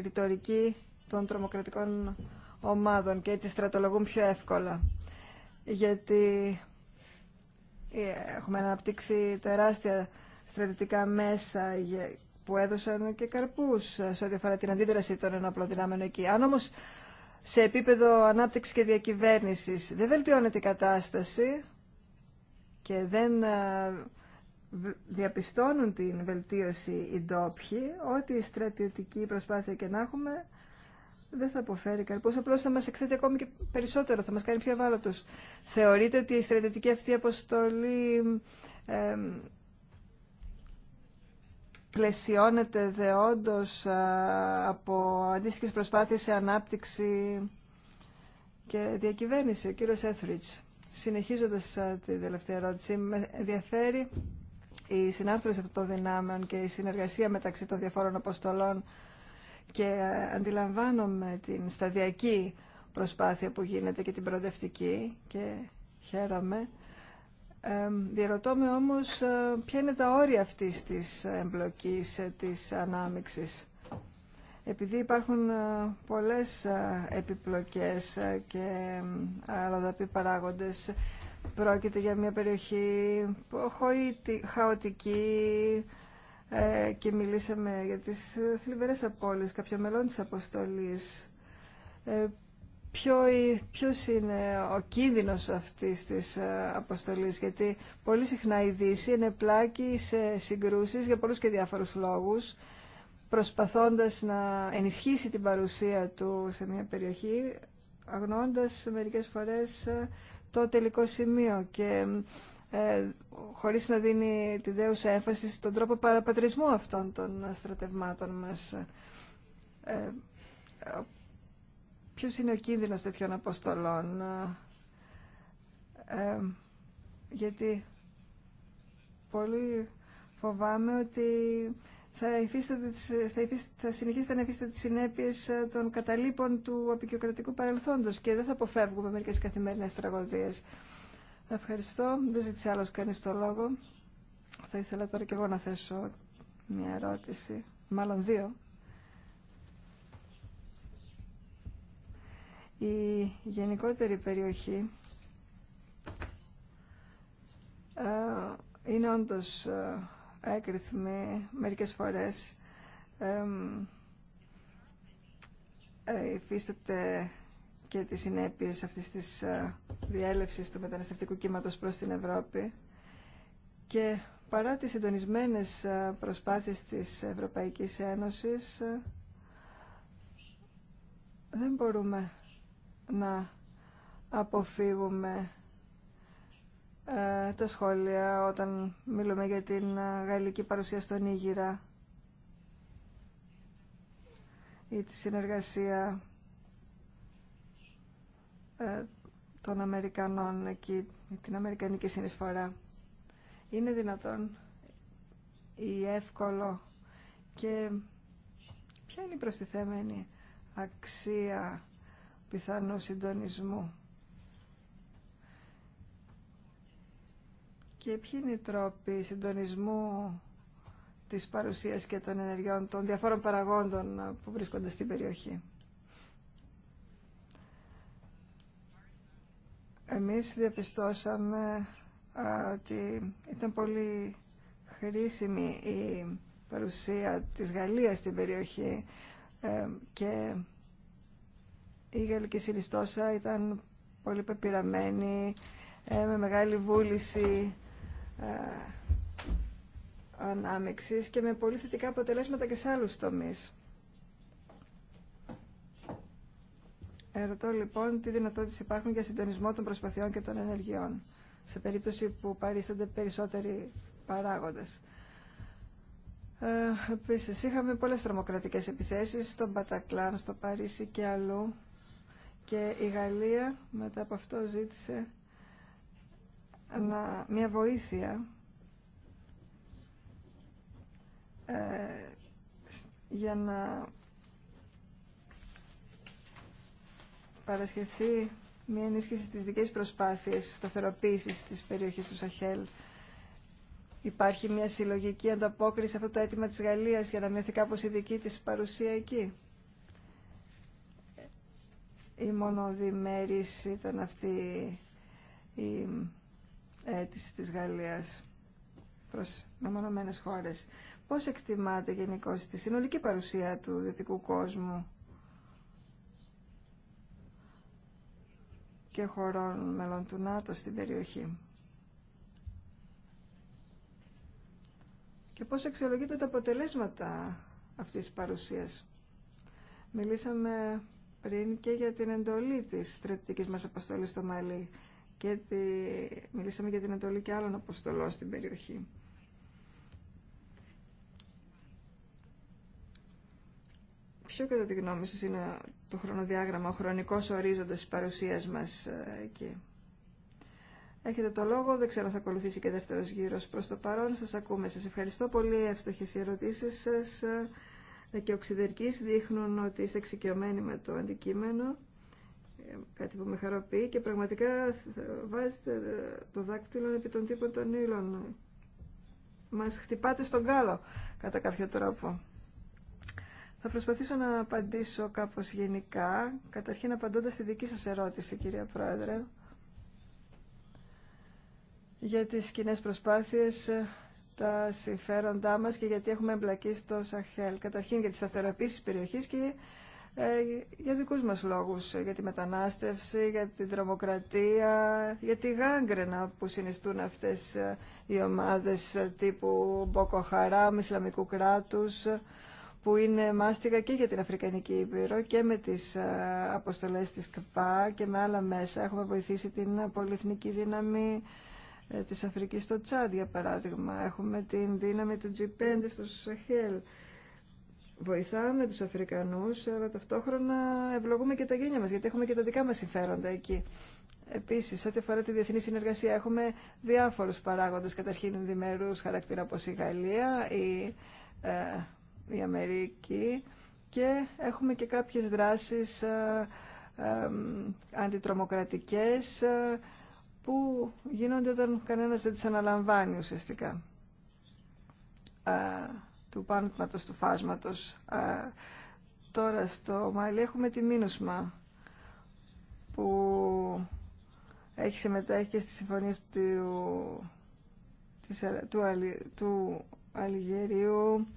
ρητορική των τρομοκρατικών ομάδων και έτσι στρατολογούν πιο εύκολα. Γιατί ε, έχουμε αναπτύξει τεράστια στρατητικά μέσα που έδωσαν και καρπούς ε, σε ό,τι αφορά την αντίδραση των ενόπλων δυνάμεων εκεί. Αν όμως σε επίπεδο ανάπτυξης και διακυβέρνησης δεν βελτιώνεται η κατάσταση και δεν ε, διαπιστώνουν την βελτίωση οι ντόπιοι, ό,τι η στρατιωτική προσπάθεια και να έχουμε δεν θα αποφέρει Πως απλώς θα μας εκθέτει ακόμη και περισσότερο, θα μας κάνει πιο ευάλωτου. Θεωρείτε ότι η στρατιωτική αυτή αποστολή ε, πλαισιώνεται δεόντως από αντίστοιχε προσπάθειες σε ανάπτυξη και διακυβέρνηση. Ο κύριος Έθριτς, συνεχίζοντας τη τελευταία ερώτηση, με ενδιαφέρει η συνάρθρωση αυτών των δυνάμεων και η συνεργασία μεταξύ των διαφόρων αποστολών και αντιλαμβάνομαι την σταδιακή προσπάθεια που γίνεται και την προοδευτική και χαίρομαι. Ε, διερωτώ με όμως ε, ποια είναι τα όρια αυτής της εμπλοκής, ε, της ανάμιξης. Επειδή υπάρχουν ε, πολλές επιπλοκές και αλλοδαπή παράγοντες, πρόκειται για μια περιοχή χαοτική, ε, και μιλήσαμε για τις θλιβερές απώλειες κάποιο μελών της αποστολής. Ε, ποιο, ποιος είναι ο κίνδυνος αυτής της ε, αποστολής, γιατί πολύ συχνά η Δύση είναι πλάκη σε συγκρούσεις για πολλούς και διάφορους λόγους, προσπαθώντας να ενισχύσει την παρουσία του σε μια περιοχή, αγνώντας μερικές φορές το τελικό σημείο και ε, χωρίς να δίνει τη δέουσα έμφαση στον τρόπο παραπατρισμού αυτών των στρατευμάτων μας. Ε, ε, ποιος είναι ο κίνδυνος τέτοιων αποστολών. Ε, γιατί πολύ φοβάμαι ότι θα, θα, θα συνεχίσετε να υφίσταται τις συνέπειες ε, των καταλήπων του απεικιοκρατικού παρελθόντος και δεν θα αποφεύγουμε μερικές καθημερινές τραγωδίες. Ευχαριστώ. Δεν ζήτησε άλλος κανείς το λόγο. Θα ήθελα τώρα και εγώ να θέσω μια ερώτηση, μάλλον δύο. Η γενικότερη περιοχή ε, είναι όντως ε, έκριθμη. μερικές φορές. Ε, και τις συνέπειες αυτής της ε, διέλευσης του μεταναστευτικού κύματος προς την Ευρώπη και παρά τις συντονισμένες ε, προσπάθειες της Ευρωπαϊκής Ένωσης ε, δεν μπορούμε να αποφύγουμε τα σχόλια όταν μιλούμε για την γαλλική παρουσία στον Ήγηρα ή τη συνεργασία ε, των Αμερικανών και την Αμερικανική συνεισφορά. Είναι δυνατόν ή εύκολο και ποια είναι η προστιθέμενη αξία πιθανού συντονισμού και ποιοι είναι οι τρόποι συντονισμού της παρουσίας και των ενεργειών των διαφόρων παραγόντων που βρίσκονται στην περιοχή. Εμείς διαπιστώσαμε ότι ήταν πολύ χρήσιμη η παρουσία της Γαλλίας στην περιοχή ε, και η Γαλλική Συνιστόσα ήταν πολύ πεπειραμένη, ε, με μεγάλη βούληση ε, ανάμεξης και με πολύ θετικά αποτελέσματα και σε άλλους τομείς. Ερωτώ λοιπόν τι δυνατότητες υπάρχουν για συντονισμό των προσπαθειών και των ενεργειών σε περίπτωση που παρίστανται περισσότεροι παράγοντες. Ε, επίσης, είχαμε πολλές τρομοκρατικές επιθέσεις στον Πατακλάν, στο Παρίσι και αλλού και η Γαλλία μετά από αυτό ζήτησε μια βοήθεια ε, για να παρασχεθεί μια ενίσχυση στις δικές προσπάθειες σταθεροποίησης της περιοχής του Σαχέλ. Υπάρχει μια συλλογική ανταπόκριση σε αυτό το αίτημα της Γαλλίας για να μειωθεί κάπως η δική της παρουσία εκεί. Η μονοδημέρης ήταν αυτή η αίτηση της Γαλλίας προς μεμονωμένες χώρες. Πώς εκτιμάτε γενικώ τη συνολική παρουσία του δυτικού κόσμου και χωρών μελών του ΝΑΤΟ στην περιοχή. Και πώς αξιολογείται τα αποτελέσματα αυτής της παρουσίας. Μιλήσαμε πριν και για την εντολή της στρατιωτικής μας αποστολής στο Μαλί και τη... μιλήσαμε για την εντολή και άλλων αποστολών στην περιοχή. Ποιο κατά τη γνώμη σας είναι το χρονοδιάγραμμα, ο χρονικός ορίζοντας της παρουσίας μας ε, εκεί. Έχετε το λόγο, δεν ξέρω αν θα ακολουθήσει και δεύτερος γύρος προς το παρόν. Σας ακούμε. Σας ευχαριστώ πολύ, εύστοχες οι ερωτήσεις σας ε, και οξυδερκείς δείχνουν ότι είστε εξοικειωμένοι με το αντικείμενο, ε, κάτι που με χαροποιεί και πραγματικά βάζετε το δάκτυλο επί των τύπων των ήλων. Μας χτυπάτε στον κάλο κατά κάποιο τρόπο. Θα προσπαθήσω να απαντήσω κάπως γενικά, καταρχήν απαντώντα στη δική σας ερώτηση, κυρία Πρόεδρε, για τις κοινέ προσπάθειες, τα συμφέροντά μας και γιατί έχουμε εμπλακεί στο Σαχέλ. Καταρχήν για τις σταθεροποίηση της περιοχής και ε, για δικούς μας λόγους, για τη μετανάστευση, για τη δρομοκρατία, για τη γάγκρενα που συνιστούν αυτές ε, οι ομάδες ε, τύπου Μποκοχαράμ, Ισλαμικού κράτους, που είναι μάστιγα και για την Αφρικανική Ήπειρο και με τις ε, αποστολές της ΚΠΑ και με άλλα μέσα. Έχουμε βοηθήσει την πολυεθνική δύναμη ε, της Αφρικής στο Τσάντ, για παράδειγμα. Έχουμε την δύναμη του G5 στο Σαχέλ. Βοηθάμε τους Αφρικανούς, αλλά ταυτόχρονα ευλογούμε και τα γένια μας, γιατί έχουμε και τα δικά μας συμφέροντα εκεί. Επίσης, ό,τι αφορά τη διεθνή συνεργασία, έχουμε διάφορους παράγοντες, καταρχήν διμερούς χαρακτήρα όπως η Γαλλία, η ε, η Αμερική και έχουμε και κάποιες δράσεις ε, ε, αντιτρομοκρατικές ε, που γίνονται όταν κανένας δεν τις αναλαμβάνει ουσιαστικά του πάντματος, του φάσματος. Τώρα στο Μάλι έχουμε τη Μίνωσμα που έχει συμμετέχει και στη συμφωνία του, του, του Αλιγερίου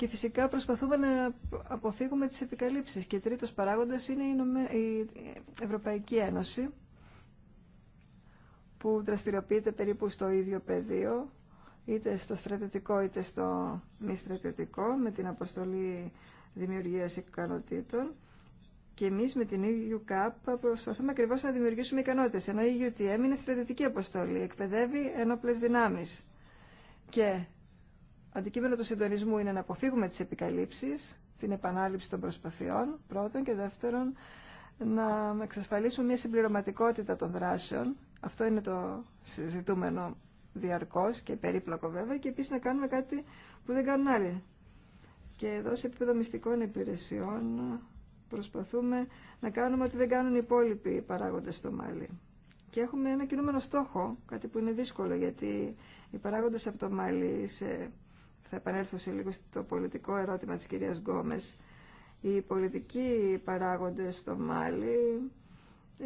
και φυσικά προσπαθούμε να αποφύγουμε τις επικαλύψεις. Και τρίτος παράγοντας είναι η Ευρωπαϊκή Ένωση, που δραστηριοποιείται περίπου στο ίδιο πεδίο, είτε στο στρατιωτικό είτε στο μη στρατιωτικό, με την αποστολή δημιουργίας ικανοτήτων. Και εμεί με την EU-CAP προσπαθούμε ακριβώ να δημιουργήσουμε ικανότητε. Ενώ η UTM είναι στρατιωτική αποστολή, εκπαιδεύει ενόπλε δυνάμει. Και Αντικείμενο του συντονισμού είναι να αποφύγουμε τις επικαλύψεις, την επανάληψη των προσπαθειών, πρώτον, και δεύτερον, να εξασφαλίσουμε μια συμπληρωματικότητα των δράσεων. Αυτό είναι το συζητούμενο διαρκώς και περίπλοκο βέβαια και επίσης να κάνουμε κάτι που δεν κάνουν άλλοι. Και εδώ σε επίπεδο μυστικών υπηρεσιών προσπαθούμε να κάνουμε ότι δεν κάνουν οι υπόλοιποι παράγοντες στο Μάλι. Και έχουμε ένα κινούμενο στόχο, κάτι που είναι δύσκολο γιατί οι παράγοντες από το Μάλι σε θα επανέλθω σε λίγο στο πολιτικό ερώτημα της κυρίας Γκόμες, οι πολιτικοί παράγοντες στο Μάλι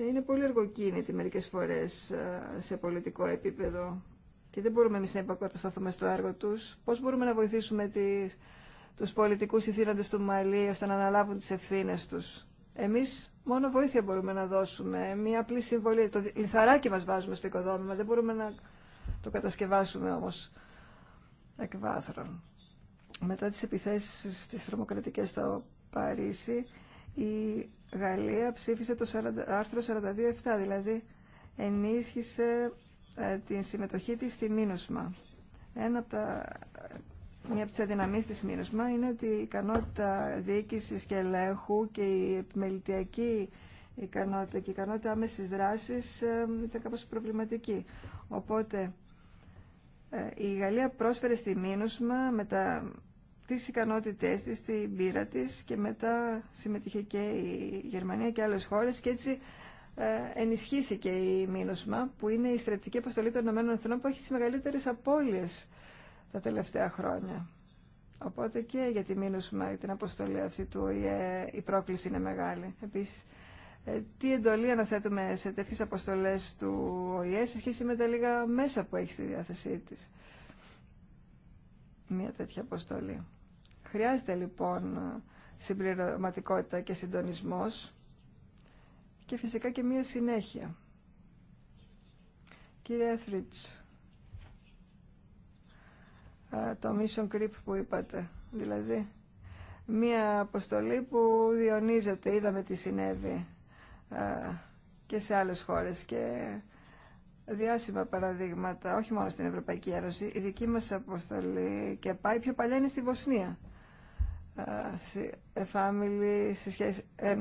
είναι πολύ εργοκίνητοι μερικές φορές ε, σε πολιτικό επίπεδο και δεν μπορούμε εμείς να υπακοτασταθούμε στο έργο τους. Πώς μπορούμε να βοηθήσουμε τις, τους πολιτικούς ηθήνοντες του Μάλι ώστε να αναλάβουν τις ευθύνες τους. Εμείς μόνο βοήθεια μπορούμε να δώσουμε, μία απλή συμβολή. Το λιθαράκι μας βάζουμε στο οικοδόμημα, δεν μπορούμε να το κατασκευάσουμε όμως εκ Μετά τις επιθέσεις στις θερμοκρατικές στο Παρίσι, η Γαλλία ψήφισε το άρθρο 42.7, δηλαδή ενίσχυσε ε, την συμμετοχή της στη Μίνουσμα. Ένα από τα, μια από τις αδυναμίες της Μίνουσμα είναι ότι η ικανότητα διοίκησης και ελέγχου και η επιμελητιακή ικανότητα και η ικανότητα άμεσης δράσης ε, ήταν κάπως προβληματική. Οπότε ε, η Γαλλία πρόσφερε στη Μίνουσμα με τα, τις ικανότητές της, την πείρα της και μετά συμμετείχε και η Γερμανία και άλλες χώρες και έτσι ε, ενισχύθηκε η Μίνουσμα που είναι η στρατιωτική αποστολή των ΗΠΑ που έχει τις μεγαλύτερες απώλειες τα τελευταία χρόνια. Οπότε και για τη Μίνουσμα, την αποστολή αυτή του η πρόκληση είναι μεγάλη. Επίσης, ε, τι εντολή αναθέτουμε σε τέτοιες αποστολές του ΟΗΕ σε σχέση με τα λίγα μέσα που έχει στη διάθεσή της μια τέτοια αποστολή. Χρειάζεται λοιπόν συμπληρωματικότητα και συντονισμός και φυσικά και μία συνέχεια. Κύριε Έθριτς, ε, το Mission Creep που είπατε, δηλαδή μία αποστολή που διονύζεται, είδαμε τι συνέβη ε, και σε άλλες χώρες και διάσημα παραδείγματα, όχι μόνο στην Ευρωπαϊκή Ένωση. Η δική μας αποστολή και πάει πιο παλιά είναι στη Βοσνία. Ε, σε ε,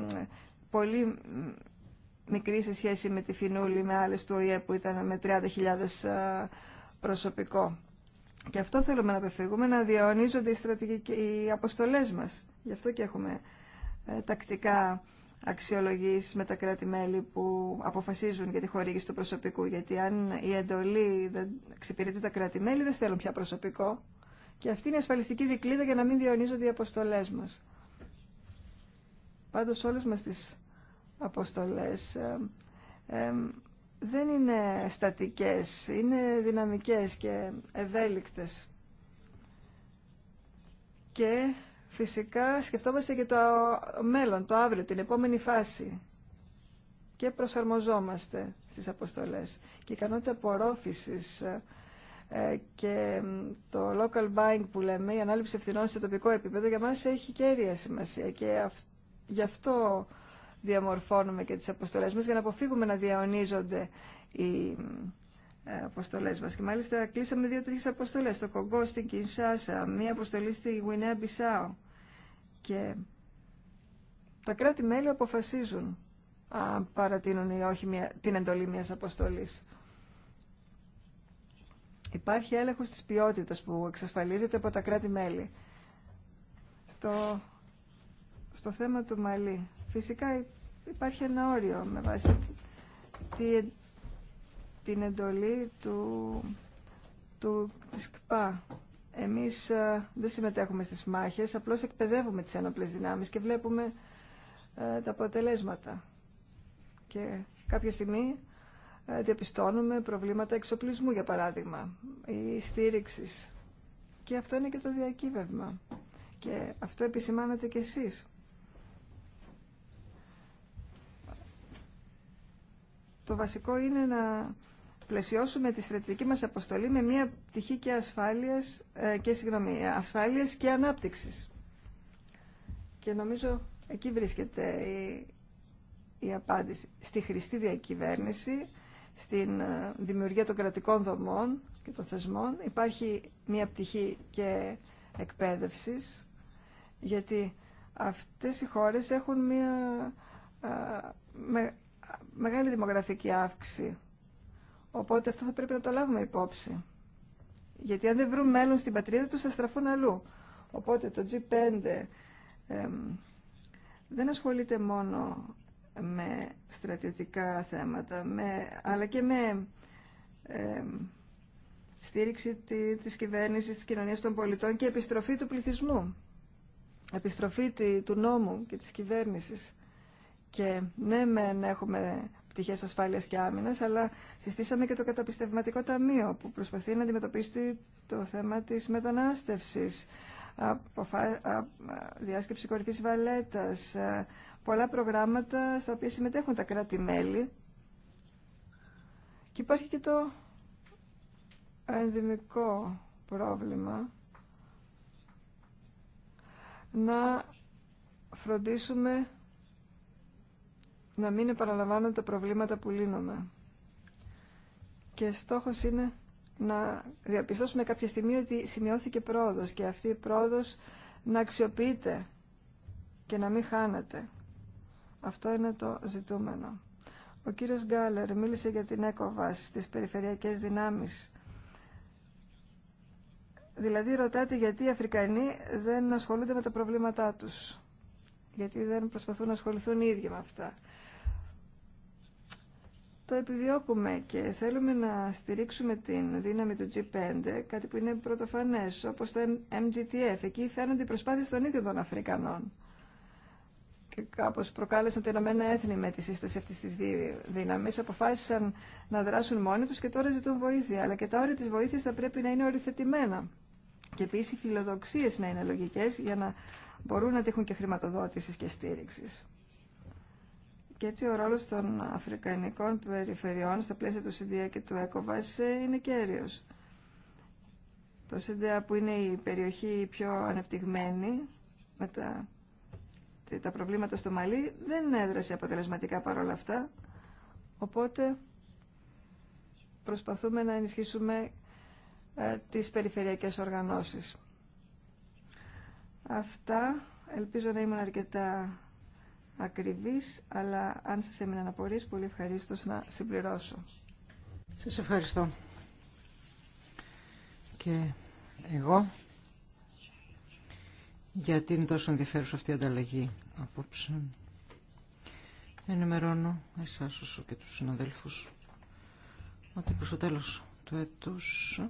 πολύ μικρή σε σχέση με τη Φινούλη, με άλλες του ΟΗΕ που ήταν με 30.000 προσωπικό. Και αυτό θέλουμε να απεφύγουμε, να διαονίζονται οι, οι αποστολές μας. Γι' αυτό και έχουμε τακτικά αξιολογήσει με τα κράτη-μέλη που αποφασίζουν για τη χορήγηση του προσωπικού. Γιατί αν η εντολή δεν εξυπηρετεί τα κράτη-μέλη, δεν στέλνουν πια προσωπικό. Και αυτή είναι η ασφαλιστική δικλίδα για να μην διονύζονται οι αποστολέ μα. Πάντω όλε μα τι αποστολέ ε, ε, δεν είναι στατικές, είναι δυναμικές και ευέλικτες. Και Φυσικά σκεφτόμαστε και το μέλλον, το αύριο, την επόμενη φάση και προσαρμοζόμαστε στις αποστολές. Και η ικανότητα απορρόφησης ε, και το local buying που λέμε, η ανάληψη ευθυνών σε τοπικό επίπεδο για μας έχει κέρια σημασία και γι' αυτό διαμορφώνουμε και τις αποστολές μας για να αποφύγουμε να διαονίζονται οι ε, αποστολές μας. Και μάλιστα κλείσαμε δύο τέτοιε αποστολέ, στο Κογκό, στην Κινσάσα, μία αποστολή στη Γουινέα Μπισάου. Και τα κράτη-μέλη αποφασίζουν αν παρατείνουν ή όχι μια, την εντολή μιας αποστολής. Υπάρχει έλεγχος της ποιότητας που εξασφαλίζεται από τα κράτη-μέλη. Στο, στο θέμα του Μαλή, φυσικά υπάρχει ένα όριο με βάση τη, την εντολή του, του, της ΚΠΑ εμείς ε, δεν συμμετέχουμε στις μάχες, απλώς εκπαιδεύουμε τις ένοπλες δυνάμεις και βλέπουμε ε, τα αποτελέσματα. Και κάποια στιγμή ε, διαπιστώνουμε προβλήματα εξοπλισμού, για παράδειγμα, ή στήριξης. Και αυτό είναι και το διακύβευμα. Και αυτό επισημάνατε κι εσείς. Το βασικό είναι να πλαισιώσουμε τη στρατηγική μας αποστολή με μια πτυχή και ασφάλειας ε, και, συγγνώμη, ασφάλειας και ανάπτυξης. Και νομίζω εκεί βρίσκεται η, η απάντηση. Στη χρηστή διακυβέρνηση, στην ε, δημιουργία των κρατικών δομών και των θεσμών υπάρχει μια πτυχή και εκπαίδευσης, γιατί αυτές οι χώρες έχουν μια ε, μεγάλη δημογραφική αύξηση Οπότε αυτό θα πρέπει να το λάβουμε υπόψη. Γιατί αν δεν βρουν μέλλον στην πατρίδα τους θα στραφούν αλλού. Οπότε το G5 δεν ασχολείται μόνο με στρατιωτικά θέματα, με, αλλά και με στήριξη της κυβέρνησης, της κοινωνίας των πολιτών και επιστροφή του πληθυσμού. Επιστροφή του νόμου και της κυβέρνησης. Και ναι, μεν έχουμε πτυχές ασφάλειας και άμυνας, αλλά συστήσαμε και το καταπιστευματικό ταμείο που προσπαθεί να αντιμετωπίσει το θέμα της μετανάστευσης, διάσκεψη κορυφής βαλέτας, πολλά προγράμματα στα οποία συμμετέχουν τα κράτη-μέλη. Και υπάρχει και το ενδυμικό πρόβλημα να φροντίσουμε να μην επαναλαμβάνονται τα προβλήματα που λύνουμε. Και στόχος είναι να διαπιστώσουμε κάποια στιγμή ότι σημειώθηκε πρόοδος και αυτή η πρόοδος να αξιοποιείται και να μην χάνεται. Αυτό είναι το ζητούμενο. Ο κύριος Γκάλερ μίλησε για την ΕΚΟΒΑΣ, στις περιφερειακές δυνάμεις. Δηλαδή ρωτάτε γιατί οι Αφρικανοί δεν ασχολούνται με τα προβλήματά τους γιατί δεν προσπαθούν να ασχοληθούν οι ίδιοι με αυτά. Το επιδιώκουμε και θέλουμε να στηρίξουμε την δύναμη του G5, κάτι που είναι πρωτοφανέ, όπως το MGTF. Εκεί φαίνονται οι προσπάθειες των ίδιων των Αφρικανών. Και κάπως προκάλεσαν την Ηνωμένα Έθνη με τη σύσταση αυτής της δύναμης. Αποφάσισαν να δράσουν μόνοι τους και τώρα ζητούν βοήθεια. Αλλά και τα όρια της βοήθειας θα πρέπει να είναι οριθετημένα. Και επίση οι φιλοδοξίε να είναι λογικέ για να μπορούν να τύχουν και χρηματοδότηση και στήριξη. Και έτσι ο ρόλο των αφρικανικών περιφερειών στα πλαίσια του ΣΥΝΤΙΑ και του ΕΚΟΒΑΣ είναι κέριος. Το ΣΥΝΤΙΑ που είναι η περιοχή πιο ανεπτυγμένη με τα, τα προβλήματα στο Μαλί δεν έδρασε αποτελεσματικά παρόλα αυτά. Οπότε προσπαθούμε να ενισχύσουμε ε, τις περιφερειακές οργανώσεις. Αυτά ελπίζω να ήμουν αρκετά ακριβής, αλλά αν σας να απορίες, πολύ ευχαρίστω να συμπληρώσω. Σας ευχαριστώ. Και εγώ γιατί είναι τόσο ενδιαφέρουσα αυτή η ανταλλαγή απόψε. Ενημερώνω εσάς όσο και τους συναδέλφους ότι προς το τέλος του έτους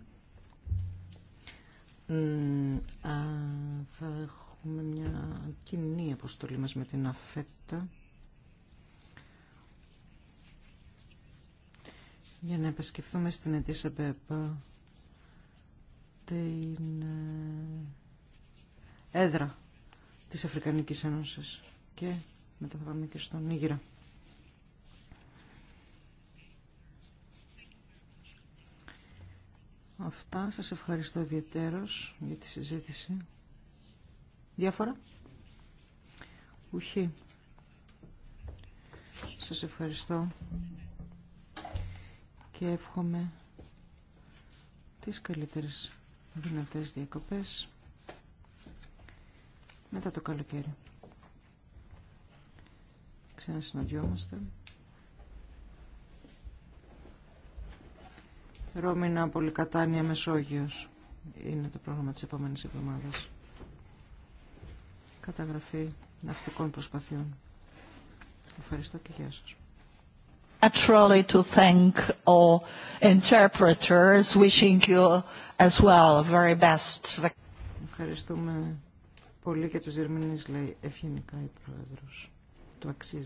θα έχουμε μια κοινή αποστολή μας με την ΑΦΕΤΑ για να επισκεφθούμε στην αιτήσα Μπέπα την ε, έδρα της Αφρικανικής Ένωσης και μετά θα πάμε και στον Ήγηρα. Αυτά. Σας ευχαριστώ ιδιαίτερος για τη συζήτηση. Διάφορα. Ουχή. Σας ευχαριστώ και εύχομαι τις καλύτερες δυνατές διακοπές μετά το καλοκαίρι. Ξανασυναντιόμαστε. Ρώμηνα, Πολυκατάνια, Μεσόγειος είναι το πρόγραμμα της επόμενης εβδομάδας. Καταγραφή ναυτικών προσπαθειών. Ευχαριστώ και γεια σας. to thank all interpreters, wishing you as well very best. Ευχαριστούμε πολύ και τους Γερμανείς, λέει ευγενικά η Πρόεδρος. Το αξίζει.